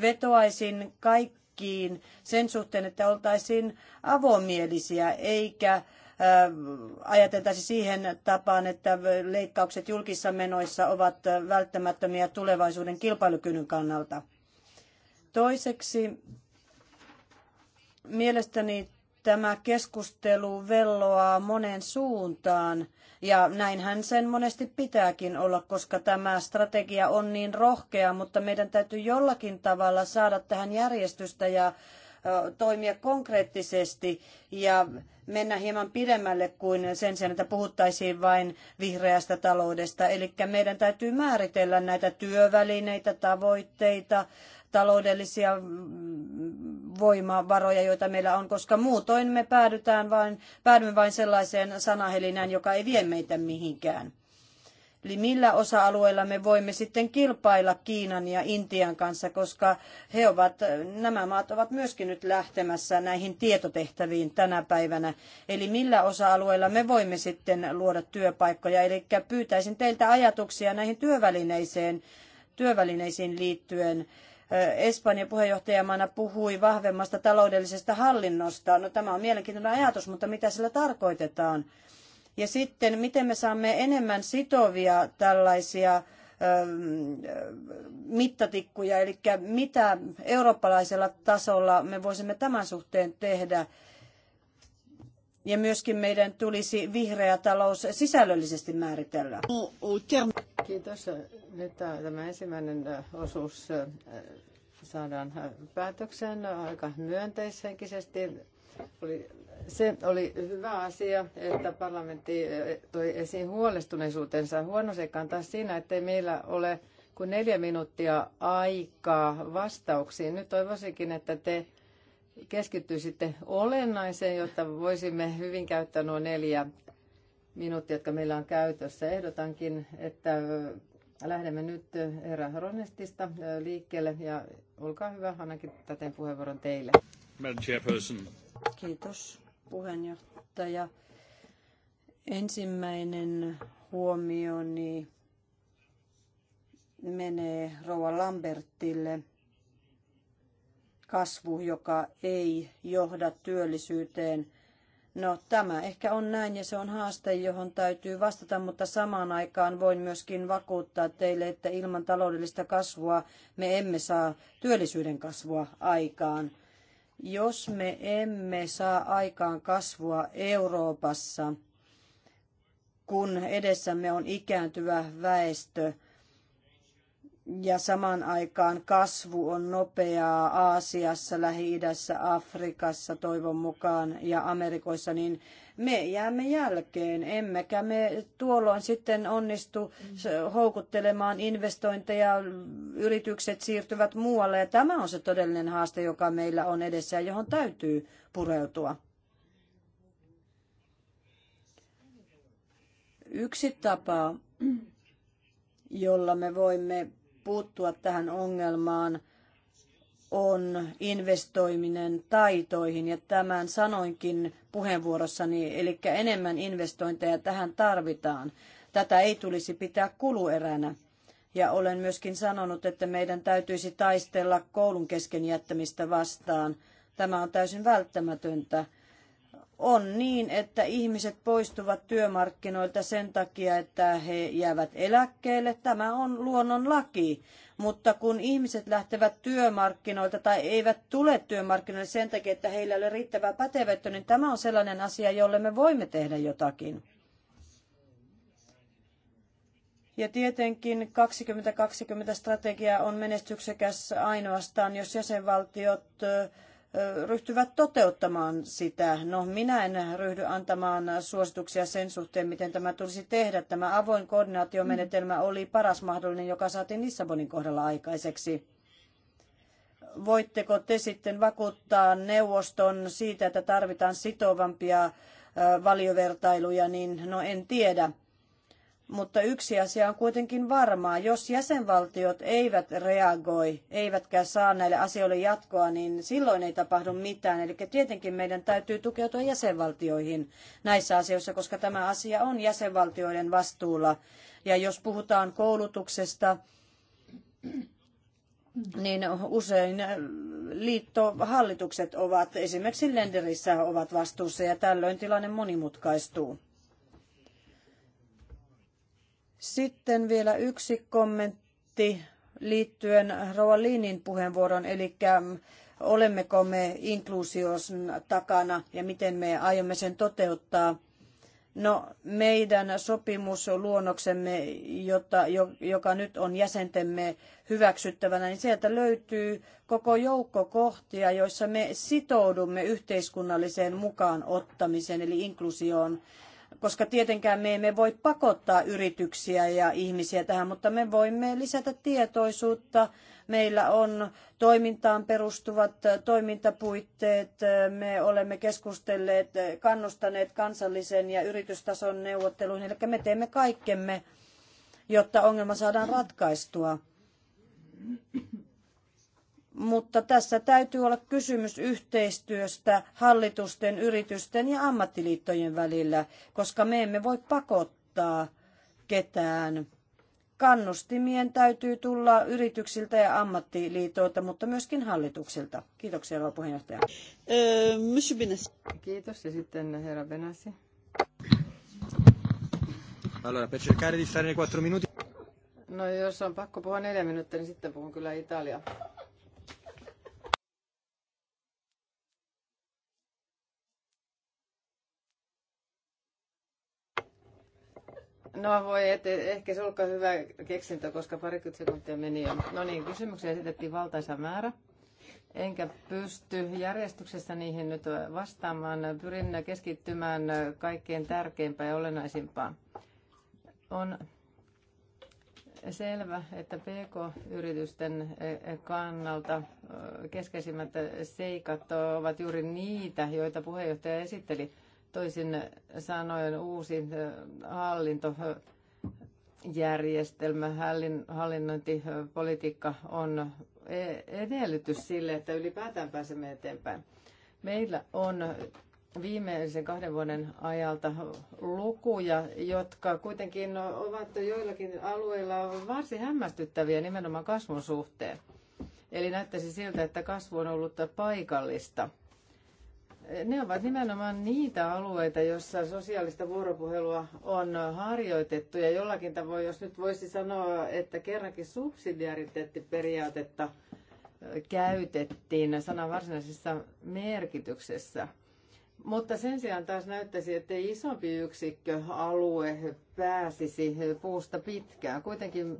vetoaisin kaikkiin sen suhteen, että oltaisiin avomielisiä eikä äh, ajateltaisi siihen tapaan, että leikkaukset julkisissa menoissa ovat välttämättömiä tulevaisuuden kilpailukyvyn kannalta. Toiseksi Mielestäni tämä keskustelu velloaa monen suuntaan ja näinhän sen monesti pitääkin olla, koska tämä strategia on niin rohkea, mutta meidän täytyy jollakin tavalla saada tähän järjestystä ja toimia konkreettisesti ja mennä hieman pidemmälle kuin sen sijaan, että puhuttaisiin vain vihreästä taloudesta. Eli meidän täytyy määritellä näitä työvälineitä, tavoitteita, taloudellisia mm, voimavaroja, joita meillä on, koska muutoin me päädytään vain, päädymme vain sellaiseen sanahelinään, joka ei vie meitä mihinkään. Eli millä osa-alueilla me voimme sitten kilpailla Kiinan ja Intian kanssa, koska he ovat, nämä maat ovat myöskin nyt lähtemässä näihin tietotehtäviin tänä päivänä. Eli millä osa-alueilla me voimme sitten luoda työpaikkoja. Eli pyytäisin teiltä ajatuksia näihin työvälineisiin liittyen Espanja puheenjohtajamana puhui vahvemmasta taloudellisesta hallinnosta. No tämä on mielenkiintoinen ajatus, mutta mitä sillä tarkoitetaan? Ja sitten, miten me saamme enemmän sitovia tällaisia mittatikkuja, eli mitä eurooppalaisella tasolla me voisimme tämän suhteen tehdä, ja myöskin meidän tulisi vihreä talous sisällöllisesti määritellä. Kiitos. Nyt äh, tämä ensimmäinen äh, osuus äh, saadaan päätökseen aika myönteishenkisesti. Oli, se oli hyvä asia, että parlamentti toi esiin huolestuneisuutensa. Huono kantaa siinä, että meillä ole kuin neljä minuuttia aikaa vastauksiin. Nyt toivoisinkin, että te sitten olennaiseen, jotta voisimme hyvin käyttää nuo neljä minuuttia, jotka meillä on käytössä. Ehdotankin, että lähdemme nyt eh, herra Ronestista eh, liikkeelle ja olkaa hyvä, ainakin täten puheenvuoron teille. Madam Chairperson. Kiitos puheenjohtaja. Ensimmäinen huomioni menee Rova Lambertille – kasvu, joka ei johda työllisyyteen. No tämä ehkä on näin ja se on haaste, johon täytyy vastata, mutta samaan aikaan voin myöskin vakuuttaa teille, että ilman taloudellista kasvua me emme saa työllisyyden kasvua aikaan. Jos me emme saa aikaan kasvua Euroopassa, kun edessämme on ikääntyvä väestö, ja samaan aikaan kasvu on nopeaa Aasiassa, Lähi-idässä, Afrikassa toivon mukaan ja Amerikoissa, niin me jäämme jälkeen, emmekä me tuolloin sitten onnistu houkuttelemaan investointeja, yritykset siirtyvät muualle ja tämä on se todellinen haaste, joka meillä on edessä ja johon täytyy pureutua. Yksi tapa, jolla me voimme puuttua tähän ongelmaan on investoiminen taitoihin ja tämän sanoinkin puheenvuorossani, eli enemmän investointeja tähän tarvitaan. Tätä ei tulisi pitää kulueränä. Ja olen myöskin sanonut, että meidän täytyisi taistella koulun kesken jättämistä vastaan. Tämä on täysin välttämätöntä on niin, että ihmiset poistuvat työmarkkinoilta sen takia, että he jäävät eläkkeelle. Tämä on luonnonlaki. Mutta kun ihmiset lähtevät työmarkkinoilta tai eivät tule työmarkkinoille sen takia, että heillä ei ole riittävää pätevyyttä, niin tämä on sellainen asia, jolle me voimme tehdä jotakin. Ja tietenkin 2020 strategia on menestyksekäs ainoastaan, jos jäsenvaltiot ryhtyvät toteuttamaan sitä. No, minä en ryhdy antamaan suosituksia sen suhteen, miten tämä tulisi tehdä. Tämä avoin koordinaatiomenetelmä mm. oli paras mahdollinen, joka saatiin Lissabonin kohdalla aikaiseksi. Voitteko te sitten vakuuttaa neuvoston siitä, että tarvitaan sitovampia valiovertailuja, niin no en tiedä. Mutta yksi asia on kuitenkin varmaa. Jos jäsenvaltiot eivät reagoi, eivätkä saa näille asioille jatkoa, niin silloin ei tapahdu mitään. Eli tietenkin meidän täytyy tukeutua jäsenvaltioihin näissä asioissa, koska tämä asia on jäsenvaltioiden vastuulla. Ja jos puhutaan koulutuksesta, niin usein liittohallitukset ovat esimerkiksi Lenderissä ovat vastuussa ja tällöin tilanne monimutkaistuu. Sitten vielä yksi kommentti liittyen Roa Liinin puheenvuoron, eli olemmeko me inkluusion takana ja miten me aiomme sen toteuttaa. No, meidän sopimusluonnoksemme, jota, joka nyt on jäsentemme hyväksyttävänä, niin sieltä löytyy koko joukko kohtia, joissa me sitoudumme yhteiskunnalliseen mukaan ottamiseen, eli inklusioon koska tietenkään me emme voi pakottaa yrityksiä ja ihmisiä tähän, mutta me voimme lisätä tietoisuutta. Meillä on toimintaan perustuvat toimintapuitteet. Me olemme keskustelleet, kannustaneet kansallisen ja yritystason neuvotteluun, eli me teemme kaikkemme, jotta ongelma saadaan ratkaistua mutta tässä täytyy olla kysymys yhteistyöstä hallitusten, yritysten ja ammattiliittojen välillä, koska me emme voi pakottaa ketään. Kannustimien täytyy tulla yrityksiltä ja ammattiliitoilta, mutta myöskin hallituksilta. Kiitoksia, rouva puheenjohtaja. Äh, Kiitos ja sitten herra Benassi. Allora, per cercare di stare nei minuti. No jos on pakko puhua neljä minuuttia, niin sitten puhun kyllä Italiaa. No voi, että ehkä se olkaa hyvä keksintö, koska parikymmentä sekuntia meni jo. No niin, kysymyksiä esitettiin valtaisa määrä. Enkä pysty järjestyksessä niihin nyt vastaamaan. Pyrin keskittymään kaikkein tärkeimpään ja olennaisimpaan. On selvä, että PK-yritysten kannalta keskeisimmät seikat ovat juuri niitä, joita puheenjohtaja esitteli – Toisin sanoen uusi hallintojärjestelmä, hallinnointipolitiikka on e, edellytys sille, että ylipäätään pääsemme eteenpäin. Meillä on viimeisen kahden vuoden ajalta lukuja, jotka kuitenkin ovat joillakin alueilla varsin hämmästyttäviä nimenomaan kasvun suhteen. Eli näyttäisi siltä, että kasvu on ollut paikallista – ne ovat nimenomaan niitä alueita, joissa sosiaalista vuoropuhelua on harjoitettu ja jollakin tavoin, jos nyt voisi sanoa, että kerrankin subsidiariteettiperiaatetta käytettiin sanan varsinaisessa merkityksessä. Mutta sen sijaan taas näyttäisi, että isompi yksikkö, alue pääsisi puusta pitkään. Kuitenkin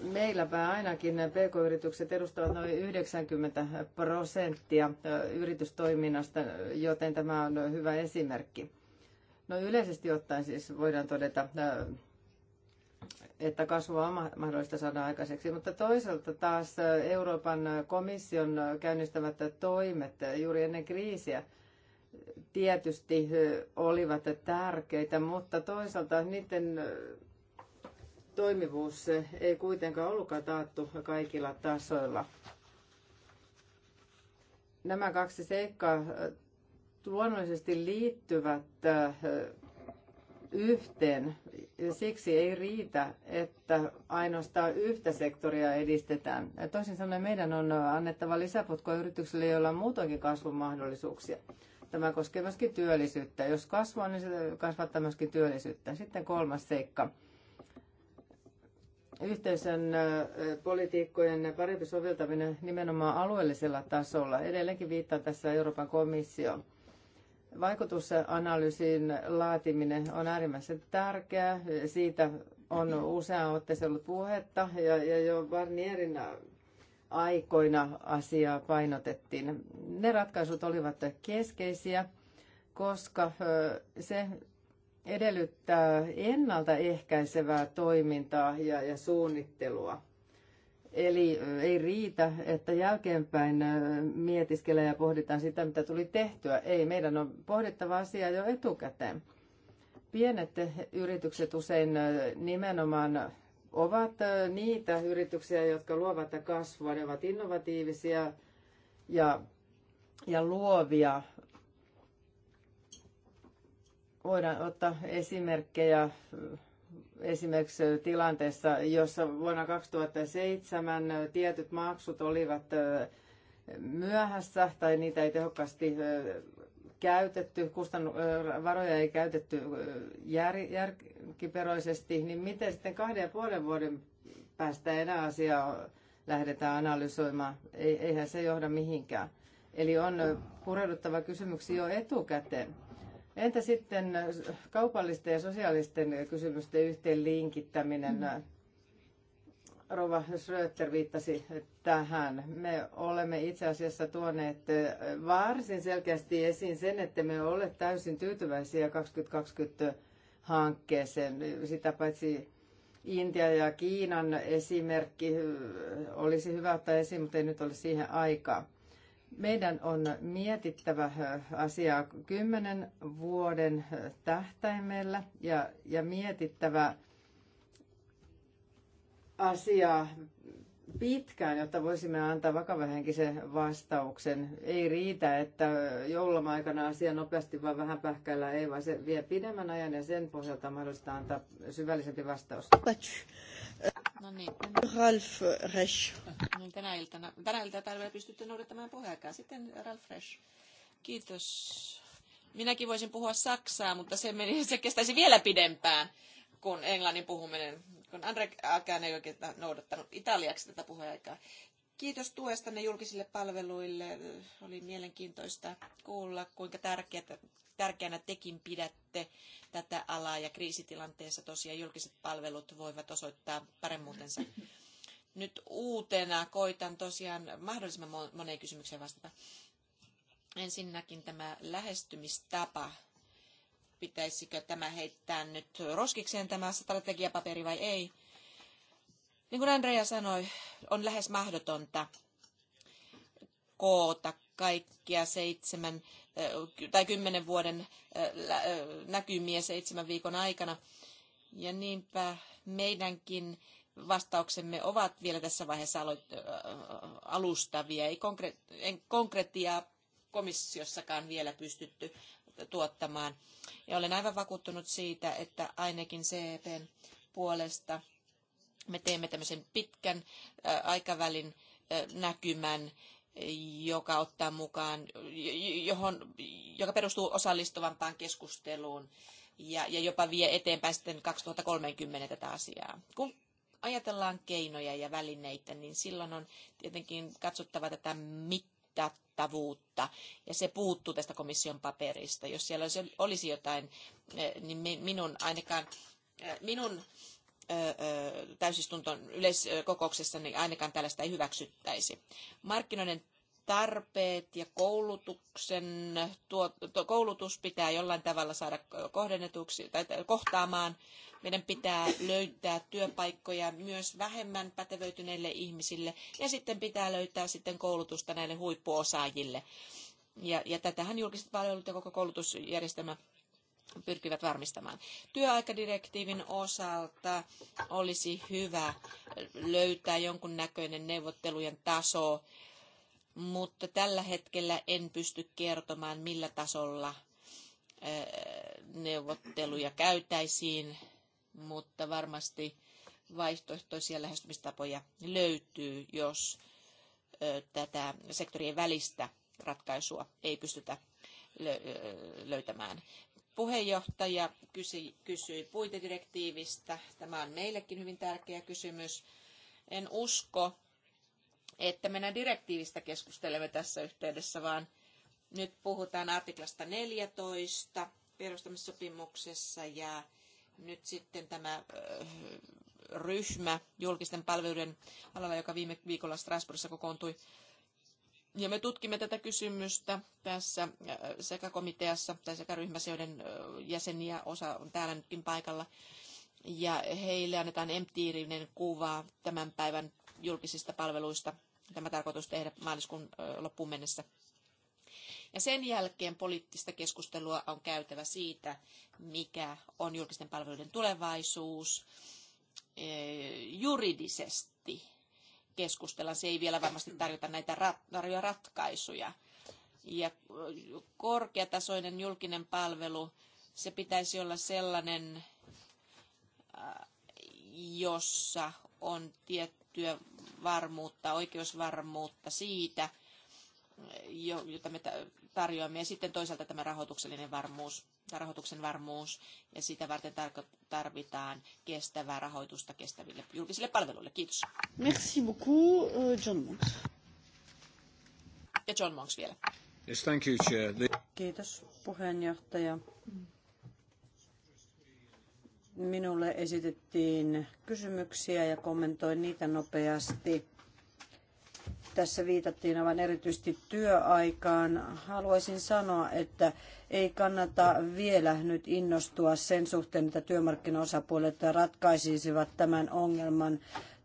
meilläpä ainakin pk-yritykset edustavat noin 90 prosenttia yritystoiminnasta, joten tämä on hyvä esimerkki. No yleisesti ottaen siis voidaan todeta, että kasvua on mahdollista saada aikaiseksi, mutta toisaalta taas Euroopan komission käynnistävät toimet juuri ennen kriisiä tietysti olivat tärkeitä, mutta toisaalta niiden toimivuus ei kuitenkaan ollutkaan taattu kaikilla tasoilla. Nämä kaksi seikkaa luonnollisesti liittyvät eh, yhteen. Siksi ei riitä, että ainoastaan yhtä sektoria edistetään. Toisin sanoen meidän on annettava lisäputkoa yrityksille, joilla on muutoinkin kasvun mahdollisuuksia. Tämä koskee myöskin työllisyyttä. Jos kasvaa, niin se kasvattaa myöskin työllisyyttä. Sitten kolmas seikka yhteisön politiikkojen parempi soveltaminen nimenomaan alueellisella tasolla. Edelleenkin viittaa tässä Euroopan komissio. Vaikutusanalyysin laatiminen on äärimmäisen tärkeää. Siitä on useaan otteeseen ollut puhetta ja, ja jo Barnierin aikoina asiaa painotettiin. Ne ratkaisut olivat keskeisiä, koska se edellyttää ennaltaehkäisevää toimintaa ja, ja suunnittelua. Eli ei riitä, että jälkeenpäin mietiskelee ja pohditaan sitä, mitä tuli tehtyä. Ei, meidän on pohdittava asiaa jo etukäteen. Pienet yritykset usein nimenomaan ovat niitä yrityksiä, jotka luovat kasvua. Ne ovat innovatiivisia ja, ja luovia Voidaan ottaa esimerkkejä esimerkiksi tilanteessa, jossa vuonna 2007 tietyt maksut olivat myöhässä tai niitä ei tehokkaasti käytetty, kustan, varoja ei käytetty jär, järkiperoisesti, niin miten sitten kahden ja puolen vuoden päästä enää asiaa lähdetään analysoimaan? Eihän se johda mihinkään. Eli on pureuduttava kysymyksiä jo etukäteen. Entä sitten kaupallisten ja sosiaalisten kysymysten yhteenlinkittäminen? Mm. Rova Schröter viittasi tähän. Me olemme itse asiassa tuoneet varsin selkeästi esiin sen, että me ole täysin tyytyväisiä 2020-hankkeeseen. Sitä paitsi Intia ja Kiinan esimerkki olisi hyvä ottaa esiin, mutta ei nyt ole siihen aikaa. Meidän on mietittävä asiaa kymmenen vuoden tähtäimellä ja, ja mietittävä asiaa pitkään, jotta voisimme antaa vakavahenkisen vastauksen. Ei riitä, että joulun aikana asia nopeasti vaan vähän pähkäillä, ei vaan se vie pidemmän ajan ja sen pohjalta mahdollista antaa syvällisempi vastaus. No niin. Ralf Resch. No, tänä iltana, tänä iltana pystytte noudattamaan puheaikaa. Sitten Ralf Resch. Kiitos. Minäkin voisin puhua saksaa, mutta se, meni, se kestäisi vielä pidempään kuin englannin puhuminen, kun Andre Akaan ei oikein noudattanut italiaksi tätä puheaikaa. Kiitos tuestanne julkisille palveluille. Oli mielenkiintoista kuulla, kuinka tärkeätä, tärkeänä tekin pidätte tätä alaa ja kriisitilanteessa tosiaan julkiset palvelut voivat osoittaa paremmuutensa. Nyt uutena koitan tosiaan mahdollisimman moneen kysymykseen vastata. Ensinnäkin tämä lähestymistapa. Pitäisikö tämä heittää nyt roskikseen tämä strategiapaperi vai ei? Niin kuin Andrea sanoi, on lähes mahdotonta koota kaikkia seitsemän eh, tai kymmenen vuoden eh, eh, näkymiä seitsemän viikon aikana. Ja niinpä meidänkin vastauksemme ovat vielä tässä vaiheessa alustavia. Ei konkretiaa komissiossakaan vielä pystytty tuottamaan. Ja olen aivan vakuuttunut siitä, että ainakin CEPn puolesta – me teemme tämmöisen pitkän aikavälin näkymän, joka ottaa mukaan, johon, joka perustuu osallistuvampaan keskusteluun ja, ja jopa vie eteenpäin sitten 2030 tätä asiaa. Kun ajatellaan keinoja ja välineitä, niin silloin on tietenkin katsottava tätä mittattavuutta ja se puuttuu tästä komission paperista. Jos siellä olisi jotain, niin minun ainakaan minun täysistunton yleiskokouksessa, niin ainakaan tällaista ei hyväksyttäisi. Markkinoiden tarpeet ja koulutuksen, tuo, tuo, koulutus pitää jollain tavalla saada kohdennetuksi tai kohtaamaan. Meidän pitää löytää työpaikkoja myös vähemmän pätevöityneille ihmisille ja sitten pitää löytää sitten koulutusta näille huippuosaajille. Ja, ja tätähän julkiset palvelut ja koko koulutusjärjestelmä pyrkivät varmistamaan. Työaikadirektiivin osalta olisi hyvä löytää jonkun näköinen neuvottelujen taso, mutta tällä hetkellä en pysty kertomaan, millä tasolla neuvotteluja käytäisiin, mutta varmasti vaihtoehtoisia lähestymistapoja löytyy, jos tätä sektorien välistä ratkaisua ei pystytä löytämään. Puheenjohtaja kysyi, kysyi puitedirektiivistä. Tämä on meillekin hyvin tärkeä kysymys. En usko, että mennään direktiivistä keskustelemme tässä yhteydessä, vaan nyt puhutaan artiklasta 14 perustamissopimuksessa ja nyt sitten tämä ryhmä julkisten palveluiden alalla, joka viime viikolla Strasbourgissa kokoontui, ja me tutkimme tätä kysymystä tässä äh, sekä komiteassa tai sekä ryhmässä, joiden äh, jäseniä osa on täällä nytkin paikalla. Ja heille annetaan empiirinen kuva tämän päivän julkisista palveluista. Tämä tarkoitus tehdä maaliskuun äh, loppuun mennessä. Ja sen jälkeen poliittista keskustelua on käytävä siitä, mikä on julkisten palveluiden tulevaisuus juridisesti keskustella. Se ei vielä varmasti tarjota näitä rat- tarjoa ratkaisuja. Ja korkeatasoinen julkinen palvelu, se pitäisi olla sellainen, äh, jossa on tiettyä varmuutta, oikeusvarmuutta siitä, jota me tarjoamme, ja sitten toisaalta tämä rahoituksellinen varmuus rahoituksen varmuus ja sitä varten tarvitaan kestävää rahoitusta kestäville julkisille palveluille. Kiitos. Merci beaucoup, euh, John Monks. Ja John Monks vielä. Yes, thank you, Chair. Kiitos puheenjohtaja. Minulle esitettiin kysymyksiä ja kommentoin niitä nopeasti tässä viitattiin aivan erityisesti työaikaan. Haluaisin sanoa, että ei kannata vielä nyt innostua sen suhteen, että työmarkkinaosapuolet ratkaisisivat tämän ongelman.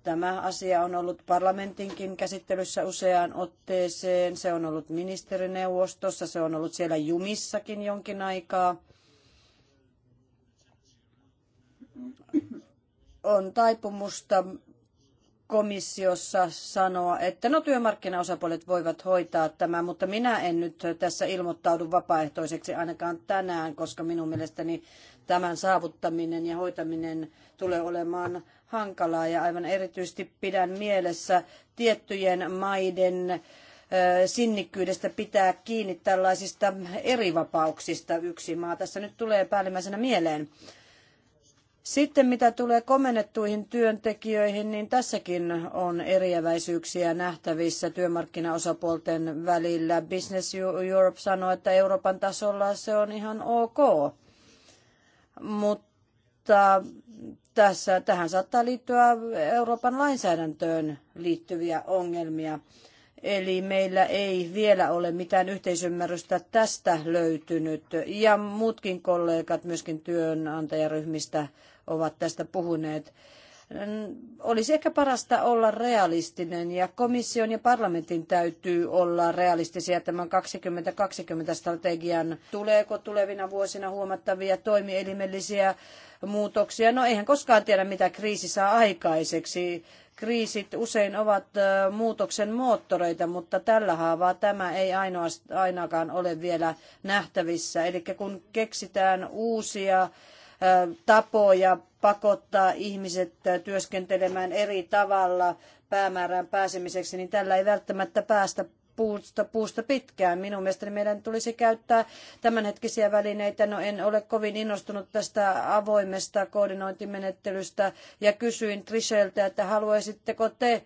Tämä asia on ollut parlamentinkin käsittelyssä useaan otteeseen, se on ollut ministerineuvostossa, se on ollut siellä jumissakin jonkin aikaa. On taipumusta komissiossa sanoa, että no työmarkkinaosapuolet voivat hoitaa tämän, mutta minä en nyt tässä ilmoittaudu vapaaehtoiseksi ainakaan tänään, koska minun mielestäni tämän saavuttaminen ja hoitaminen tulee olemaan hankalaa ja aivan erityisesti pidän mielessä tiettyjen maiden sinnikkyydestä pitää kiinni tällaisista erivapauksista. Yksi maa tässä nyt tulee päällimmäisenä mieleen. Sitten mitä tulee komennettuihin työntekijöihin, niin tässäkin on eriäväisyyksiä nähtävissä työmarkkinaosapuolten välillä. Business Europe sanoo, että Euroopan tasolla se on ihan ok. Mutta tässä, tähän saattaa liittyä Euroopan lainsäädäntöön liittyviä ongelmia. Eli meillä ei vielä ole mitään yhteisymmärrystä tästä löytynyt. Ja muutkin kollegat myöskin työnantajaryhmistä ovat tästä puhuneet. Mm, olisi ehkä parasta olla realistinen ja komission ja parlamentin täytyy olla realistisia tämän 2020-strategian. Tuleeko tulevina vuosina huomattavia toimielimellisiä muutoksia? No eihän koskaan tiedä, mitä kriisi saa aikaiseksi kriisit usein ovat muutoksen moottoreita, mutta tällä haavaa tämä ei ainoastaan, ainakaan ole vielä nähtävissä. Eli kun keksitään uusia tapoja pakottaa ihmiset työskentelemään eri tavalla päämäärään pääsemiseksi, niin tällä ei välttämättä päästä puusta, puusta pitkään. Minun mielestäni meidän tulisi käyttää tämänhetkisiä välineitä. No en ole kovin innostunut tästä avoimesta koordinointimenettelystä ja kysyin Trisheltä, että haluaisitteko te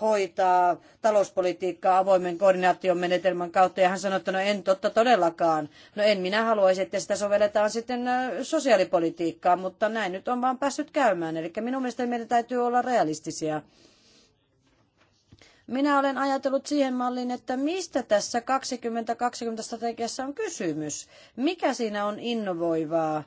hoitaa talouspolitiikkaa avoimen koordinaation menetelmän kautta. Ja hän sanoi, että no en totta todellakaan. No en minä haluaisi, että sitä sovelletaan sitten sosiaalipolitiikkaan, mutta näin nyt on vaan päässyt käymään. Eli minun mielestäni meidän täytyy olla realistisia. Minä olen ajatellut siihen malliin, että mistä tässä 2020 strategiassa on kysymys? Mikä siinä on innovoivaa?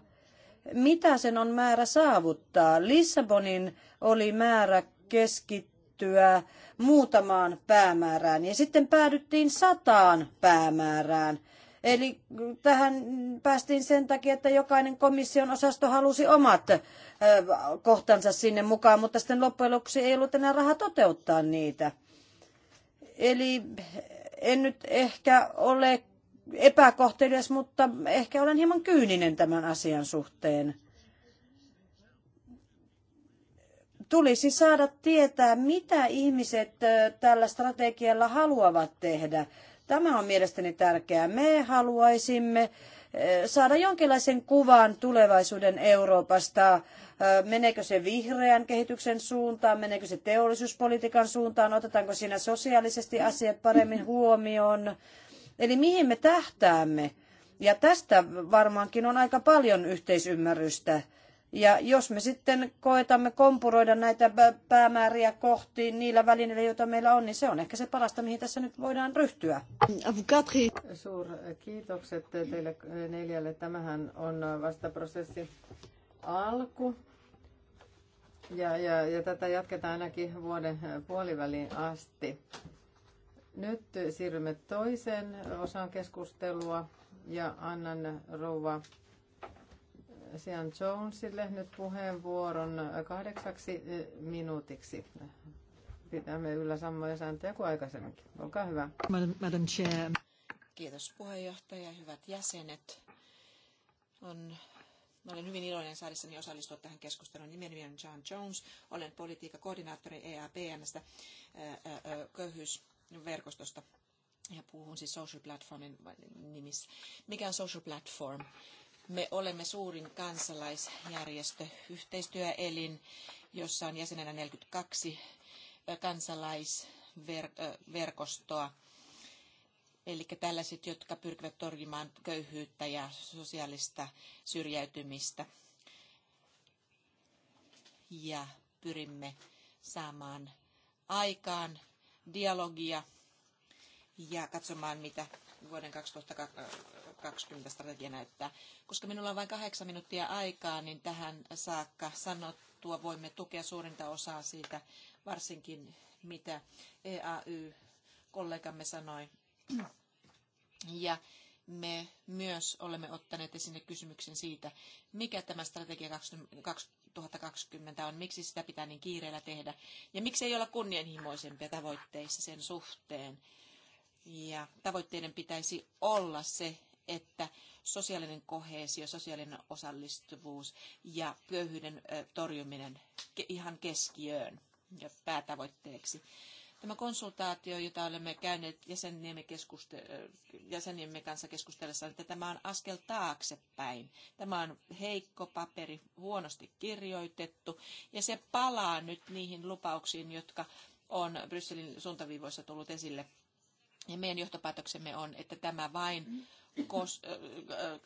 Mitä sen on määrä saavuttaa? Lissabonin oli määrä keskittyä muutamaan päämäärään ja sitten päädyttiin sataan päämäärään. Eli tähän päästiin sen takia, että jokainen komission osasto halusi omat kohtansa sinne mukaan, mutta sitten loppujen lopuksi ei ollut enää rahaa toteuttaa niitä. Eli en nyt ehkä ole epäkohtelias, mutta ehkä olen hieman kyyninen tämän asian suhteen. tulisi saada tietää, mitä ihmiset tällä strategialla haluavat tehdä. Tämä on mielestäni tärkeää. Me haluaisimme saada jonkinlaisen kuvan tulevaisuuden Euroopasta. Meneekö se vihreän kehityksen suuntaan, meneekö se teollisuuspolitiikan suuntaan, otetaanko siinä sosiaalisesti asiat paremmin huomioon. Eli mihin me tähtäämme? Ja tästä varmaankin on aika paljon yhteisymmärrystä ja jos me sitten koetamme kompuroida näitä päämääriä kohti niillä välineillä, joita meillä on, niin se on ehkä se parasta, mihin tässä nyt voidaan ryhtyä. Suur kiitokset teille neljälle. Tämähän on vasta prosessin alku. Ja, ja, ja tätä jatketaan ainakin vuoden puoliväliin asti. Nyt siirrymme toiseen osaan keskustelua ja annan rouva Sean Jonesille nyt puheenvuoron kahdeksaksi eh, minuutiksi. Pitämme yllä samoja sääntöjä kuin aikaisemminkin. Olkaa hyvä. Madam Chair. Kiitos puheenjohtaja, hyvät jäsenet. On Mä olen hyvin iloinen saadessani osallistua tähän keskusteluun. Nimeni on John Jones. Olen politiikkakoordinaattori EAPMstä eh, eh, köyhyysverkostosta ja puhun siis Social Platformin nimissä. Mikä on Social Platform? Me olemme suurin kansalaisjärjestö, yhteistyöelin, jossa on jäsenenä 42 kansalaisverkostoa. Eli tällaiset, jotka pyrkivät torjumaan köyhyyttä ja sosiaalista syrjäytymistä. Ja pyrimme saamaan aikaan dialogia ja katsomaan, mitä vuoden 2020 2020-strategia näyttää. Koska minulla on vain kahdeksan minuuttia aikaa, niin tähän saakka sanottua voimme tukea suurinta osaa siitä, varsinkin mitä EAY-kollegamme sanoi. Ja me myös olemme ottaneet esille kysymyksen siitä, mikä tämä strategia 2020 on, miksi sitä pitää niin kiireellä tehdä ja miksi ei olla kunnianhimoisempia tavoitteissa sen suhteen. Ja tavoitteiden pitäisi olla se, että sosiaalinen koheesio, sosiaalinen osallistuvuus ja köyhyyden torjuminen ihan keskiöön ja päätavoitteeksi. Tämä konsultaatio, jota olemme käyneet jäseniemme, keskuste- jäseniemme kanssa keskustellessa, että tämä on askel taaksepäin. Tämä on heikko paperi, huonosti kirjoitettu, ja se palaa nyt niihin lupauksiin, jotka on Brysselin suuntaviivoissa tullut esille ja meidän johtopäätöksemme on, että tämä vain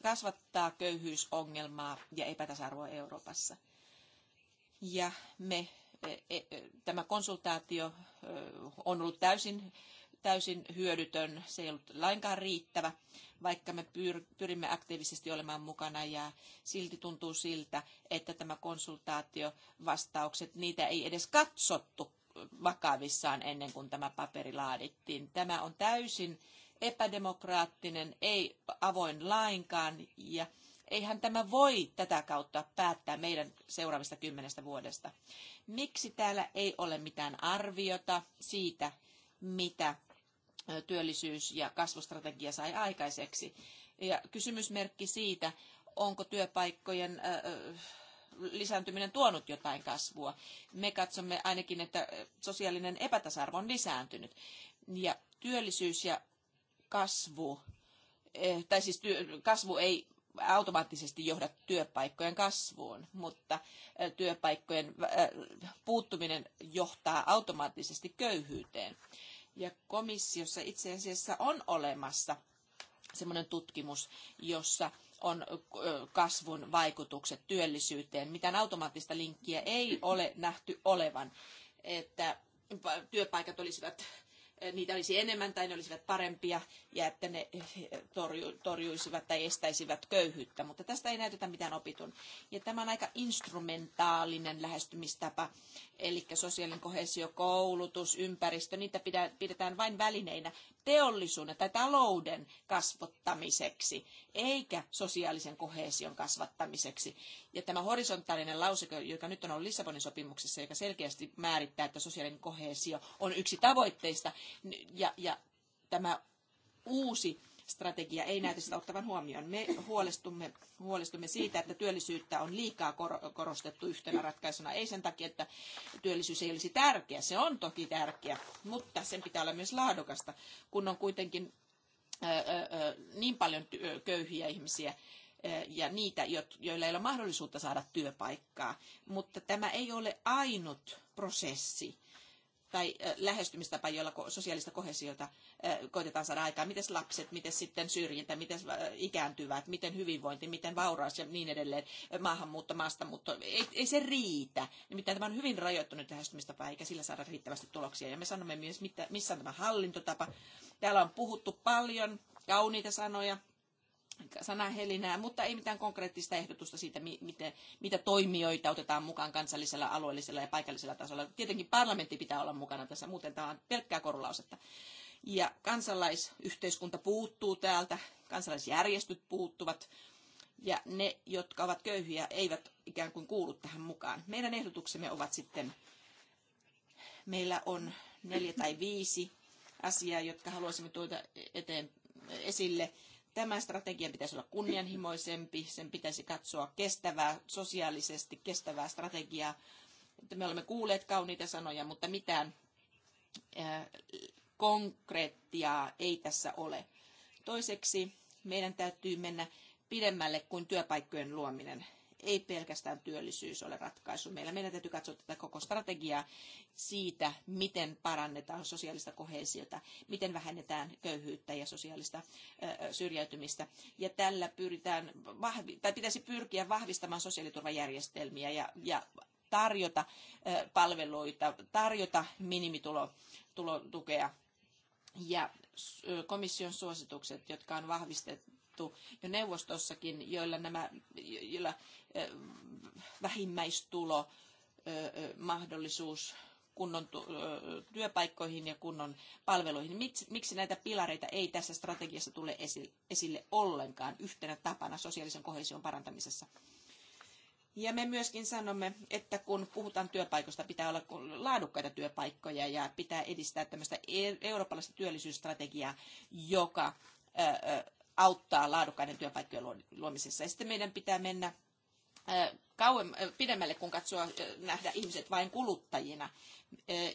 kasvattaa köyhyysongelmaa ja epätasa-arvoa Euroopassa. Ja me, e, e, tämä konsultaatio on ollut täysin, täysin hyödytön, se ei ollut lainkaan riittävä, vaikka me pyrimme aktiivisesti olemaan mukana ja silti tuntuu siltä, että tämä konsultaatio vastaukset, niitä ei edes katsottu vakavissaan ennen kuin tämä paperi laadittiin. Tämä on täysin epädemokraattinen, ei avoin lainkaan ja eihän tämä voi tätä kautta päättää meidän seuraavista kymmenestä vuodesta. Miksi täällä ei ole mitään arviota siitä, mitä työllisyys- ja kasvustrategia sai aikaiseksi? Ja kysymysmerkki siitä, onko työpaikkojen lisääntyminen tuonut jotain kasvua. Me katsomme ainakin, että sosiaalinen epätasarvo on lisääntynyt. Ja työllisyys ja kasvu, eh, tai siis työ, kasvu ei automaattisesti johda työpaikkojen kasvuun, mutta eh, työpaikkojen eh, puuttuminen johtaa automaattisesti köyhyyteen. Ja komissiossa itse asiassa on olemassa semmoinen tutkimus, jossa on kasvun vaikutukset työllisyyteen. Mitään automaattista linkkiä ei ole nähty olevan, että työpaikat olisivat niitä olisi enemmän tai ne olisivat parempia ja että ne torju, torjuisivat tai estäisivät köyhyyttä, mutta tästä ei näytetä mitään opitun. Ja tämä on aika instrumentaalinen lähestymistapa, eli sosiaalinen kohesio, koulutus, ympäristö, niitä pidetään vain välineinä, teollisuuden tai talouden kasvattamiseksi, eikä sosiaalisen kohesion kasvattamiseksi. Ja tämä horisontaalinen lauseke, joka nyt on ollut Lissabonin sopimuksessa, joka selkeästi määrittää, että sosiaalinen kohesio on yksi tavoitteista, ja, ja tämä uusi strategia ei näytä sitä ottavan huomioon. Me huolestumme, huolestumme siitä, että työllisyyttä on liikaa korostettu yhtenä ratkaisuna. Ei sen takia, että työllisyys ei olisi tärkeä. Se on toki tärkeä, mutta sen pitää olla myös laadukasta, kun on kuitenkin niin paljon köyhiä ihmisiä ja niitä, joilla ei ole mahdollisuutta saada työpaikkaa. Mutta tämä ei ole ainut prosessi tai lähestymistapa, jolla sosiaalista kohesiota koitetaan saada aikaan. Miten lapset, miten sitten syrjintä, miten ikääntyvät, miten hyvinvointi, miten vauraus ja niin edelleen, maahanmuutto, maastamuutto. Ei, ei se riitä. Nimittäin tämä on hyvin rajoittunut lähestymistapa, eikä sillä saada riittävästi tuloksia. Ja me sanomme myös, missä on tämä hallintotapa. Täällä on puhuttu paljon kauniita sanoja, sanahelinää, mutta ei mitään konkreettista ehdotusta siitä, miten, mitä toimijoita otetaan mukaan kansallisella, alueellisella ja paikallisella tasolla. Tietenkin parlamentti pitää olla mukana tässä, muuten tämä on pelkkää korulausetta. Ja kansalaisyhteiskunta puuttuu täältä, kansalaisjärjestöt puuttuvat, ja ne, jotka ovat köyhiä, eivät ikään kuin kuulu tähän mukaan. Meidän ehdotuksemme ovat sitten, meillä on neljä tai viisi asiaa, jotka haluaisimme tuoda eteen esille Tämä strategia pitäisi olla kunnianhimoisempi, sen pitäisi katsoa kestävää, sosiaalisesti kestävää strategiaa. Me olemme kuulleet kauniita sanoja, mutta mitään konkreettia ei tässä ole. Toiseksi meidän täytyy mennä pidemmälle kuin työpaikkojen luominen ei pelkästään työllisyys ole ratkaisu. Meillä meidän täytyy katsoa tätä koko strategiaa siitä, miten parannetaan sosiaalista kohesiota, miten vähennetään köyhyyttä ja sosiaalista syrjäytymistä. Ja tällä pyritään, tai pitäisi pyrkiä vahvistamaan sosiaaliturvajärjestelmiä ja, ja tarjota palveluita, tarjota minimitulotukea ja komission suositukset, jotka on vahvistettu, sovittu jo neuvostossakin, joilla, nämä, joilla vähimmäistulo mahdollisuus kunnon työpaikkoihin ja kunnon palveluihin. Miksi, näitä pilareita ei tässä strategiassa tule esille ollenkaan yhtenä tapana sosiaalisen kohesion parantamisessa? Ja me myöskin sanomme, että kun puhutaan työpaikoista, pitää olla laadukkaita työpaikkoja ja pitää edistää tämmöistä e-, eurooppalaista työllisyysstrategiaa, joka auttaa laadukkaiden työpaikkojen luomisessa. Ja sitten meidän pitää mennä kauem, pidemmälle, kun katsoa nähdä ihmiset vain kuluttajina.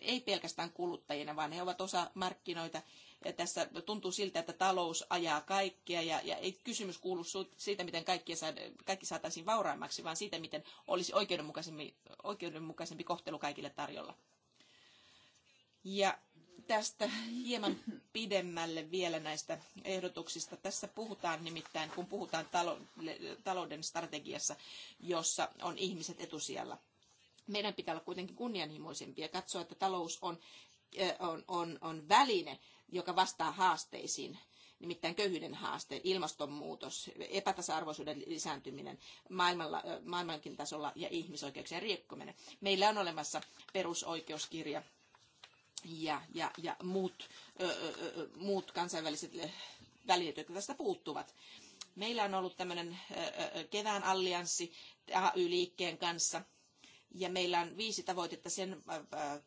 Ei pelkästään kuluttajina, vaan he ovat osa markkinoita. Ja tässä tuntuu siltä, että talous ajaa kaikkia ja, ja ei kysymys kuulu siitä, miten kaikki, kaikki saataisiin vauraammaksi, vaan siitä, miten olisi oikeudenmukaisempi, oikeudenmukaisempi kohtelu kaikille tarjolla. Ja tästä hieman pidemmälle vielä näistä ehdotuksista. Tässä puhutaan nimittäin, kun puhutaan talouden strategiassa, jossa on ihmiset etusijalla. Meidän pitää olla kuitenkin kunnianhimoisempia ja katsoa, että talous on, eh, on, on, on väline, joka vastaa haasteisiin nimittäin köyhyyden haaste, ilmastonmuutos, epätasa-arvoisuuden lisääntyminen maailmalla, eh, maailmankin tasolla ja ihmisoikeuksien riekkominen. Meillä on olemassa perusoikeuskirja, ja, ja, ja muut, ö, ö, muut kansainväliset välineet, jotka tästä puuttuvat. Meillä on ollut tämmöinen kevään allianssi AY-liikkeen kanssa, ja meillä on viisi tavoitetta sen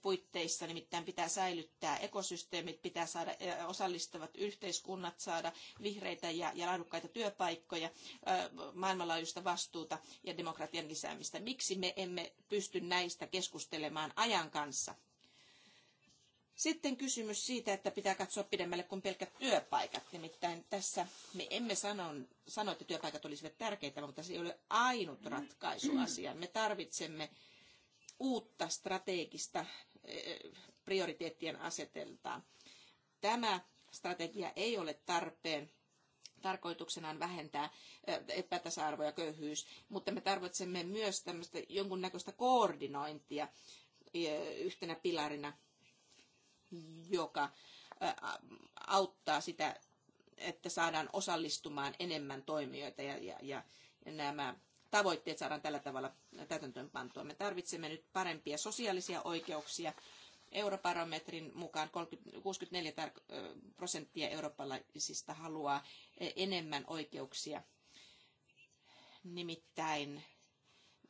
puitteissa, nimittäin pitää säilyttää ekosysteemit, pitää saada osallistavat yhteiskunnat, saada vihreitä ja, ja laadukkaita työpaikkoja, maailmanlaajuista vastuuta ja demokratian lisäämistä. Miksi me emme pysty näistä keskustelemaan ajan kanssa? Sitten kysymys siitä, että pitää katsoa pidemmälle kuin pelkät työpaikat. Nimittäin tässä me emme sano, sano, että työpaikat olisivat tärkeitä, mutta se ei ole ainut ratkaisu asiaan. Me tarvitsemme uutta strategista eh, prioriteettien asetelta. Tämä strategia ei ole tarpeen. Tarkoituksena on vähentää eh, epätasa-arvo ja köyhyys, mutta me tarvitsemme myös tämmöistä jonkunnäköistä koordinointia eh, yhtenä pilarina joka auttaa sitä, että saadaan osallistumaan enemmän toimijoita ja, ja, ja nämä tavoitteet saadaan tällä tavalla täytäntöönpantua. Me tarvitsemme nyt parempia sosiaalisia oikeuksia. Eurobarometrin mukaan 64 prosenttia eurooppalaisista haluaa e-, enemmän oikeuksia. Nimittäin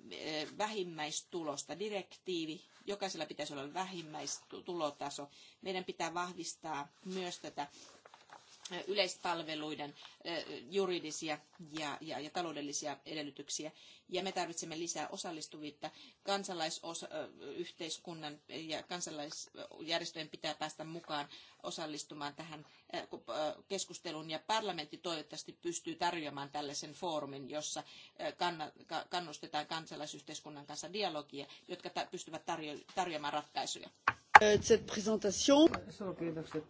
Eh, vähimmäistulosta. Direktiivi, jokaisella pitäisi olla vähimmäistulotaso. Meidän pitää vahvistaa myös tätä yleispalveluiden juridisia ja, ja, ja taloudellisia edellytyksiä. Ja me tarvitsemme lisää osallistuvuutta. Kansalaisyhteiskunnan ja kansalaisjärjestöjen pitää päästä mukaan osallistumaan tähän keskusteluun. Ja parlamentti toivottavasti pystyy tarjoamaan tällaisen foorumin, jossa kannustetaan kansalaisyhteiskunnan kanssa dialogia, jotka pystyvät tarjoamaan ratkaisuja. Euh, cette présentation. Äh, äh,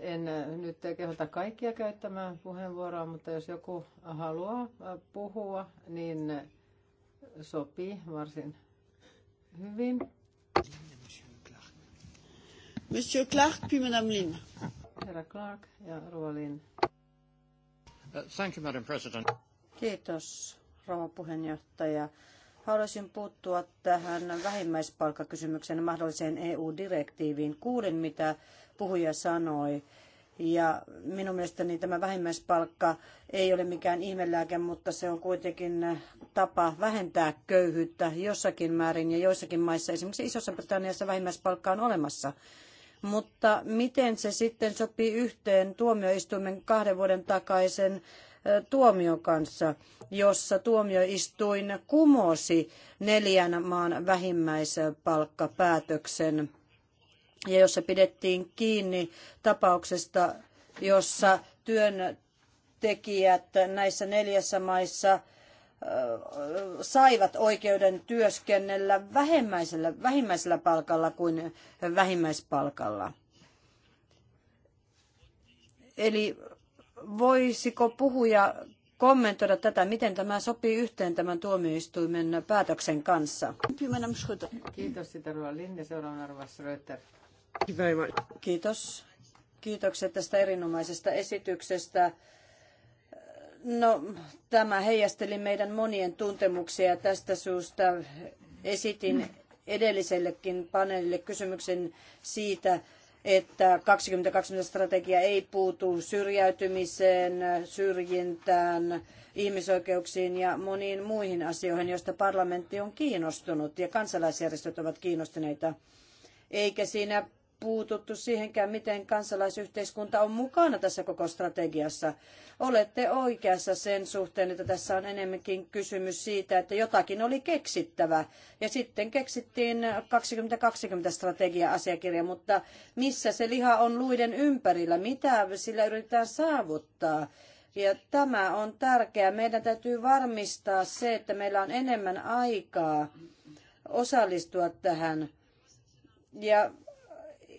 en äh, nyt kehota kaikkia käyttämään puheenvuoroa, mutta jos joku haluaa puhua, niin sopii varsin hyvin. Monsieur Clark, puis Madame Lynn. Herra Clark ja Ruolin. Lynn. Uh, thank you, Madam President. Kiitos rouva puheenjohtaja. Haluaisin puuttua tähän vähimmäispalkkakysymykseen mahdolliseen EU-direktiiviin. Kuulin, mitä puhuja sanoi. Ja minun mielestäni tämä vähimmäispalkka ei ole mikään ihmelääke, mutta se on kuitenkin tapa vähentää köyhyyttä jossakin määrin ja joissakin maissa. Esimerkiksi Isossa-Britanniassa vähimmäispalkka on olemassa. Mutta miten se sitten sopii yhteen tuomioistuimen kahden vuoden takaisen tuomion kanssa, jossa tuomioistuin kumosi neljän maan vähimmäispalkkapäätöksen ja jossa pidettiin kiinni tapauksesta, jossa työntekijät näissä neljässä maissa saivat oikeuden työskennellä vähimmäisellä, vähimmäisellä palkalla kuin vähimmäispalkalla. Eli voisiko puhuja kommentoida tätä, miten tämä sopii yhteen tämän tuomioistuimen päätöksen kanssa? Kiitos sitä Linne, seuraavana arvassa Kiitos. Kiitokset tästä erinomaisesta esityksestä. No, tämä heijasteli meidän monien tuntemuksia ja tästä syystä esitin edellisellekin paneelille kysymyksen siitä, että 2020 strategia ei puutu syrjäytymiseen, syrjintään, ihmisoikeuksiin ja moniin muihin asioihin, joista parlamentti on kiinnostunut ja kansalaisjärjestöt ovat kiinnostuneita. Eikä siinä puututtu siihenkään, miten kansalaisyhteiskunta on mukana tässä koko strategiassa. Olette oikeassa sen suhteen, että tässä on enemmänkin kysymys siitä, että jotakin oli keksittävä. Ja sitten keksittiin 2020-strategia-asiakirja, mutta missä se liha on luiden ympärillä? Mitä sillä yritetään saavuttaa? Ja tämä on tärkeää. Meidän täytyy varmistaa se, että meillä on enemmän aikaa osallistua tähän. Ja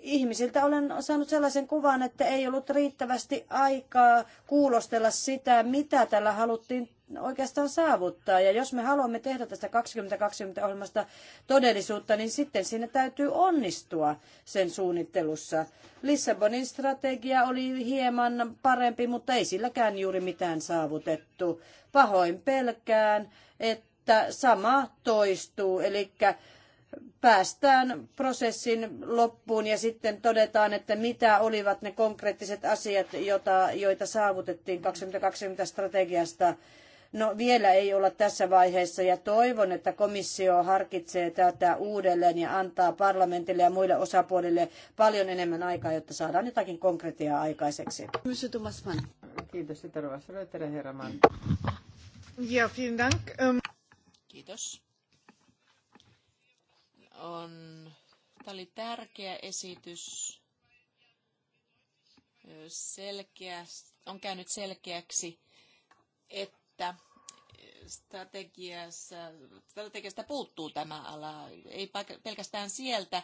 ihmisiltä olen saanut sellaisen kuvan, että ei ollut riittävästi aikaa kuulostella sitä, mitä tällä haluttiin oikeastaan saavuttaa. Ja jos me haluamme tehdä tästä 2020-ohjelmasta todellisuutta, niin sitten siinä täytyy onnistua sen suunnittelussa. Lissabonin strategia oli hieman parempi, mutta ei silläkään juuri mitään saavutettu. Pahoin pelkään, että sama toistuu, eli päästään prosessin loppuun ja sitten todetaan, että mitä olivat ne konkreettiset asiat, joita, joita saavutettiin 2020 strategiasta. No vielä ei olla tässä vaiheessa ja toivon, että komissio harkitsee tätä uudelleen ja antaa parlamentille ja muille osapuolille paljon enemmän aikaa, jotta saadaan jotakin konkretiaa aikaiseksi. Kiitos, ähm, Kiitos on, tämä oli tärkeä esitys, selkeä, on käynyt selkeäksi, että strategiassa, strategiasta puuttuu tämä ala. Ei pelkästään sieltä,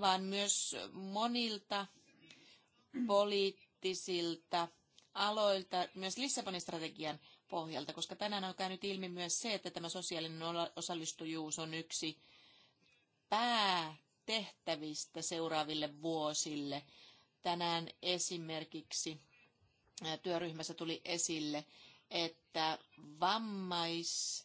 vaan myös monilta poliittisilta aloilta, myös Lissabonin strategian pohjalta, koska tänään on käynyt ilmi myös se, että tämä sosiaalinen osallistujuus on yksi päätehtävistä seuraaville vuosille. Tänään esimerkiksi työryhmässä tuli esille, että vammais,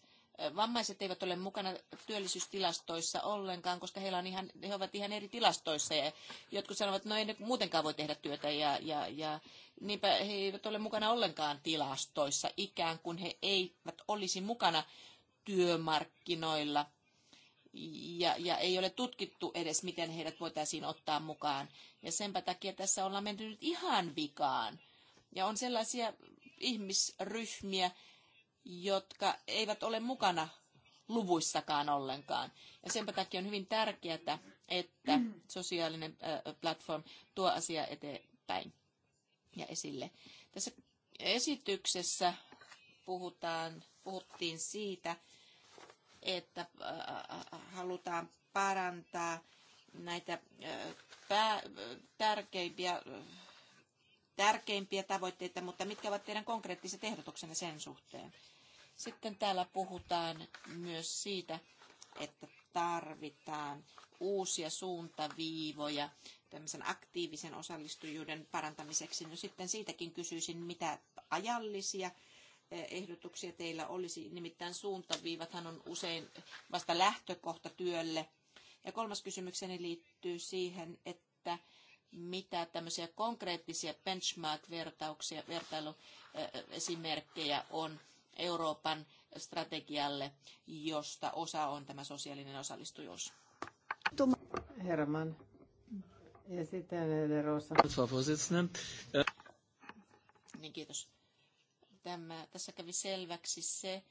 vammaiset eivät ole mukana työllisyystilastoissa ollenkaan, koska heillä on ihan, he ovat ihan eri tilastoissa. Ja jotkut sanovat, että no ei ne muutenkaan voi tehdä työtä ja, ja, ja niinpä he eivät ole mukana ollenkaan tilastoissa, ikään kuin he eivät olisi mukana työmarkkinoilla – ja, ja ei ole tutkittu edes, miten heidät voitaisiin ottaa mukaan. Ja senpä takia tässä ollaan mennyt ihan vikaan. Ja on sellaisia ihmisryhmiä, jotka eivät ole mukana luvuissakaan ollenkaan. Ja senpä takia on hyvin tärkeää, että sosiaalinen platform tuo asia eteenpäin ja esille. Tässä esityksessä puhutaan, puhuttiin siitä, että äh, äh, halutaan parantaa näitä äh, tärkeimpiä, tärkeimpiä tavoitteita, mutta mitkä ovat teidän konkreettiset ehdotuksenne sen suhteen? Sitten täällä puhutaan myös siitä, että tarvitaan uusia suuntaviivoja tämmöisen aktiivisen osallistujuuden parantamiseksi. No sitten siitäkin kysyisin, mitä ajallisia ehdotuksia teillä olisi, nimittäin suuntaviivathan on usein vasta lähtökohta työlle. Ja kolmas kysymykseni liittyy siihen, että mitä tämmöisiä konkreettisia benchmark-vertauksia, vertailuesimerkkejä on Euroopan strategialle, josta osa on tämä sosiaalinen osallistujuus. Herman. Ja sitten Rosa. Niin, kiitos tämä, tässä kävi selväksi se,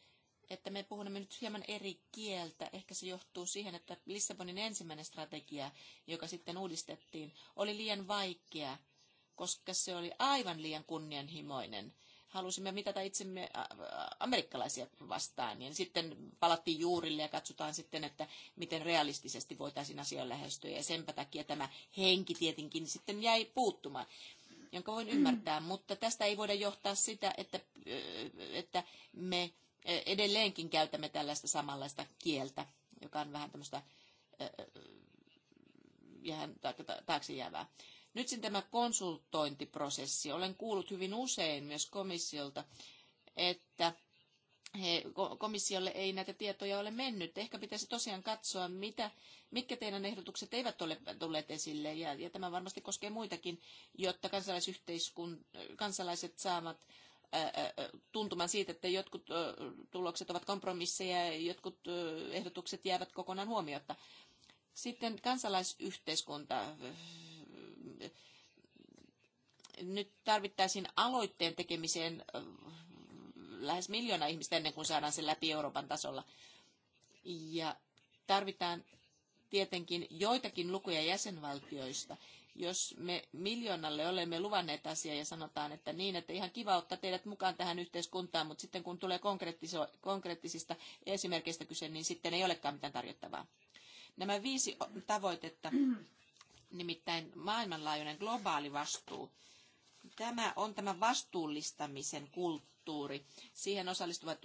että me puhumme nyt hieman eri kieltä. Ehkä se johtuu siihen, että Lissabonin ensimmäinen strategia, joka sitten uudistettiin, oli liian vaikea, koska se oli aivan liian kunnianhimoinen. Halusimme mitata itsemme amerikkalaisia vastaan, ja niin sitten palattiin juurille ja katsotaan sitten, että miten realistisesti voitaisiin asiaan lähestyä, ja senpä takia tämä henki tietenkin sitten jäi puuttumaan jonka voin ymmärtää, mutta tästä ei voida johtaa sitä, että, että me edelleenkin käytämme tällaista samanlaista kieltä, joka on vähän tämmöistä jään taakse jäävää. Nyt sitten tämä konsultointiprosessi. Olen kuullut hyvin usein myös komissiolta, että he, komissiolle ei näitä tietoja ole mennyt. Ehkä pitäisi tosiaan katsoa, mitä, mitkä teidän ehdotukset eivät ole tulleet esille, ja, ja tämä varmasti koskee muitakin, jotta kansalaisyhteiskun, kansalaiset saavat tuntuman siitä, että jotkut tulokset ovat kompromisseja ja jotkut ehdotukset jäävät kokonaan huomiotta. Sitten kansalaisyhteiskunta. Nyt tarvittaisiin aloitteen tekemiseen lähes miljoona ihmistä ennen kuin saadaan se läpi Euroopan tasolla. Ja tarvitaan tietenkin joitakin lukuja jäsenvaltioista. Jos me miljoonalle olemme luvanneet asiaa ja sanotaan, että niin, että ihan kiva ottaa teidät mukaan tähän yhteiskuntaan, mutta sitten kun tulee konkreettisista esimerkkeistä kyse, niin sitten ei olekaan mitään tarjottavaa. Nämä viisi tavoitetta, nimittäin maailmanlaajuinen globaali vastuu, tämä on tämä vastuullistamisen kulttuuri kulttuuri. Siihen osallistuvat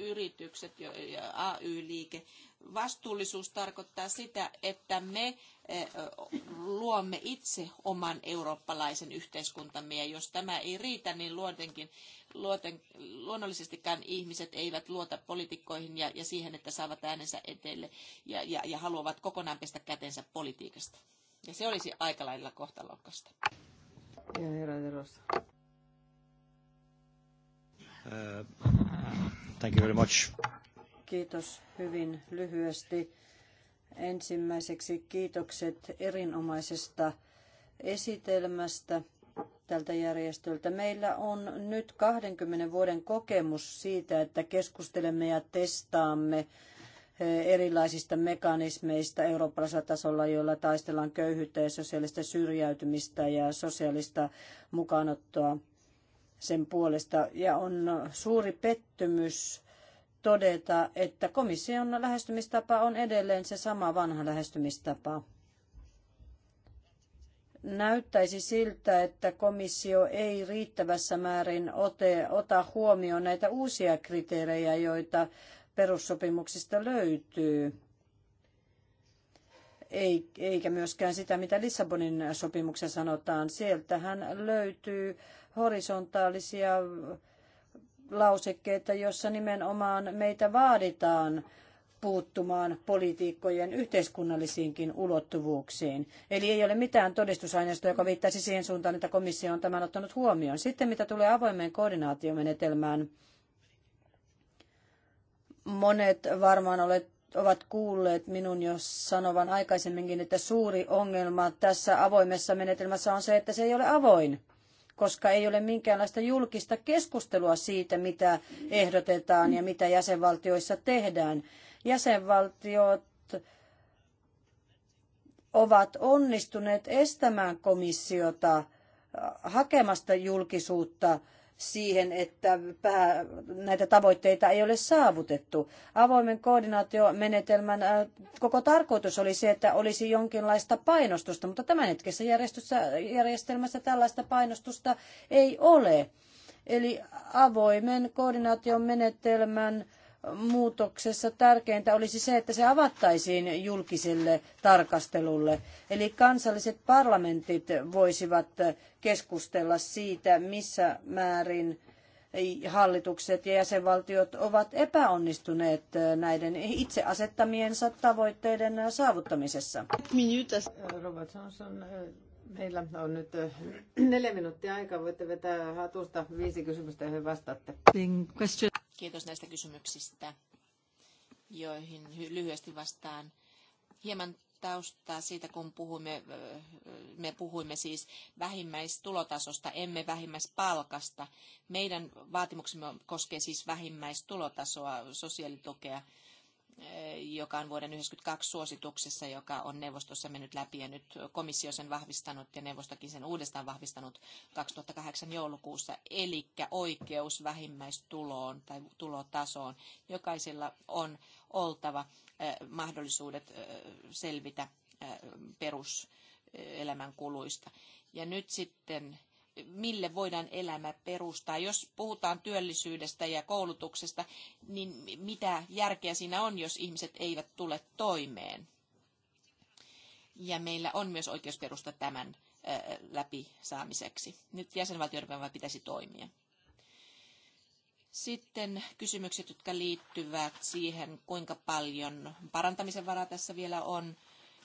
yritykset ja AY-liike. Vastuullisuus tarkoittaa sitä, että me eh, luomme itse oman eurooppalaisen yhteiskuntamme, ja jos tämä ei riitä, niin luotenkin, luoten, luonnollisestikaan ihmiset eivät luota poliitikkoihin ja, ja siihen, että saavat äänensä eteille ja, ja, ja haluavat kokonaan pestä kätensä politiikasta. Ja se olisi aika lailla kohtalokasta. Ja herra Rosa. Uh, thank you very much. Kiitos hyvin lyhyesti. Ensimmäiseksi kiitokset erinomaisesta esitelmästä tältä järjestöltä. Meillä on nyt 20 vuoden kokemus siitä, että keskustelemme ja testaamme eh, erilaisista mekanismeista eurooppalaisella tasolla, joilla taistellaan köyhyyttä ja sosiaalista syrjäytymistä ja sosiaalista mukaanottoa sen puolesta ja on suuri pettymys todeta, että komission lähestymistapa on edelleen se sama vanha lähestymistapa. Näyttäisi siltä, että komissio ei riittävässä määrin ote, ota huomioon näitä uusia kriteerejä, joita perussopimuksista löytyy eikä myöskään sitä, mitä Lissabonin sopimuksessa sanotaan. Sieltähän löytyy horisontaalisia lausekkeita, jossa nimenomaan meitä vaaditaan puuttumaan poliitikkojen yhteiskunnallisiinkin ulottuvuuksiin. Eli ei ole mitään todistusaineistoa, joka viittaisi siihen suuntaan, että komissio on tämän ottanut huomioon. Sitten mitä tulee avoimeen koordinaatiomenetelmään, monet varmaan olet, ovat kuulleet minun jo sanovan aikaisemminkin, että suuri ongelma tässä avoimessa menetelmässä on se, että se ei ole avoin, koska ei ole minkäänlaista julkista keskustelua siitä, mitä ehdotetaan ja mitä jäsenvaltioissa tehdään. Jäsenvaltiot ovat onnistuneet estämään komissiota hakemasta julkisuutta siihen, että pää, näitä tavoitteita ei ole saavutettu. Avoimen koordinaatiomenetelmän äh, koko tarkoitus oli se, että olisi jonkinlaista painostusta, mutta tämän hetkessä järjestelmässä tällaista painostusta ei ole. Eli avoimen koordinaatiomenetelmän menetelmän muutoksessa tärkeintä olisi se, että se avattaisiin julkiselle tarkastelulle. Eli kansalliset parlamentit voisivat keskustella siitä, missä määrin hallitukset ja jäsenvaltiot ovat epäonnistuneet näiden itse asettamiensa tavoitteiden saavuttamisessa. Robert Johnson, meillä on nyt äh, neljä minuuttia aikaa. Voitte vetää hatusta viisi kysymystä, joihin vastaatte. Kiitos näistä kysymyksistä, joihin lyhyesti vastaan. Hieman taustaa siitä, kun puhumme, me puhuimme siis vähimmäistulotasosta, emme vähimmäispalkasta. Meidän vaatimuksemme koskee siis vähimmäistulotasoa, sosiaalitukea Eh, joka on vuoden 1992 suosituksessa, joka on neuvostossa mennyt läpi ja nyt komissio sen vahvistanut ja neuvostokin sen uudestaan vahvistanut 2008 joulukuussa. Eli oikeus vähimmäistuloon tai tulotasoon. Jokaisella on oltava eh, mahdollisuudet eh, selvitä peruselämän kuluista. Ja nyt sitten mille voidaan elämä perustaa. Jos puhutaan työllisyydestä ja koulutuksesta, niin mitä järkeä siinä on, jos ihmiset eivät tule toimeen? Ja meillä on myös oikeusperusta tämän läpi saamiseksi. Nyt jäsenvaltioiden pitäisi toimia. Sitten kysymykset, jotka liittyvät siihen, kuinka paljon parantamisen varaa tässä vielä on.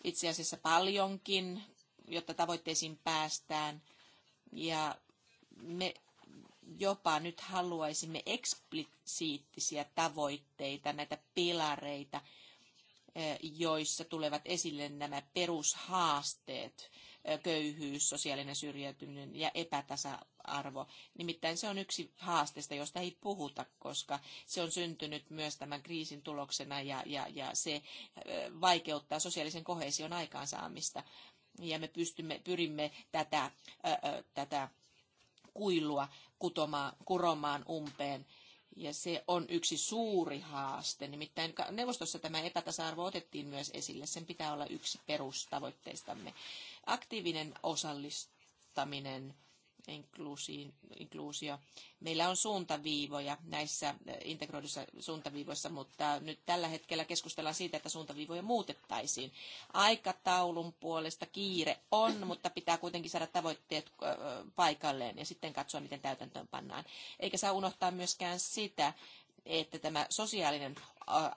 Itse asiassa paljonkin, jotta tavoitteisiin päästään – ja me jopa nyt haluaisimme eksplisiittisiä tavoitteita, näitä pilareita, joissa tulevat esille nämä perushaasteet, köyhyys, sosiaalinen syrjäytyminen ja epätasa-arvo. Nimittäin se on yksi haasteista, josta ei puhuta, koska se on syntynyt myös tämän kriisin tuloksena ja, ja, ja se vaikeuttaa sosiaalisen kohesion aikaansaamista ja me pystymme, pyrimme tätä, ää, tätä kuilua kutomaan, kuromaan umpeen. Ja se on yksi suuri haaste. Nimittäin neuvostossa tämä epätasa-arvo otettiin myös esille. Sen pitää olla yksi perustavoitteistamme. Aktiivinen osallistaminen inkluusio. Meillä on suuntaviivoja näissä eh, integroidussa suuntaviivoissa, mutta nyt tällä hetkellä keskustellaan siitä, että suuntaviivoja muutettaisiin. Aikataulun puolesta kiire on, mutta pitää kuitenkin saada tavoitteet eh, paikalleen ja sitten katsoa, miten täytäntöön pannaan. Eikä saa unohtaa myöskään sitä, että tämä sosiaalinen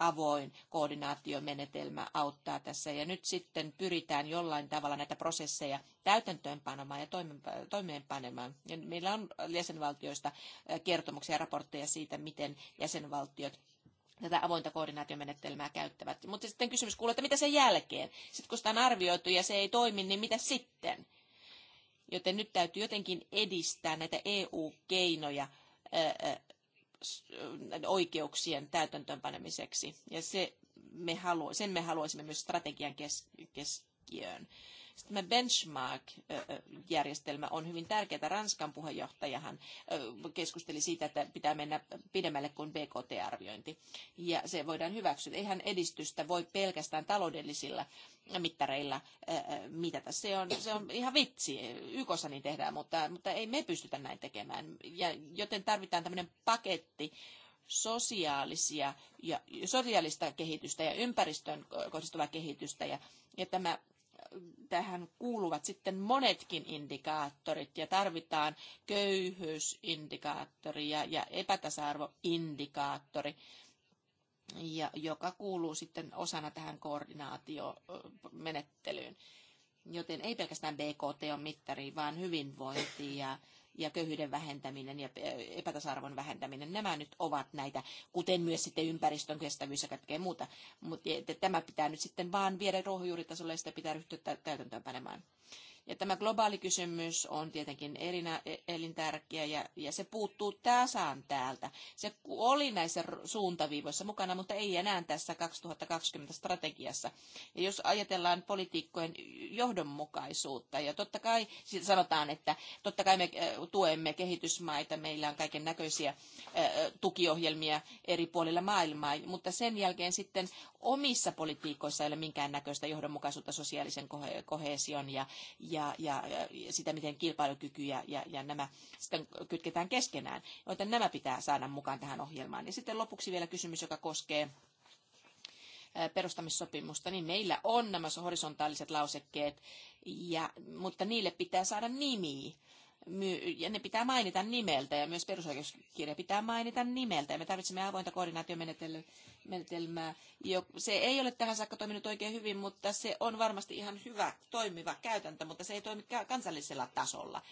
avoin koordinaatiomenetelmä auttaa tässä. Ja nyt sitten pyritään jollain tavalla näitä prosesseja täytäntöönpanemaan ja toimeenpanemaan. Ja meillä on jäsenvaltioista kertomuksia ja raportteja siitä, miten jäsenvaltiot tätä avointa koordinaatiomenetelmää käyttävät. Mutta sitten kysymys kuuluu, että mitä sen jälkeen? Sitten kun sitä on arvioitu ja se ei toimi, niin mitä sitten? Joten nyt täytyy jotenkin edistää näitä EU-keinoja oikeuksien täytäntöönpanemiseksi. Ja se me sen me haluaisimme myös strategian keskiöön. Sitten tämä benchmark-järjestelmä on hyvin tärkeää. Ranskan puheenjohtajahan keskusteli siitä, että pitää mennä pidemmälle kuin BKT-arviointi. Ja se voidaan hyväksyä. Eihän edistystä voi pelkästään taloudellisilla mittareilla mitata. Se on, se on ihan vitsi. YKssa niin tehdään, mutta, mutta ei me pystytä näin tekemään. Ja, joten tarvitaan tämmöinen paketti sosiaalisia ja sosiaalista kehitystä ja ympäristön kohdistuvaa kehitystä ja, ja tämä tähän kuuluvat sitten monetkin indikaattorit ja tarvitaan köyhyysindikaattori ja, ja epätasa-arvoindikaattori, ja, joka kuuluu sitten osana tähän koordinaatiomenettelyyn. Joten ei pelkästään BKT on mittari, vaan hyvinvointi ja ja köyhyyden vähentäminen ja äh, epätasa-arvon vähentäminen, nämä nyt ovat näitä, kuten myös sitten ympäristön kestävyys ja kaikkea muuta. Mutta tämä pitää nyt sitten vaan viedä ruohonjuuritasolle ja sitä pitää ryhtyä täytäntöön panemaan. Ja tämä globaali kysymys on tietenkin elinä, e, elintärkeä ja, ja se puuttuu tasan täältä. Se oli näissä suuntaviivoissa mukana, mutta ei enää tässä 2020 strategiassa. Ja jos ajatellaan politiikkojen johdonmukaisuutta, ja totta kai sanotaan, että totta kai me e, tuemme kehitysmaita, meillä on kaiken näköisiä e, tukiohjelmia eri puolilla maailmaa, mutta sen jälkeen sitten omissa politiikoissa ei ole minkäännäköistä johdonmukaisuutta sosiaalisen kohesion ja, ja, ja, ja sitä, miten kilpailukyky ja, ja, ja nämä sitten kytketään keskenään. Joten nämä pitää saada mukaan tähän ohjelmaan. Ja sitten lopuksi vielä kysymys, joka koskee perustamissopimusta, niin meillä on nämä horisontaaliset lausekkeet, ja, mutta niille pitää saada nimi ja ne pitää mainita nimeltä ja myös perusoikeuskirja pitää mainita nimeltä. Ja me tarvitsemme avointa koordinaatiomenetelmää. Se ei ole tähän saakka toiminut oikein hyvin, mutta se on varmasti ihan hyvä toimiva käytäntö, mutta se ei toimi kansallisella tasolla.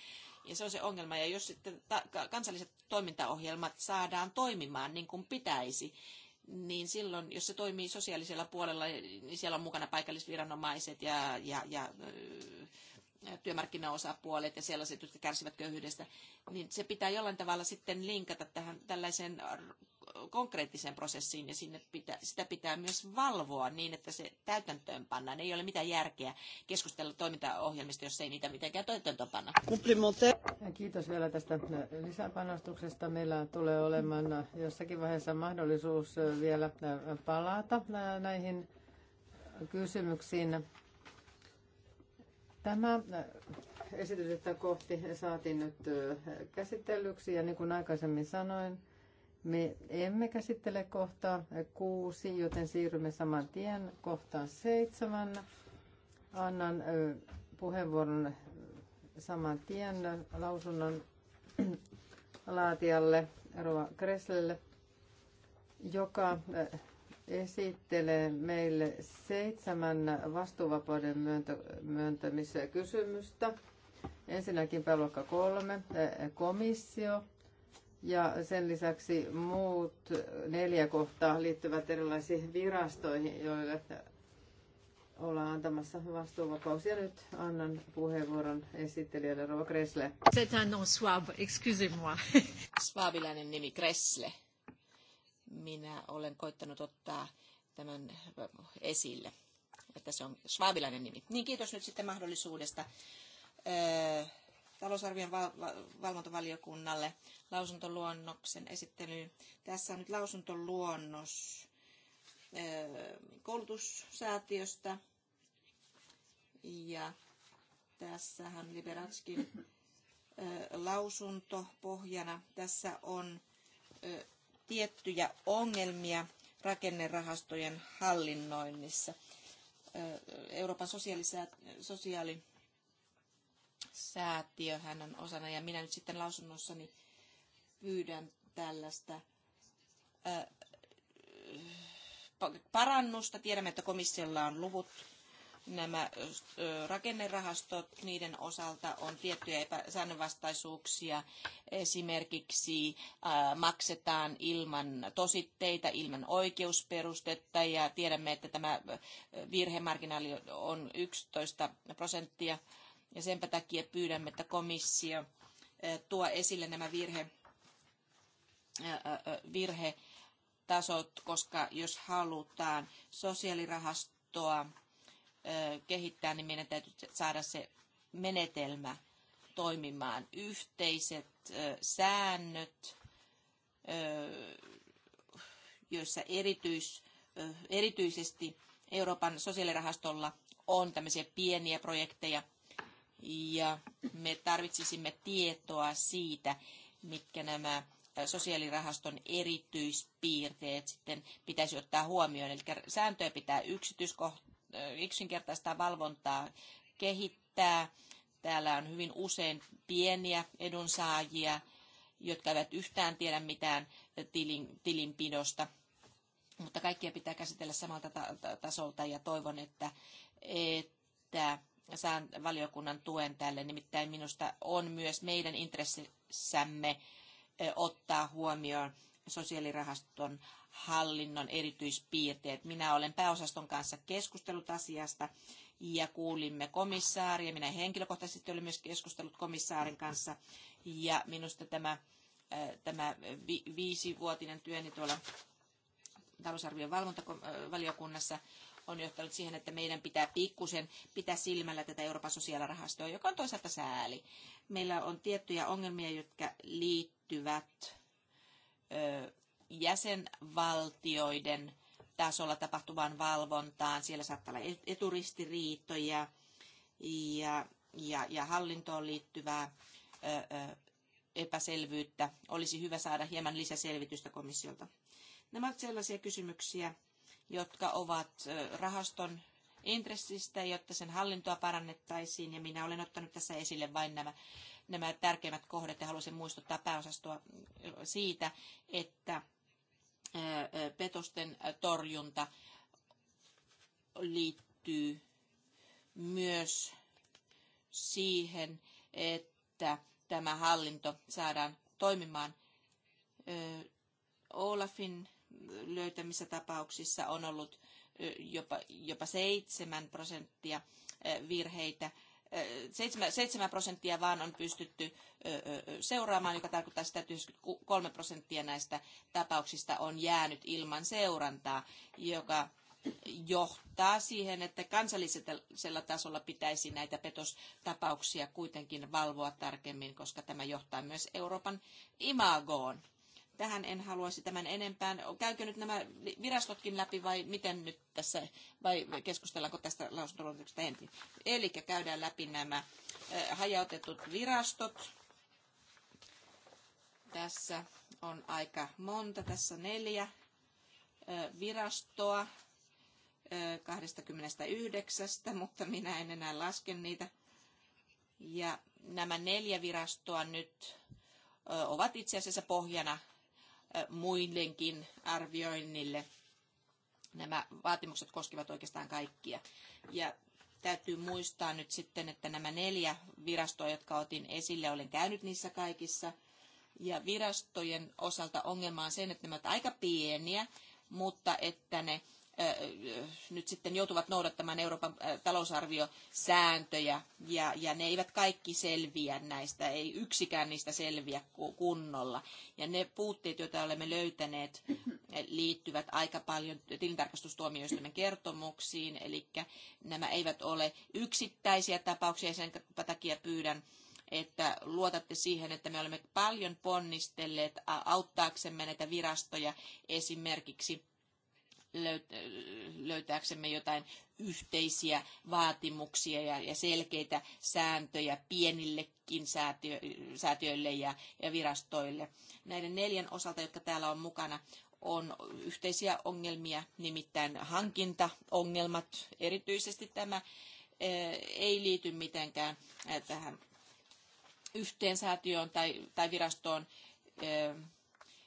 Ja se on se ongelma. Ja jos sitten kansalliset toimintaohjelmat saadaan toimimaan niin kuin pitäisi, niin silloin, jos se toimii sosiaalisella puolella, niin siellä on mukana paikallisviranomaiset ja, ja, ja työmarkkinaosapuolet ja sellaiset, jotka kärsivät köyhyydestä, niin se pitää jollain tavalla sitten linkata tähän tällaiseen konkreettiseen prosessiin ja sinne sitä pitää myös valvoa niin, että se täytäntöön pannaan. Ei ole mitään järkeä keskustella toimintaohjelmista, jos ei niitä mitenkään täytäntöön panna. Kiitos vielä tästä lisäpanostuksesta. Meillä tulee olemaan jossakin vaiheessa mahdollisuus vielä palata näihin kysymyksiin Tämä äh, että kohti saatiin nyt äh, käsittelyksi ja niin kuin aikaisemmin sanoin, me emme käsittele kohtaa kuusi, joten siirrymme saman tien kohtaan seitsemän. Annan äh, puheenvuoron saman tien lausunnon laatijalle Rova Kresselle, joka esittelee meille seitsemän vastuuvapauden myöntö, kysymystä. Ensinnäkin pääluokka kolme, eh, komissio ja sen lisäksi muut neljä kohtaa liittyvät erilaisiin virastoihin, joille ollaan antamassa vastuuvapaus. Ja nyt annan puheenvuoron esittelijälle Rova Kressle. C'est un nom suave, excusez-moi. Svaabilainen nimi Kressle minä olen koittanut ottaa tämän esille. Että se on svaabilainen nimi. Niin kiitos nyt sitten mahdollisuudesta öö, talousarvion val- valvontavaliokunnalle lausuntoluonnoksen esittelyyn. Tässä on nyt lausuntoluonnos öö, koulutussäätiöstä. Ja tässähän Liberatskin öö, lausunto pohjana. Tässä on tiettyjä ongelmia rakennerahastojen hallinnoinnissa. Euroopan sosiaalisäätiö hän on osana ja minä nyt sitten lausunnossani pyydän tällaista parannusta. Tiedämme, että komissiolla on luvut nämä rakennerahastot, niiden osalta on tiettyjä epäsäännönvastaisuuksia. Esimerkiksi maksetaan ilman tositteita, ilman oikeusperustetta ja tiedämme, että tämä virhemarginaali on 11 prosenttia. Ja senpä takia pyydämme, että komissio tuo esille nämä virhe, virhetasot, koska jos halutaan sosiaalirahastoa kehittää, niin meidän täytyy saada se menetelmä toimimaan. Yhteiset säännöt, joissa erityis, erityisesti Euroopan sosiaalirahastolla on tämmöisiä pieniä projekteja, ja me tarvitsisimme tietoa siitä, mitkä nämä sosiaalirahaston erityispiirteet sitten pitäisi ottaa huomioon. Eli sääntöjä pitää yksinkertaistaa valvontaa, kehittää. Täällä on hyvin usein pieniä edunsaajia, jotka eivät yhtään tiedä mitään tilin, tilinpidosta, mutta kaikkia pitää käsitellä samalta ta- tasolta ja toivon, että, että saan valiokunnan tuen tälle. Nimittäin minusta on myös meidän intressissämme ottaa huomioon sosiaalirahaston hallinnon erityispiirteet. Minä olen pääosaston kanssa keskustellut asiasta ja kuulimme komissaaria. Minä henkilökohtaisesti olen myös keskustellut komissaarin kanssa ja minusta tämä, äh, tämä vi, viisivuotinen työni tuolla talousarvion valvontavaliokunnassa äh, on johtanut siihen, että meidän pitää pikkusen pitää silmällä tätä Euroopan sosiaalirahastoa, joka on toisaalta sääli. Meillä on tiettyjä ongelmia, jotka liittyvät ö, jäsenvaltioiden tasolla tapahtuvaan valvontaan. Siellä saattaa olla eturistiriitoja ja, ja, ja hallintoon liittyvää ö, ö, epäselvyyttä. Olisi hyvä saada hieman lisäselvitystä komissiolta. Nämä ovat sellaisia kysymyksiä, jotka ovat rahaston intressistä, jotta sen hallintoa parannettaisiin. Ja minä olen ottanut tässä esille vain nämä, nämä tärkeimmät kohdat ja haluaisin muistuttaa pääosastoa siitä, että petosten torjunta liittyy myös siihen, että tämä hallinto saadaan toimimaan. Olafin löytämissä tapauksissa on ollut jopa, jopa 7 prosenttia virheitä 7 prosenttia vaan on pystytty seuraamaan, joka tarkoittaa sitä, että 93 prosenttia näistä tapauksista on jäänyt ilman seurantaa, joka johtaa siihen, että kansallisella tasolla pitäisi näitä petostapauksia kuitenkin valvoa tarkemmin, koska tämä johtaa myös Euroopan imagoon Tähän en haluaisi tämän enempään. Käykö nyt nämä virastotkin läpi vai miten nyt tässä, vai keskustellaanko tästä lausuntoluonnoksesta ensin? Eli käydään läpi nämä eh, hajautetut virastot. Tässä on aika monta, tässä neljä eh, virastoa 29, eh, mutta minä en enää laske niitä. Ja nämä neljä virastoa nyt ovat itse asiassa pohjana muillekin arvioinnille. Nämä vaatimukset koskevat oikeastaan kaikkia. Ja täytyy muistaa nyt sitten, että nämä neljä virastoa, jotka otin esille, olen käynyt niissä kaikissa. Ja virastojen osalta ongelma on sen, että ne ovat aika pieniä, mutta että ne nyt sitten joutuvat noudattamaan Euroopan talousarviosääntöjä, ja, ja ne eivät kaikki selviä näistä, ei yksikään niistä selviä kunnolla. Ja ne puutteet, joita olemme löytäneet, liittyvät aika paljon tilintarkastustuomioistuimen kertomuksiin, eli nämä eivät ole yksittäisiä tapauksia, ja sen takia pyydän että luotatte siihen, että me olemme paljon ponnistelleet auttaaksemme näitä virastoja esimerkiksi löytääksemme jotain yhteisiä vaatimuksia ja, selkeitä sääntöjä pienillekin säätiö, säätiöille ja, ja virastoille. Näiden neljän osalta, jotka täällä on mukana, on yhteisiä ongelmia, nimittäin hankintaongelmat, erityisesti tämä e, ei liity mitenkään e, tähän yhteen säätiöön tai, tai virastoon. E,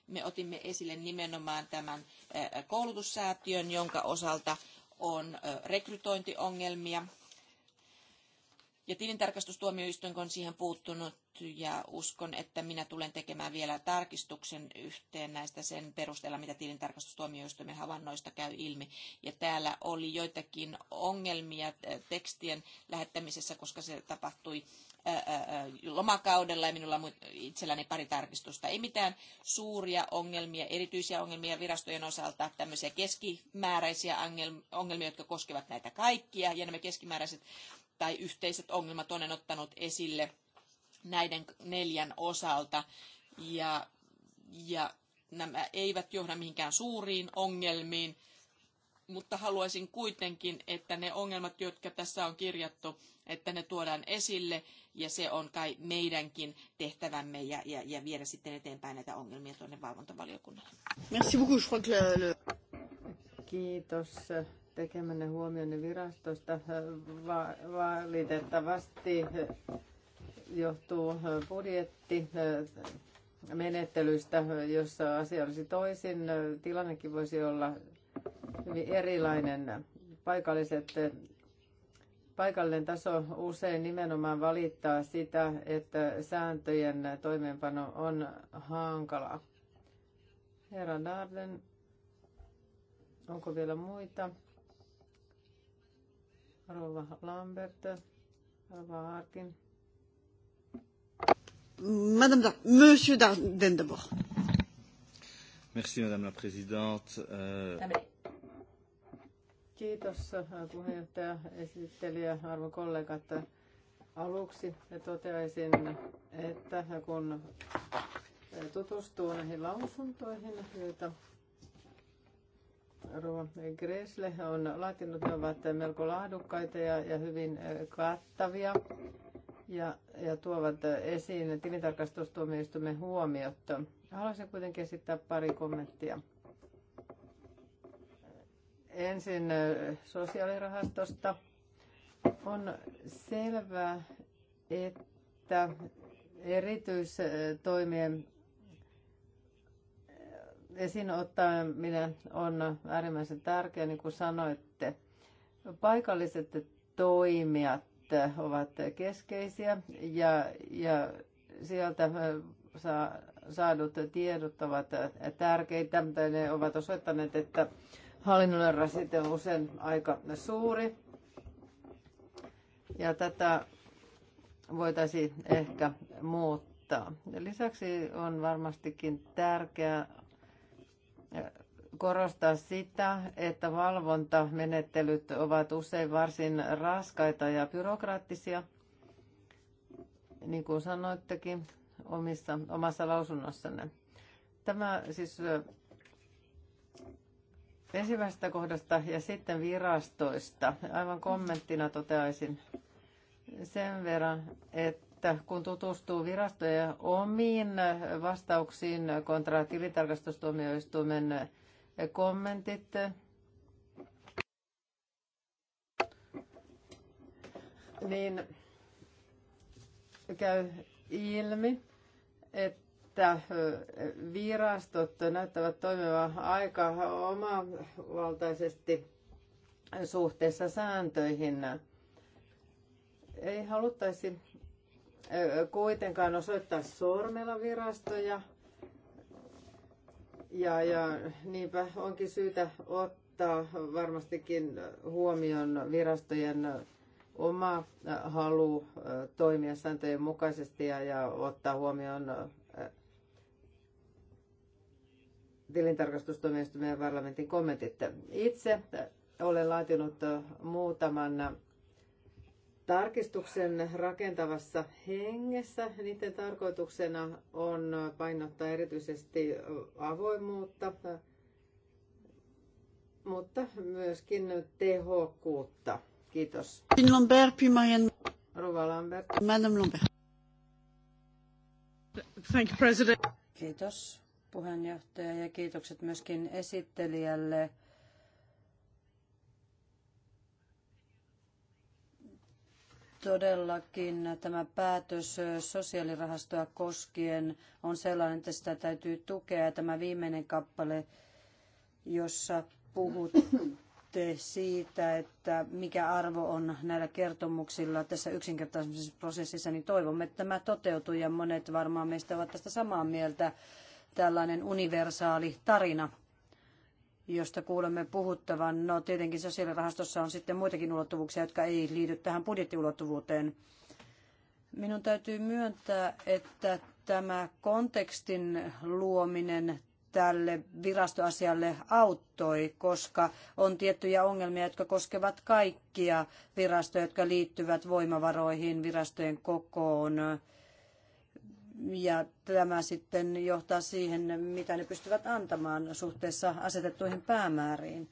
me otimme esille nimenomaan tämän koulutussäätiön, jonka osalta on rekrytointiongelmia. Ja tilintarkastustuomioistuin on siihen puuttunut ja uskon, että minä tulen tekemään vielä tarkistuksen yhteen näistä sen perusteella, mitä tilintarkastustuomioistuimen havainnoista käy ilmi. Ja täällä oli joitakin ongelmia tekstien lähettämisessä, koska se tapahtui lomakaudella ja minulla on itselläni pari tarkistusta. Ei mitään suuria ongelmia, erityisiä ongelmia virastojen osalta, tämmöisiä keskimääräisiä ongelmia, jotka koskevat näitä kaikkia ja nämä keskimääräiset tai yhteiset ongelmat olen ottanut esille näiden neljän osalta. Ja, ja nämä eivät johda mihinkään suuriin ongelmiin mutta haluaisin kuitenkin, että ne ongelmat, jotka tässä on kirjattu, että ne tuodaan esille, ja se on kai meidänkin tehtävämme, ja, ja, ja viedä sitten eteenpäin näitä ongelmia tuonne valvontavaliokunnalle. Merci beaucoup, je crois que le... Kiitos tekemänne huomionne virastosta va- valitettavasti johtuu budjetti menettelystä, jossa asia olisi toisin. Tilannekin voisi olla hyvin erilainen. Paikalliset, paikallinen taso usein nimenomaan valittaa sitä, että sääntöjen toimeenpano on hankala. Herra Darden, onko vielä muita? Rova Lambert, Rova Harkin. Madame Dar Monsieur Darden d'abord. Merci Madame la Présidente. Euh... Kiitos äh, puheenjohtaja, esittelijä, arvon kollegat. Aluksi toteaisin, että kun tutustuu näihin lausuntoihin, joita Rova Gresle on laatinut, ne ovat melko laadukkaita ja, ja hyvin äh, kattavia ja, ja tuovat esiin tilintarkastustuomioistuimen huomiota. Haluaisin kuitenkin esittää pari kommenttia. Ensin sosiaalirahastosta. On selvää, että erityistoimien esiin ottaminen on äärimmäisen tärkeää, niin kuin sanoitte. Paikalliset toimijat ovat keskeisiä ja, ja sieltä saadut tiedot ovat tärkeitä. Ne ovat osoittaneet, että hallinnollinen rasite on usein aika suuri. Ja tätä voitaisiin ehkä muuttaa. Ja lisäksi on varmastikin tärkeää eh, korostaa sitä, että valvontamenettelyt ovat usein varsin raskaita ja byrokraattisia, niin kuin sanoittekin omissa, omassa lausunnossanne. Tämä siis eh, ensimmäisestä kohdasta ja sitten virastoista. Aivan kommenttina toteaisin sen verran, että kun tutustuu virastojen omiin vastauksiin kontra tilitarkastustuomioistuimen kommentit, niin käy ilmi, että että virastot näyttävät toimivan aika omavaltaisesti suhteessa sääntöihin. Ei haluttaisi kuitenkaan osoittaa sormella virastoja. Ja, ja niinpä onkin syytä ottaa varmastikin huomioon virastojen oma halu toimia sääntöjen mukaisesti ja, ja ottaa huomioon tilintarkastustoimistomme ja parlamentin kommentit. Itse olen laatinut muutaman tarkistuksen rakentavassa hengessä. Niiden tarkoituksena on painottaa erityisesti avoimuutta, mutta myöskin tehokkuutta. Kiitos. Lambert, puis Marianne. Rova Lambert. Madame Lambert. Thank you, President. Kiitos puheenjohtaja ja kiitokset myöskin esittelijälle. Todellakin tämä päätös sosiaalirahastoa koskien on sellainen, että sitä täytyy tukea. Tämä viimeinen kappale, jossa puhutte siitä, että mikä arvo on näillä kertomuksilla tässä yksinkertaisessa prosessissa, niin toivomme, että tämä toteutuu ja monet varmaan meistä ovat tästä samaa mieltä tällainen universaali tarina, josta kuulemme puhuttavan. No tietenkin sosiaalirahastossa on sitten muitakin ulottuvuuksia, jotka ei liity tähän budjettiulottuvuuteen. Minun täytyy myöntää, että tämä kontekstin luominen tälle virastoasialle auttoi, koska on tiettyjä ongelmia, jotka koskevat kaikkia virastoja, jotka liittyvät voimavaroihin, virastojen kokoon, ja tämä sitten johtaa siihen, mitä ne pystyvät antamaan suhteessa asetettuihin päämääriin.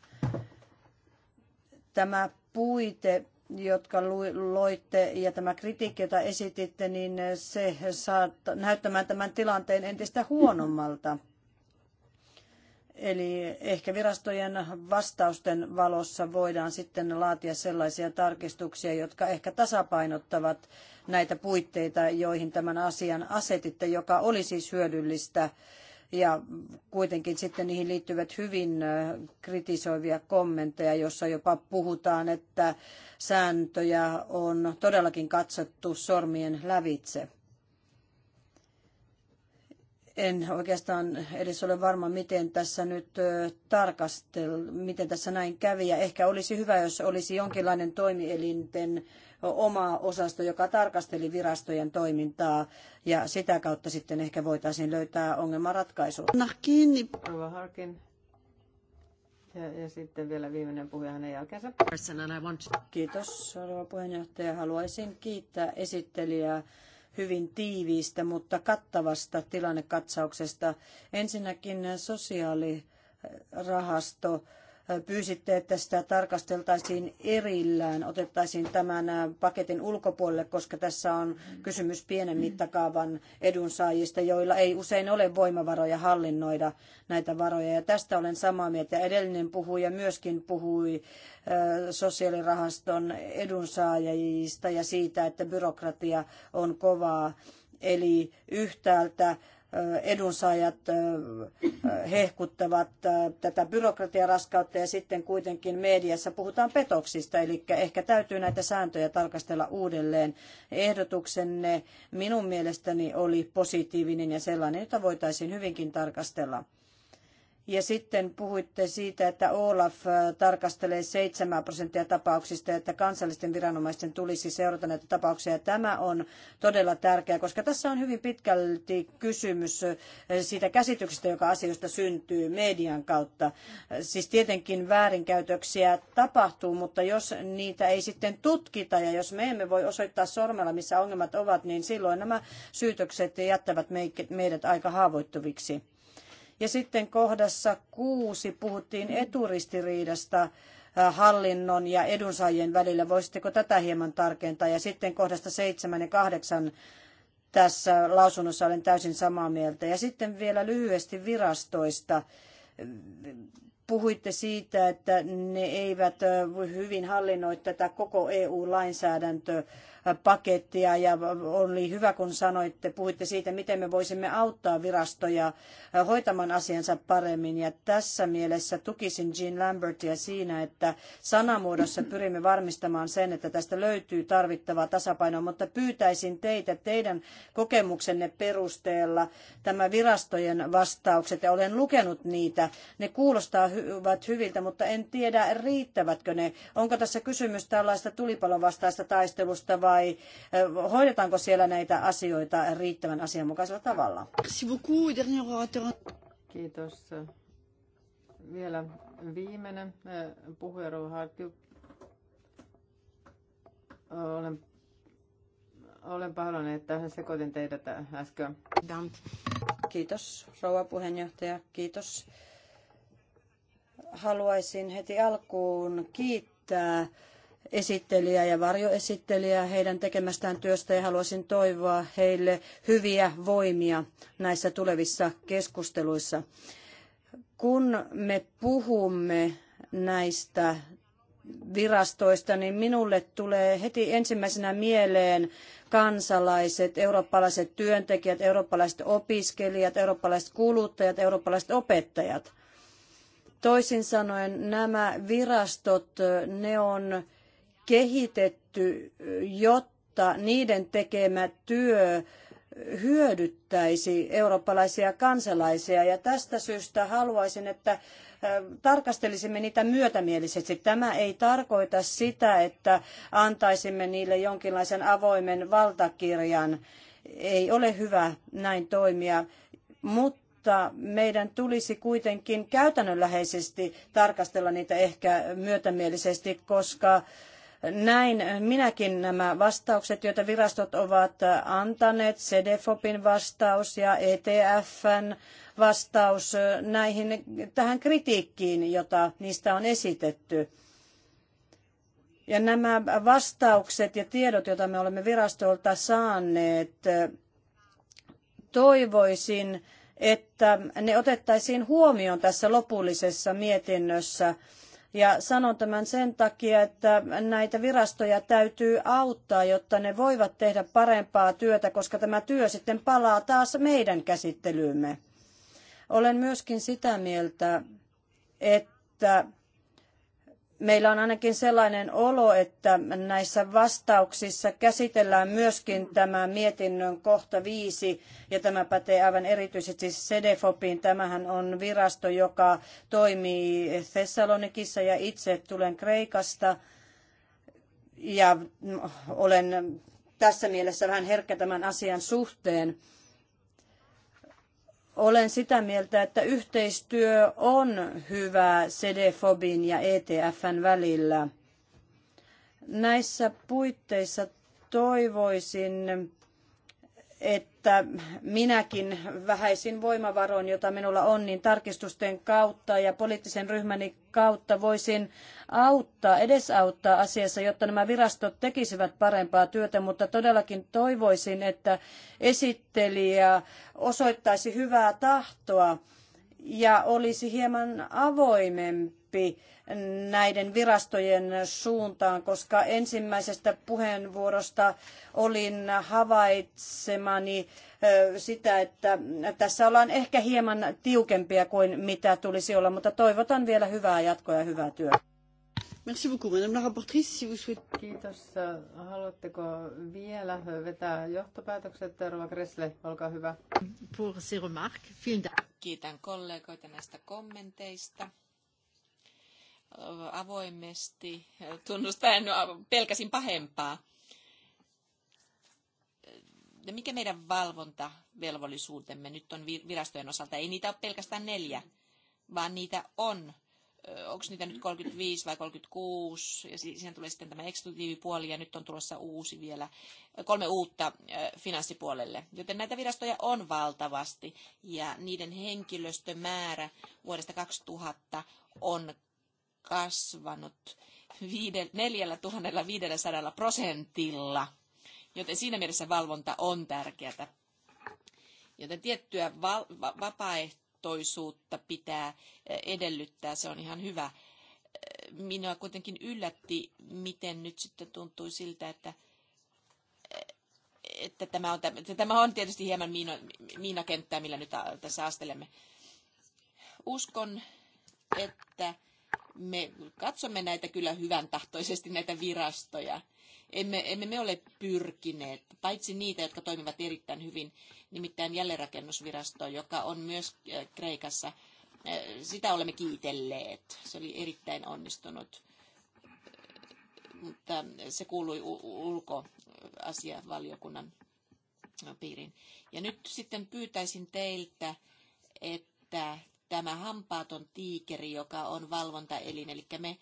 Tämä puite, jotka loitte ja tämä kritiikki, jota esititte, niin se saa näyttämään tämän tilanteen entistä huonommalta. Eli ehkä virastojen vastausten valossa voidaan sitten laatia sellaisia tarkistuksia, jotka ehkä tasapainottavat näitä puitteita, joihin tämän asian asetitte, joka oli siis hyödyllistä ja kuitenkin sitten niihin liittyvät hyvin kritisoivia kommentteja, jossa jopa puhutaan, että sääntöjä on todellakin katsottu sormien lävitse en oikeastaan edes ole varma, miten tässä nyt tarkastel, miten tässä näin kävi. Ja ehkä olisi hyvä, jos olisi jonkinlainen toimielinten oma osasto, joka tarkasteli virastojen toimintaa ja sitä kautta sitten ehkä voitaisiin löytää ongelmanratkaisu. Kiinni. Rova Harkin. Ja, ja sitten vielä viimeinen puhuja hänen jälkeensä. Kiitos, rouva puheenjohtaja. Haluaisin kiittää esittelijää hyvin tiiviistä, mutta kattavasta tilannekatsauksesta. Ensinnäkin sosiaalirahasto pyysitte, että sitä tarkasteltaisiin erillään, otettaisiin tämän paketin ulkopuolelle, koska tässä on kysymys pienen mittakaavan edunsaajista, joilla ei usein ole voimavaroja hallinnoida näitä varoja. Ja tästä olen samaa mieltä. Edellinen puhuja myöskin puhui sosiaalirahaston edunsaajista ja siitä, että byrokratia on kovaa. Eli yhtäältä edunsaajat hehkuttavat tätä byrokratiaraskautta ja sitten kuitenkin mediassa puhutaan petoksista, eli ehkä täytyy näitä sääntöjä tarkastella uudelleen. Ehdotuksenne minun mielestäni oli positiivinen ja sellainen, jota voitaisiin hyvinkin tarkastella. Ja sitten puhuitte siitä, että Olaf äh, tarkastelee 7 prosenttia tapauksista, että kansallisten viranomaisten tulisi seurata näitä tapauksia. Tämä on todella tärkeää, koska tässä on hyvin pitkälti kysymys äh, siitä käsityksestä, joka asioista syntyy median kautta. Äh, siis tietenkin väärinkäytöksiä tapahtuu, mutta jos niitä ei sitten tutkita ja jos me emme voi osoittaa sormella, missä ongelmat ovat, niin silloin nämä syytökset jättävät meidät aika haavoittuviksi. Ja sitten kohdassa kuusi puhuttiin eturistiriidasta äh, hallinnon ja edunsaajien välillä. Voisitteko tätä hieman tarkentaa? Ja sitten kohdasta seitsemän ja kahdeksan tässä lausunnossa olen täysin samaa mieltä. Ja sitten vielä lyhyesti virastoista. Puhuitte siitä, että ne eivät äh, hyvin hallinnoi tätä koko EU-lainsäädäntöä pakettia ja oli hyvä, kun sanoitte, puhuitte siitä, miten me voisimme auttaa virastoja hoitamaan asiansa paremmin. Ja tässä mielessä tukisin Jean Lambertia siinä, että sanamuodossa pyrimme varmistamaan sen, että tästä löytyy tarvittavaa tasapainoa, mutta pyytäisin teitä teidän kokemuksenne perusteella tämä virastojen vastaukset, ja olen lukenut niitä, ne kuulostavat hyviltä, mutta en tiedä riittävätkö ne. Onko tässä kysymys tällaista tulipalovastaista taistelusta vai vai hoidetaanko siellä näitä asioita riittävän asianmukaisella tavalla? Kiitos. Vielä viimeinen puheenvuoro. Olen, olen pahoillani, että sekoitin teidät äsken. Kiitos rouva puheenjohtaja, kiitos haluaisin heti alkuun kiittää esittelijää ja varjoesittelijää heidän tekemästään työstä ja haluaisin toivoa heille hyviä voimia näissä tulevissa keskusteluissa. Kun me puhumme näistä virastoista, niin minulle tulee heti ensimmäisenä mieleen kansalaiset, eurooppalaiset työntekijät, eurooppalaiset opiskelijat, eurooppalaiset kuluttajat, eurooppalaiset opettajat. Toisin sanoen nämä virastot, ne on kehitetty, jotta niiden tekemä työ hyödyttäisi eurooppalaisia kansalaisia. Ja tästä syystä haluaisin, että äh, tarkastelisimme niitä myötämielisesti. Tämä ei tarkoita sitä, että antaisimme niille jonkinlaisen avoimen valtakirjan. Ei ole hyvä näin toimia, mutta meidän tulisi kuitenkin käytännönläheisesti tarkastella niitä ehkä myötämielisesti, koska näin minäkin nämä vastaukset, joita virastot ovat antaneet, CDFOPin vastaus ja ETFn vastaus näihin, tähän kritiikkiin, jota niistä on esitetty. Ja nämä vastaukset ja tiedot, joita me olemme virastolta saaneet, toivoisin, että ne otettaisiin huomioon tässä lopullisessa mietinnössä – ja sanon tämän sen takia, että näitä virastoja täytyy auttaa, jotta ne voivat tehdä parempaa työtä, koska tämä työ sitten palaa taas meidän käsittelyymme. Olen myöskin sitä mieltä, että meillä on ainakin sellainen olo, että näissä vastauksissa käsitellään myöskin tämä mietinnön kohta viisi, ja tämä pätee aivan erityisesti Sedefopiin. Tämähän on virasto, joka toimii Thessalonikissa, ja itse tulen Kreikasta, ja olen tässä mielessä vähän herkkä tämän asian suhteen. Olen sitä mieltä, että yhteistyö on hyvä CDFobin ja ETFn välillä. Näissä puitteissa toivoisin että minäkin vähäisin voimavaroin, jota minulla on, niin tarkistusten kautta ja poliittisen ryhmäni kautta voisin auttaa, edesauttaa asiassa, jotta nämä virastot tekisivät parempaa työtä, mutta todellakin toivoisin, että esittelijä osoittaisi hyvää tahtoa ja olisi hieman avoimempi oppi näiden virastojen suuntaan, koska ensimmäisestä puheenvuorosta olin havaitsemani sitä, että tässä ollaan ehkä hieman tiukempia kuin mitä tulisi olla, mutta toivotan vielä hyvää jatkoa ja hyvää työtä. Merci beaucoup, Madame la rapportrice. Si vous souhaitez... Kiitos. Haluatteko vielä vetää johtopäätökset? Rova Kressle, olkaa hyvä. Pour ces remarques. Vielen Dank. Kiitän kollegoita näistä kommenteista avoimesti tunnustaen pelkäsin pahempaa. Ja mikä meidän valvontavelvollisuutemme nyt on virastojen osalta? Ei niitä ole pelkästään neljä, vaan niitä on. Onko niitä nyt 35 vai 36? Ja siinä tulee sitten tämä eksklusiivipuoli ja nyt on tulossa uusi vielä, kolme uutta finanssipuolelle. Joten näitä virastoja on valtavasti ja niiden henkilöstömäärä vuodesta 2000 on kasvanut 4500 prosentilla, joten siinä mielessä valvonta on tärkeää. Joten tiettyä vapaaehtoisuutta pitää eh, edellyttää, se on ihan hyvä. Eh, minua kuitenkin yllätti, miten nyt sitten tuntui siltä, että, eh, että tämä, on, tämä on tietysti hieman miinakenttää, millä nyt tässä astelemme. Uskon, että me katsomme näitä kyllä hyvän tahtoisesti, näitä virastoja. Emme, emme me ole pyrkineet, paitsi niitä, jotka toimivat erittäin hyvin, nimittäin jälleenrakennusvirasto, joka on myös Kreikassa. Sitä olemme kiitelleet. Se oli erittäin onnistunut. Mutta se kuului ulkoasiavaliokunnan piiriin. Ja nyt sitten pyytäisin teiltä, että tämä hampaaton tiikeri, joka on valvontaelin. Eli me,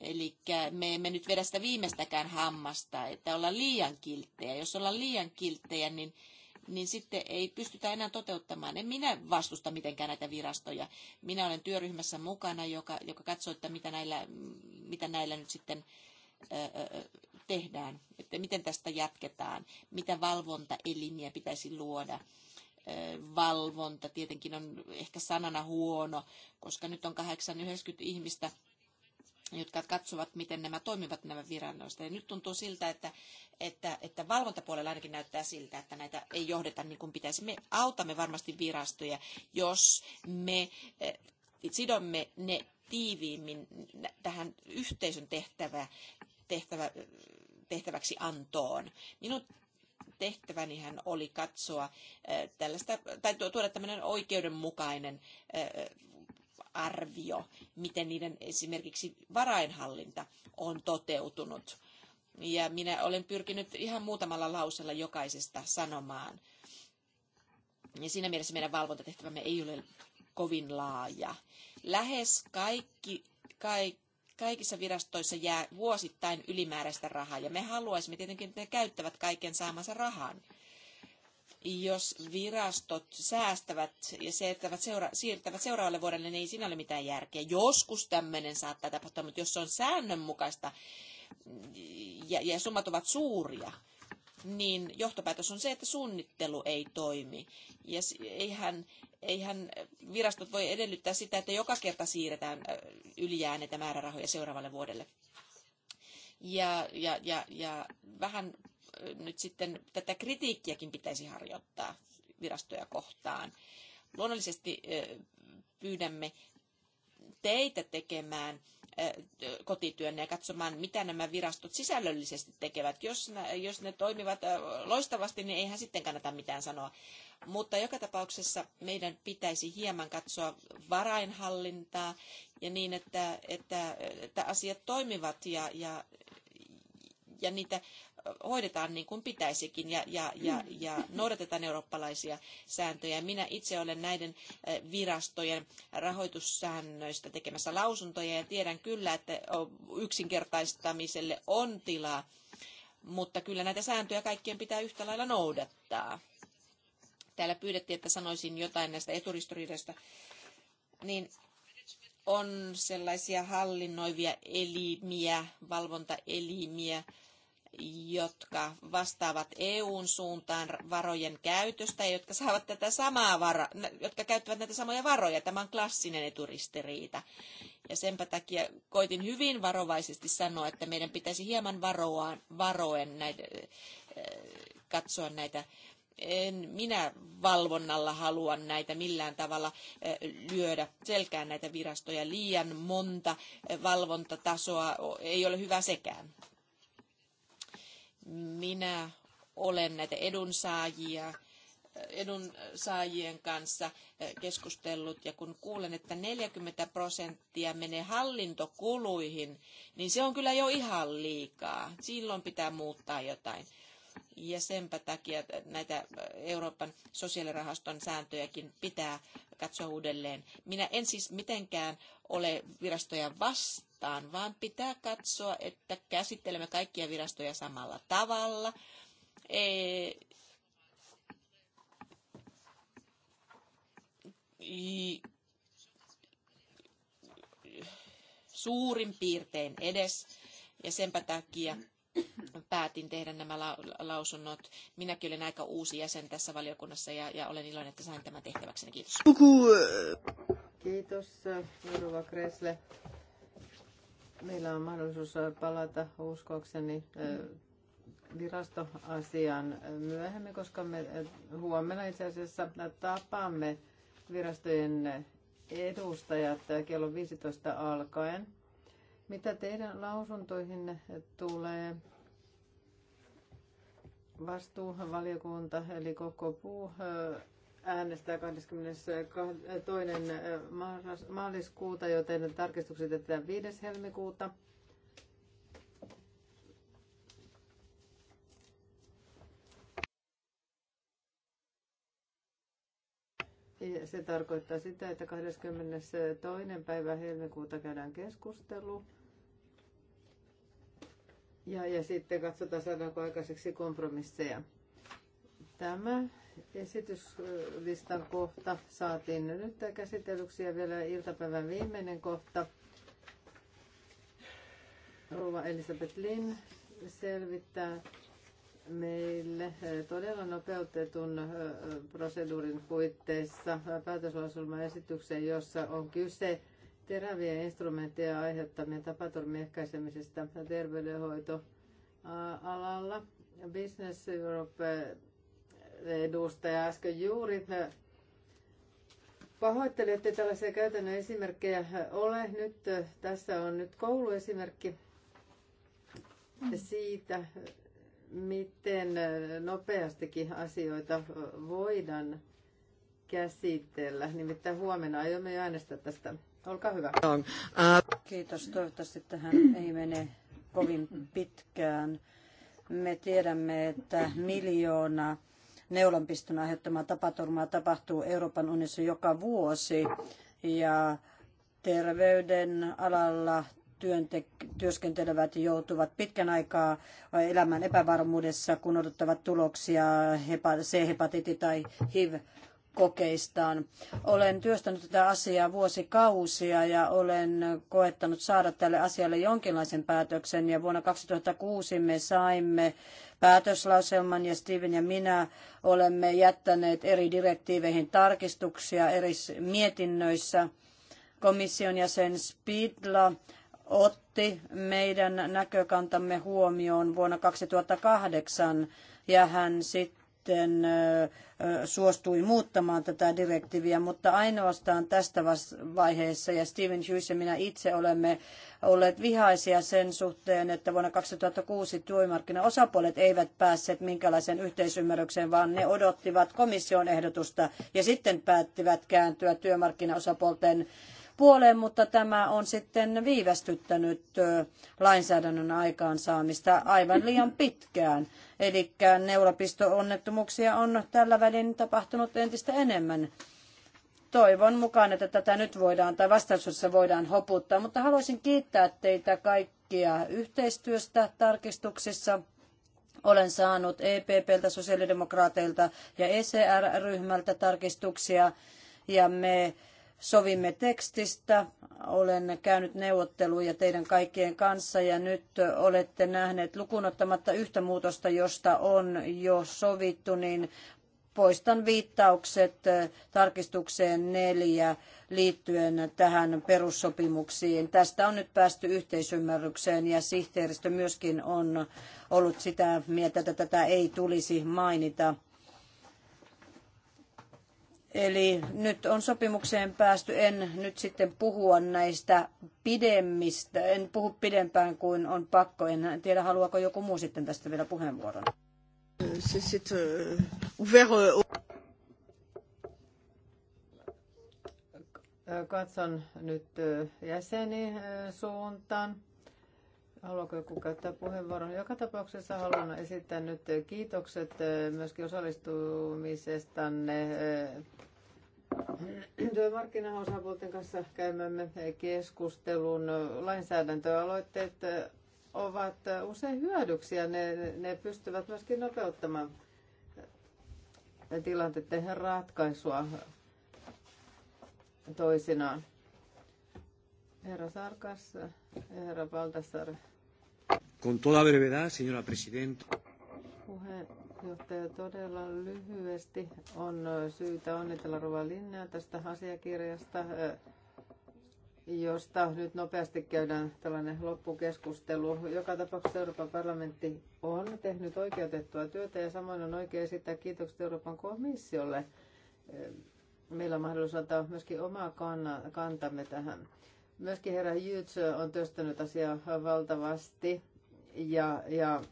eli me emme nyt vedä sitä viimeistäkään hammasta, että ollaan liian kilttejä. Jos ollaan liian kilttejä, niin, niin sitten ei pystytä enää toteuttamaan. En minä vastusta mitenkään näitä virastoja. Minä olen työryhmässä mukana, joka, joka katsoo, että mitä näillä, mitä näillä nyt sitten tehdään, että miten tästä jatketaan, mitä valvontaelimiä pitäisi luoda valvonta tietenkin on ehkä sanana huono, koska nyt on 890 ihmistä, jotka katsovat, miten nämä toimivat nämä viranoista. Ja nyt tuntuu siltä, että, että, että valvontapuolella ainakin näyttää siltä, että näitä ei johdeta niin kuin pitäisi. Me autamme varmasti virastoja, jos me sidomme ne tiiviimmin tähän yhteisön tehtävä, tehtävä, tehtäväksi antoon. Minun tehtävänihän oli katsoa äh, tällaista, tai tuoda tämmöinen oikeudenmukainen äh, arvio, miten niiden esimerkiksi varainhallinta on toteutunut. Ja minä olen pyrkinyt ihan muutamalla lausella jokaisesta sanomaan. Ja siinä mielessä meidän valvontatehtävämme ei ole kovin laaja. Lähes kaikki, kaikki kaikissa virastoissa jää vuosittain ylimääräistä rahaa ja me haluaisimme tietenkin, että ne käyttävät kaiken saamansa rahan. Jos virastot säästävät ja siirtävät, seura- siirtävät seuraavalle vuodelle, niin ei siinä ole mitään järkeä. Joskus tämmöinen saattaa tapahtua, mutta jos se on säännönmukaista ja, ja summat ovat suuria, niin johtopäätös on se, että suunnittelu ei toimi. Ja eihän, eihän virastot voi edellyttää sitä, että joka kerta siirretään ylijääneitä määrärahoja seuraavalle vuodelle. Ja, ja, ja, ja vähän nyt sitten tätä kritiikkiäkin pitäisi harjoittaa virastoja kohtaan. Luonnollisesti pyydämme teitä tekemään kotityönne ja katsomaan, mitä nämä virastot sisällöllisesti tekevät. Jos, jos ne toimivat loistavasti, niin eihän sitten kannata mitään sanoa. Mutta joka tapauksessa meidän pitäisi hieman katsoa varainhallintaa ja niin, että, että, että asiat toimivat ja, ja, ja niitä hoidetaan niin kuin pitäisikin ja, ja, ja, ja noudatetaan eurooppalaisia sääntöjä. Minä itse olen näiden eh, virastojen rahoitussäännöistä tekemässä lausuntoja ja tiedän kyllä, että yksinkertaistamiselle on tilaa, mutta kyllä näitä sääntöjä kaikkien pitää yhtä lailla noudattaa. Täällä pyydettiin, että sanoisin jotain näistä eturistiriidoista. Niin on sellaisia hallinnoivia elimiä, valvontaelimiä, jotka vastaavat EUn suuntaan varojen käytöstä ja jotka saavat tätä samaa vara, jotka käyttävät näitä samoja varoja. Tämä on klassinen eturistiriita. Ja senpä takia koitin hyvin varovaisesti sanoa, että meidän pitäisi hieman varoaan, varoen näitä, katsoa näitä en minä valvonnalla halua näitä millään tavalla lyödä selkään näitä virastoja. Liian monta valvontatasoa ei ole hyvä sekään minä olen näitä edunsaajia, edunsaajien kanssa eh, keskustellut ja kun kuulen, että 40 prosenttia menee hallintokuluihin, niin se on kyllä jo ihan liikaa. Silloin pitää muuttaa jotain. Ja senpä takia näitä Euroopan sosiaalirahaston sääntöjäkin pitää katsoa uudelleen. Minä en siis mitenkään ole virastoja vastaan, vaan pitää katsoa, että käsittelemme kaikkia virastoja samalla tavalla. E, suurin piirtein edes. Ja senpä takia päätin tehdä nämä lausunnot. Minäkin olen aika uusi jäsen tässä valiokunnassa ja, ja olen iloinen, että sain tämän tehtäväkseni. Kiitos. Kiitos, Rova Kresle. Meillä on mahdollisuus palata uskoakseni virastoasiaan myöhemmin, koska me huomenna itse asiassa tapaamme virastojen edustajat kello 15 alkaen. Mitä teidän lausuntoihin tulee, vastuuvaliokunta eli koko puu äh, äänestää 22. Äh, maaliskuuta, joten tarkistukset tehdään 5. helmikuuta. Ja se tarkoittaa sitä, että 22. päivä helmikuuta käydään keskustelu. Ja, ja sitten katsotaan saadaanko aikaiseksi kompromisseja. Tämä esityslistan kohta saatiin nyt käsitellyksi ja vielä iltapäivän viimeinen kohta. Rouva Elisabeth Lin selvittää meille eh, todella nopeutetun eh, proseduurin puitteissa eh, päätöslauselmaesityksen, jossa on kyse teräviä instrumentteja aiheuttamien tapaturmien ehkäisemisestä terveydenhoitoalalla. Business Europe edustaja äsken juuri pahoitteli, että tällaisia käytännön esimerkkejä ole. Nyt tässä on nyt kouluesimerkki mm. siitä, miten nopeastikin asioita voidaan käsitellä. Nimittäin huomenna aiomme jo äänestää tästä. Olkaa hyvä. Kiitos. Toivottavasti tähän ei mene kovin pitkään. Me tiedämme, että miljoona neulanpiston aiheuttamaa tapaturmaa tapahtuu Euroopan unionissa joka vuosi. Ja terveyden alalla työnte- työskentelevät joutuvat pitkän aikaa elämän epävarmuudessa, kun odottavat tuloksia C-hepatiitti tai HIV kokeistaan. Olen työstänyt tätä asiaa vuosikausia ja olen koettanut saada tälle asialle jonkinlaisen päätöksen. Ja vuonna 2006 me saimme päätöslauselman ja Steven ja minä olemme jättäneet eri direktiiveihin tarkistuksia eri mietinnöissä. Komission jäsen Spidla otti meidän näkökantamme huomioon vuonna 2008 ja hän sitten suostui muuttamaan tätä direktiiviä, mutta ainoastaan tästä vaiheessa ja Steven Hughes ja minä itse olemme olleet vihaisia sen suhteen, että vuonna 2006 työmarkkinaosapuolet eivät päässeet minkälaiseen yhteisymmärrykseen, vaan ne odottivat komission ehdotusta ja sitten päättivät kääntyä työmarkkinaosapuolten puoleen, mutta tämä on sitten viivästyttänyt lainsäädännön aikaansaamista aivan liian pitkään. Eli neulapisto-onnettomuuksia on tällä välin tapahtunut entistä enemmän toivon mukaan, että tätä nyt voidaan tai vastaisuudessa voidaan hoputtaa, mutta haluaisin kiittää teitä kaikkia yhteistyöstä tarkistuksissa. Olen saanut EPPltä, sosiaalidemokraateilta ja ECR-ryhmältä tarkistuksia ja me sovimme tekstistä. Olen käynyt neuvotteluja teidän kaikkien kanssa ja nyt olette nähneet lukunottamatta yhtä muutosta, josta on jo sovittu, niin poistan viittaukset tarkistukseen neljä liittyen tähän perussopimuksiin. Tästä on nyt päästy yhteisymmärrykseen ja sihteeristö myöskin on ollut sitä mieltä, että tätä ei tulisi mainita Eli nyt on sopimukseen päästy, en nyt sitten puhua näistä pidemmistä, en puhu pidempään kuin on pakko, en tiedä haluaako joku muu sitten tästä vielä puheenvuoron. Katson nyt jäseni suuntaan. Haluaako joku käyttää puheenvuoron? Joka tapauksessa haluan esittää nyt kiitokset myöskin osallistumisestanne työmarkkinaosapuolten kanssa käymämme keskustelun lainsäädäntöaloitteet ovat usein hyödyksiä. Ne, ne pystyvät myöskin nopeuttamaan tilanteiden ratkaisua toisinaan. Herra Sarkas, herra valtasar. Con toda brevedad, señora presidenta. Puheen puheenjohtaja. Todella lyhyesti on syytä onnitella Rova Linnea tästä asiakirjasta, josta nyt nopeasti käydään tällainen loppukeskustelu. Joka tapauksessa Euroopan parlamentti on tehnyt oikeutettua työtä ja samoin on oikein esittää kiitokset Euroopan komissiolle. Meillä on mahdollisuus antaa myöskin omaa kantamme tähän. Myöskin herra Jyts on työstänyt asiaa valtavasti ja, ja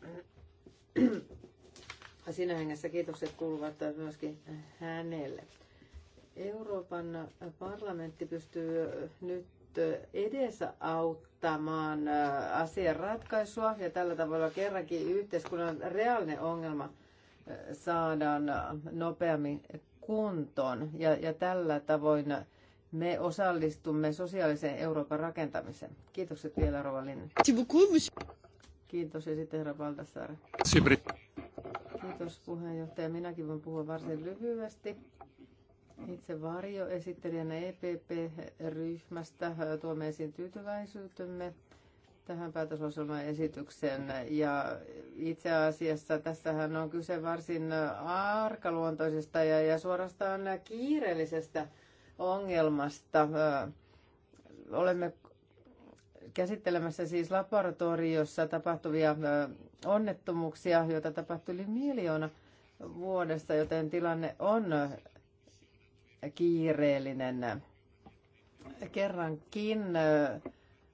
Siinä hengessä kiitokset kuuluvat myöskin hänelle. Euroopan parlamentti pystyy nyt edessä auttamaan asian ratkaisua ja tällä tavalla kerrankin yhteiskunnan reaalinen ongelma saadaan nopeammin kuntoon ja, ja tällä tavoin me osallistumme sosiaalisen Euroopan rakentamiseen. Kiitokset vielä Rovalinen. Kiitos ja sitten herra Baldassare. Kiitos puheenjohtaja. Minäkin voin puhua varsin lyhyesti. Itse Varjo esittelijänä EPP-ryhmästä tuomme esiin tyytyväisyytemme tähän päätösohjelman esitykseen. Ja itse asiassa tässähän on kyse varsin arkaluontoisesta ja, ja suorastaan kiireellisestä ongelmasta. Olemme käsittelemässä siis laboratoriossa tapahtuvia onnettomuuksia, joita tapahtui yli miljoona vuodessa, joten tilanne on kiireellinen. Kerrankin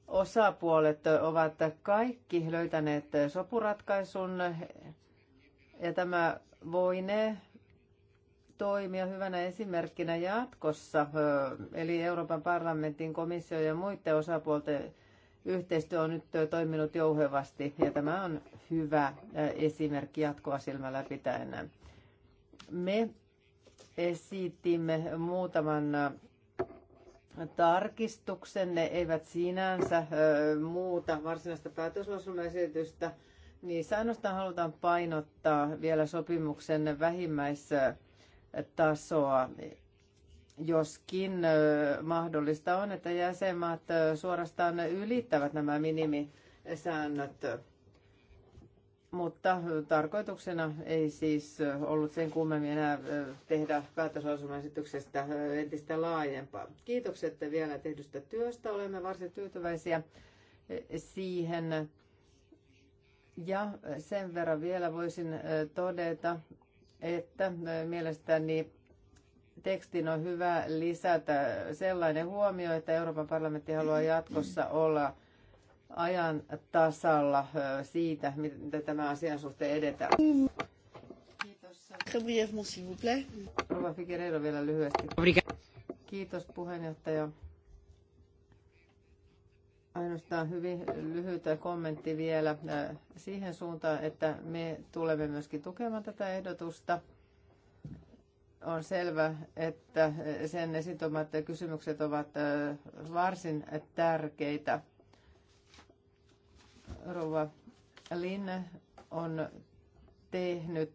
osapuolet ovat kaikki löytäneet sopuratkaisun ja tämä voine toimia hyvänä esimerkkinä jatkossa, eli Euroopan parlamentin, komissio ja muiden osapuolten yhteistyö on nyt toiminut jouhevasti ja tämä on hyvä esimerkki jatkoa silmällä pitäen. Me esitimme muutaman tarkistuksen. Ne eivät sinänsä muuta varsinaista päätöslausumaesitystä. Niissä ainoastaan halutaan painottaa vielä sopimuksen vähimmäistasoa joskin mahdollista on, että jäsenmaat suorastaan ylittävät nämä minimisäännöt. Mutta tarkoituksena ei siis ollut sen kummemmin enää tehdä päätöslausumaesityksestä entistä laajempaa. Kiitokset vielä tehdystä työstä. Olemme varsin tyytyväisiä siihen. Ja sen verran vielä voisin todeta, että mielestäni tekstiin on hyvä lisätä sellainen huomio, että Euroopan parlamentti haluaa jatkossa olla ajan tasalla siitä, miten tämä asian suhteen edetään. Kiitos. Rova Figueiredo vielä lyhyesti. Kiitos puheenjohtaja. Ainoastaan hyvin lyhyt kommentti vielä siihen suuntaan, että me tulemme myöskin tukemaan tätä ehdotusta – on selvä, että sen esitomat kysymykset ovat varsin tärkeitä. Rouva Linne on tehnyt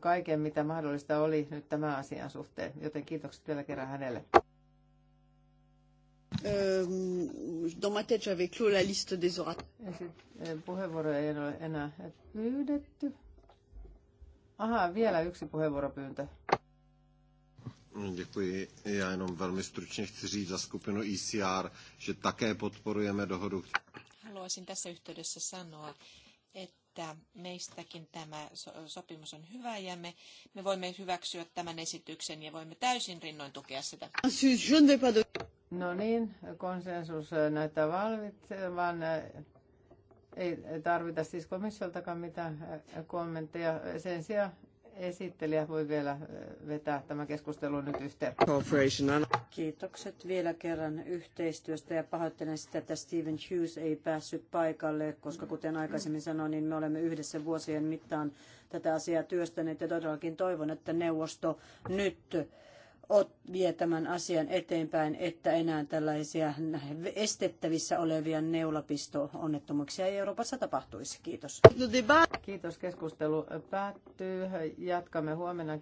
kaiken, mitä mahdollista oli nyt tämän asian suhteen, joten kiitokset vielä kerran hänelle. la liste des orateurs. Puheenvuoroja ei ole enää pyydetty. Aha, vielä yksi puheenvuoropyyntö. Děkuji. Já jenom velmi stručně chci říct za skupinu ICR, e že také podporujeme dohodu. Haluaisin tässä yhteydessä sanoa, että meistäkin tämä sopimus on hyvä ja me, me voimme hyväksyä tämän esityksen ja voimme täysin rinnoin tukea sitä. No niin, konsensus näyttää vaan ei tarvita siis komissioltakaan mitään äh, kommentteja. Sen sijaan esittelijä voi vielä äh, vetää tämän keskustelun nyt yhteen. Kiitokset vielä kerran yhteistyöstä ja pahoittelen sitä, että Steven Hughes ei päässyt paikalle, koska kuten aikaisemmin sanoin, niin me olemme yhdessä vuosien mittaan tätä asiaa työstäneet ja todellakin toivon, että neuvosto nyt vie tämän asian eteenpäin, että enää tällaisia estettävissä olevia neulapisto-onnettomuuksia ei Euroopassa tapahtuisi. Kiitos. Kiitos. Keskustelu päättyy. Jatkamme huomenna.